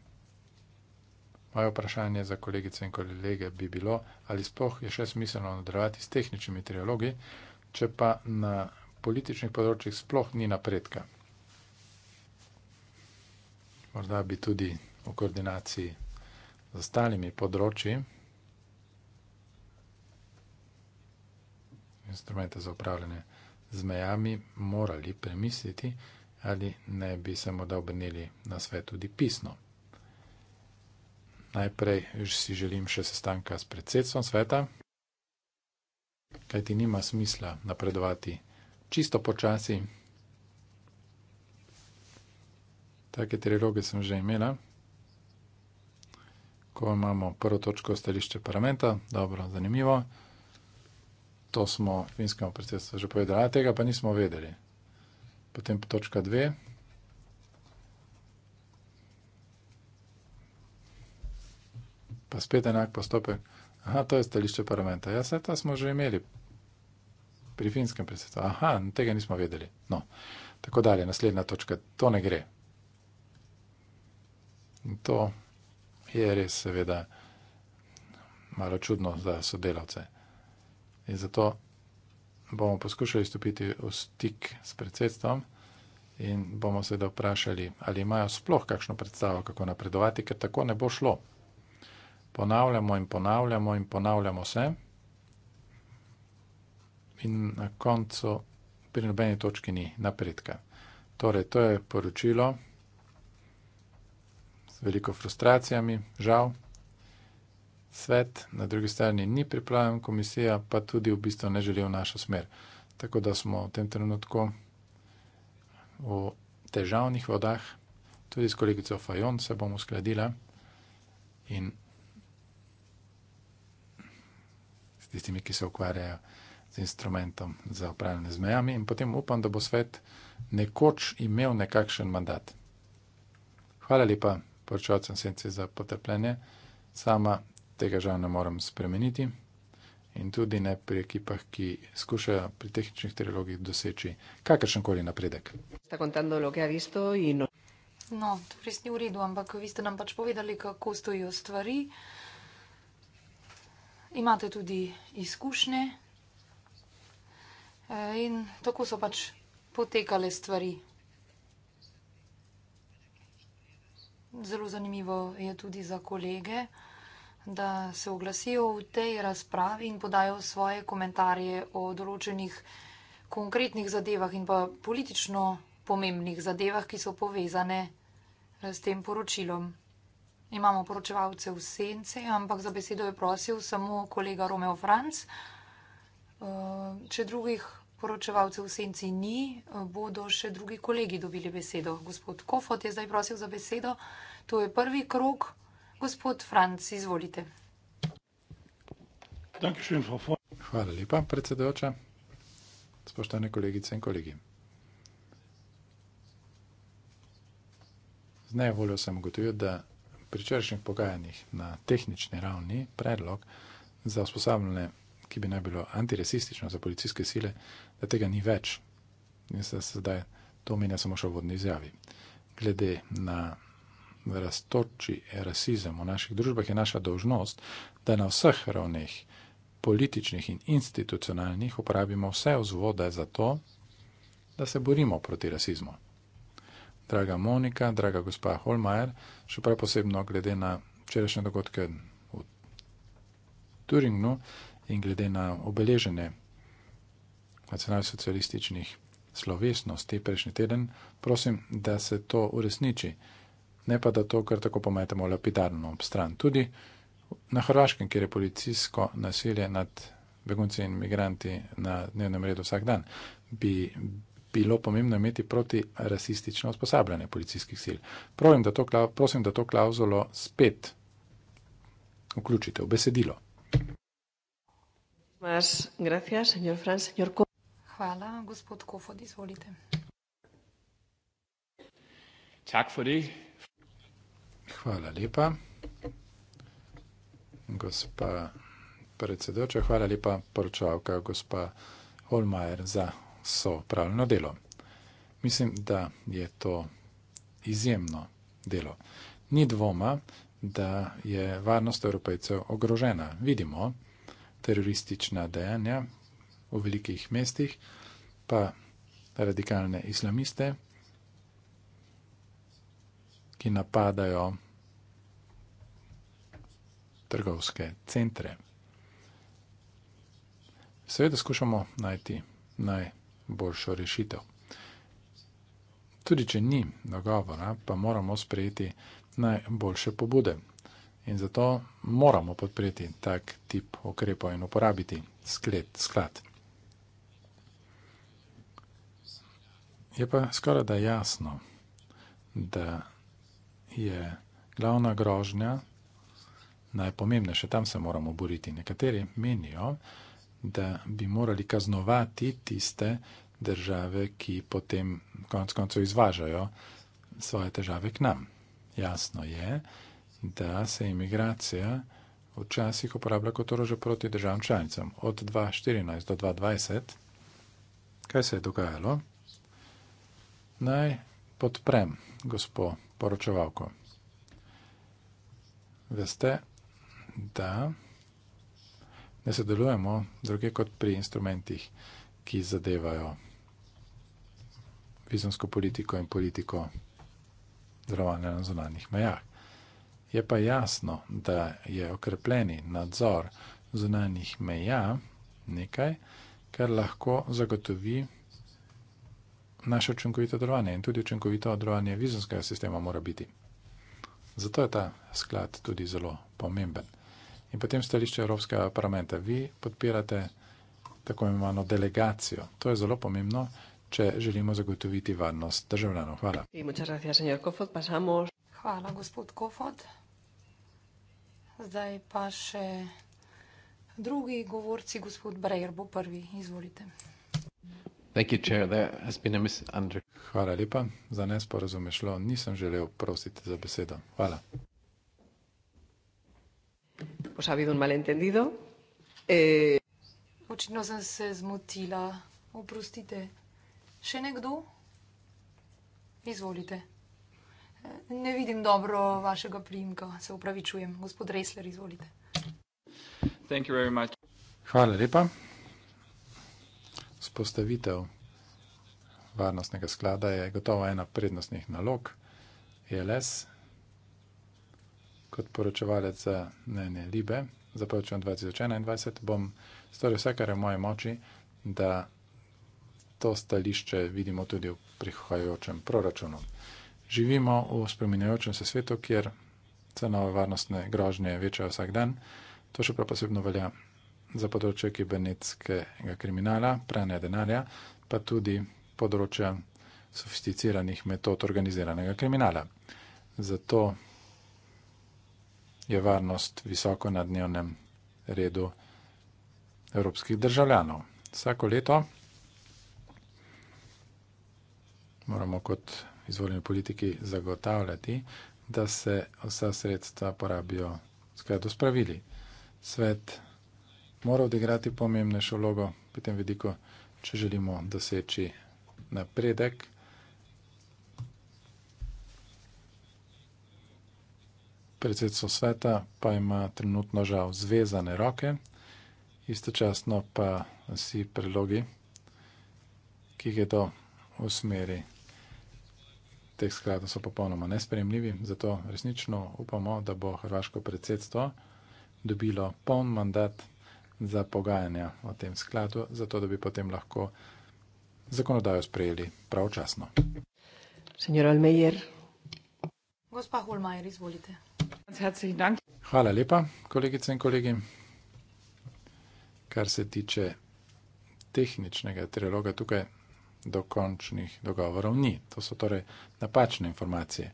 Moje vprašanje za kolegice in kolege bi bilo, ali sploh je še smiselno nadaljevati s tehničnimi trialogi, če pa na političnih področjih sploh ni napredka. Morda bi tudi v koordinaciji z ostalimi področji instrumente za upravljanje z mejami morali premisliti, ali ne bi se morda obrnili na svet tudi pisno. Najprej si želim še sestanka s predsedstvom sveta, kajti nima smisla napredovati čisto počasi. Take triloge sem že imela. Ko imamo prvo točko stališče parlamenta, dobro, zanimivo, to smo finskemu predsedstvu že povedali, a tega pa nismo vedeli potem pa točka 2. Pa spet enak postopek. Aha, to je stališče parlamenta. Ja, se ta smo že imeli pri finskem predsedstvu. Aha, tega nismo vedeli. No, tako dalje, naslednja točka. To ne gre. In to je res, seveda, malo čudno za sodelavce. In zato bomo poskušali stopiti v stik s predsedstvom in bomo se da vprašali, ali imajo sploh kakšno predstavo, kako napredovati, ker tako ne bo šlo. Ponavljamo in ponavljamo in ponavljamo vse in na koncu pri nobeni točki ni napredka. Torej, to je poročilo z veliko frustracijami, žal svet, na drugi strani ni pripravljen komisija, pa tudi v bistvu ne želijo našo smer. Tako da smo v tem trenutku v težavnih vodah, tudi s kolegico Fajon se bomo uskladila in s tistimi, ki se ukvarjajo z instrumentom za upravljanje z mejami in potem upam, da bo svet nekoč imel nekakšen mandat. Hvala lepa, poročevalcem Sence, za potrpljenje. Sama tega žal ne morem spremeniti in tudi ne pri ekipah, ki skušajo pri tehničnih trilogih doseči kakršen koli napredek. No-, no, to res ni v redu, ampak vi ste nam pač povedali, kako stojijo stvari. Imate tudi izkušnje e, in tako so pač potekale stvari. Zelo zanimivo je tudi za kolege da se oglasijo v tej razpravi in podajo svoje komentarje o določenih konkretnih zadevah in pa politično pomembnih zadevah, ki so povezane eh, s tem poročilom. Imamo poročevalce v sence, ampak za besedo je prosil samo kolega Romeo Franc. Eh, če drugih poročevalcev v senci ni, eh, bodo še drugi kolegi dobili besedo. Gospod Kofot je zdaj prosil za besedo. To je prvi krok. Gospod Franc, izvolite. Hvala lepa, predsedujoča. Spoštovane kolegice in kolegi. Z nevoljo sem ugotovil, da pri čršnih pogajanjih na tehnični ravni predlog za usposabljanje, ki bi naj bilo antirasistično za policijske sile, da tega ni več. In se zdaj to omenja samo še v vodni izjavi. Glede na raztoči rasizem v naših družbah, je naša dožnost, da na vseh ravneh, političnih in institucionalnih, uporabimo vse vzvode za to, da se borimo proti rasizmu. Draga Monika, draga gospa Holmajer, še prav posebno glede na včerajšnje dogodke v Turingu in glede na obeleženje nacionalsocialističnih slovesnosti prejšnji teden, prosim, da se to uresniči ne pa da to kar tako pometemo lapidarno ob stran. Tudi na Hrvaškem, kjer je policijsko nasilje nad begunci in imigranti na dnevnem redu vsak dan, bi bilo pomembno imeti proti rasistično usposabljanje policijskih sil. Prosim, da to, prosim, da to klauzulo spet vključite v besedilo. Hvala, gospod Kofod, izvolite. Tak for det. Hvala lepa. Gospa predsedoča, hvala lepa poročavka, gospa Holmajer, za so pravilno delo. Mislim, da je to izjemno delo. Ni dvoma, da je varnost Evropejcev ogrožena. Vidimo teroristična dejanja v velikih mestih, pa radikalne islamiste, ki napadajo trgovske centre. Seveda skušamo najti najboljšo rešitev. Tudi če ni dogovora, pa moramo sprejeti najboljše pobude. In zato moramo podpreti tak tip okrepov in uporabiti sklet, sklad. Je pa skoraj da jasno, da je glavna grožnja najpomembnejša. Tam se moramo boriti. Nekateri menijo, da bi morali kaznovati tiste države, ki potem konec koncev izvažajo svoje težave k nam. Jasno je, da se imigracija včasih uporablja kot orožje proti državam članicam. Od 2014 do 2020, kaj se je dogajalo? Naj podprem, gospod poročevalko. Veste, da ne sodelujemo druge kot pri instrumentih, ki zadevajo vizumsko politiko in politiko delovanja na zunanjih mejah. Je pa jasno, da je okrepljeni nadzor zunanjih meja nekaj, kar lahko zagotovi naše učinkovito delovanje in tudi učinkovito delovanje vizumskega sistema mora biti. Zato je ta sklad tudi zelo pomemben. In potem stališče Evropskega parlamenta. Vi podpirate tako imenovano delegacijo. To je zelo pomembno, če želimo zagotoviti varnost državljanov. Hvala. Hvala, gospod Kofod. Zdaj pa še drugi govorci, gospod Brejer bo prvi. Izvolite. Thank you, chair. There has been a misunderstanding. Hvala lepa za nesporazumešlo. Nisem želel prositi za besedo. Hvala. Pues ha habido un malentendido. Eh... Očitno sem se zmotila. Oprostite. Še nekdo? Izvolite. Eh, ne vidim dobro vašega prijimka, se upravičujem. Gospod Resler, izvolite. Hvala lepa spostavitev varnostnega sklada je gotovo ena prednostnih nalog ELS. Kot poročevalec za mnenje Libe za proračun 2021 bom storil vse, kar je v moje moči, da to stališče vidimo tudi v prihajajočem proračunu. Živimo v spremenjajočem se svetu, kjer cenove varnostne grožnje večajo vsak dan. To še prav posebno velja za področje kibernetskega kriminala, pranja denarja, pa tudi področja sofisticiranih metod organiziranega kriminala. Zato je varnost visoko na dnevnem redu evropskih državljanov. Vsako leto moramo kot izvoljeni politiki zagotavljati, da se vsa sredstva porabijo skladu s pravili. Svet mora odigrati pomembnejšo vlogo pri tem vidiku, če želimo doseči napredek. Predsedstvo sveta pa ima trenutno žal zvezane roke, istočasno pa vsi predlogi, ki jih je to v smeri teh skladov, so popolnoma nespremljivi. Zato resnično upamo, da bo hrvaško predsedstvo dobilo poln mandat za pogajanja o tem skladu, zato da bi potem lahko zakonodajo sprejeli pravočasno. Senjor Almejer. Gospa Holmajer, izvolite. Hvala lepa, kolegice in kolegi. Kar se tiče tehničnega triloga, tukaj dokončnih dogovorov ni. To so torej napačne informacije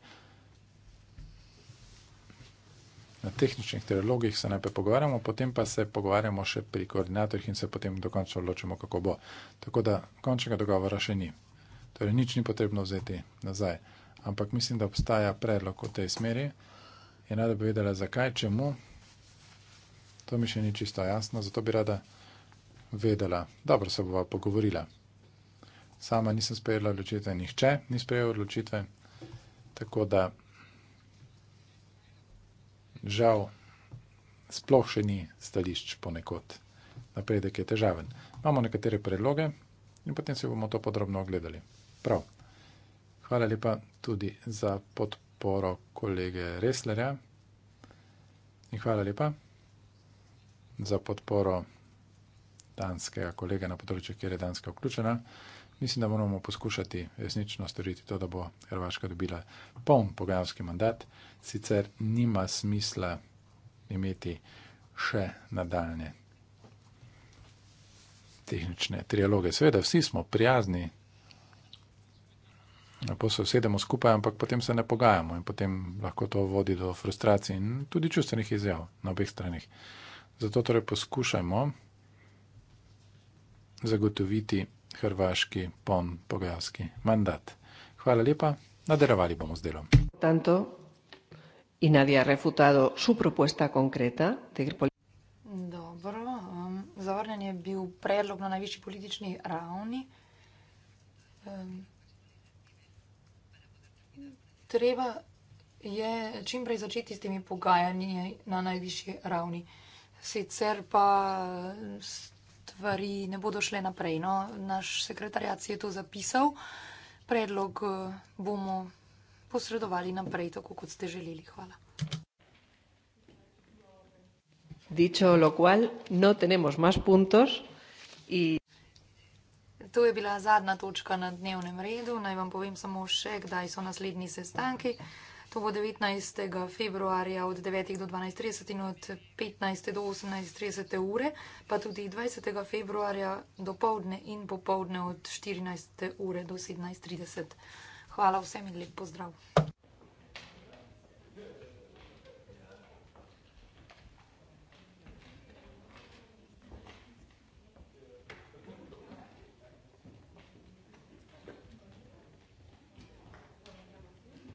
na tehničnih teologih se najprej pogovarjamo, potem pa se pogovarjamo še pri koordinatorjih in se potem dokončno odločimo, kako bo. Tako da končnega dogovora še ni. Torej, nič ni potrebno vzeti nazaj. Ampak mislim, da obstaja predlog v tej smeri in rada bi vedela, zakaj, čemu. To mi še ni čisto jasno, zato bi rada vedela. Dobro se bova pogovorila. Sama nisem sprejela odločitve, nihče ni sprejel odločitve. Tako da žal, sploh še ni stališč ponekod. Napredek je težaven. Imamo nekatere predloge in potem se bomo to podrobno ogledali. Prav. Hvala lepa tudi za podporo kolege Reslerja in hvala lepa za podporo danskega kolega na področju, kjer je Danska vključena. Mislim, da moramo poskušati resnično storiti to, da bo Hrvaška dobila poln pogajalski mandat, sicer nima smisla imeti še nadaljne tehnične trialoge. Seveda, vsi smo prijazni, lahko se usedemo skupaj, ampak potem se ne pogajamo in potem lahko to vodi do frustracij in tudi čustvenih izjav na obeh stranih. Zato torej poskušajmo zagotoviti hrvaški pompogajalski mandat. Hvala lepa, nadaljevali bomo z delom. Tanto. Y nadie ha refutado su propuesta concreta de ir por. Dobro. Um, zavrnjen je bil predlog na najvišji politični ravni. Um, treba je čim prej začeti s temi pogajanji na najvišji ravni. Sicer pa stvari ne bodo šle naprej. No, naš sekretarjat si je to zapisal, predlog eh, bomo posredovali naprej, tako kot ste želeli. Hvala. Dicho lo cual, no tenemos más puntos. Y... To je bila zadnja točka na dnevnem redu. Naj vam povem samo še, kdaj so naslednji sestanki. To bo 19. februarja od 9. do 12.30 in od 15. do 18.30 ure, pa tudi 20. februarja do povdne in popovdne od 14. ure do 17.30. Hvala vsem in lep pozdrav.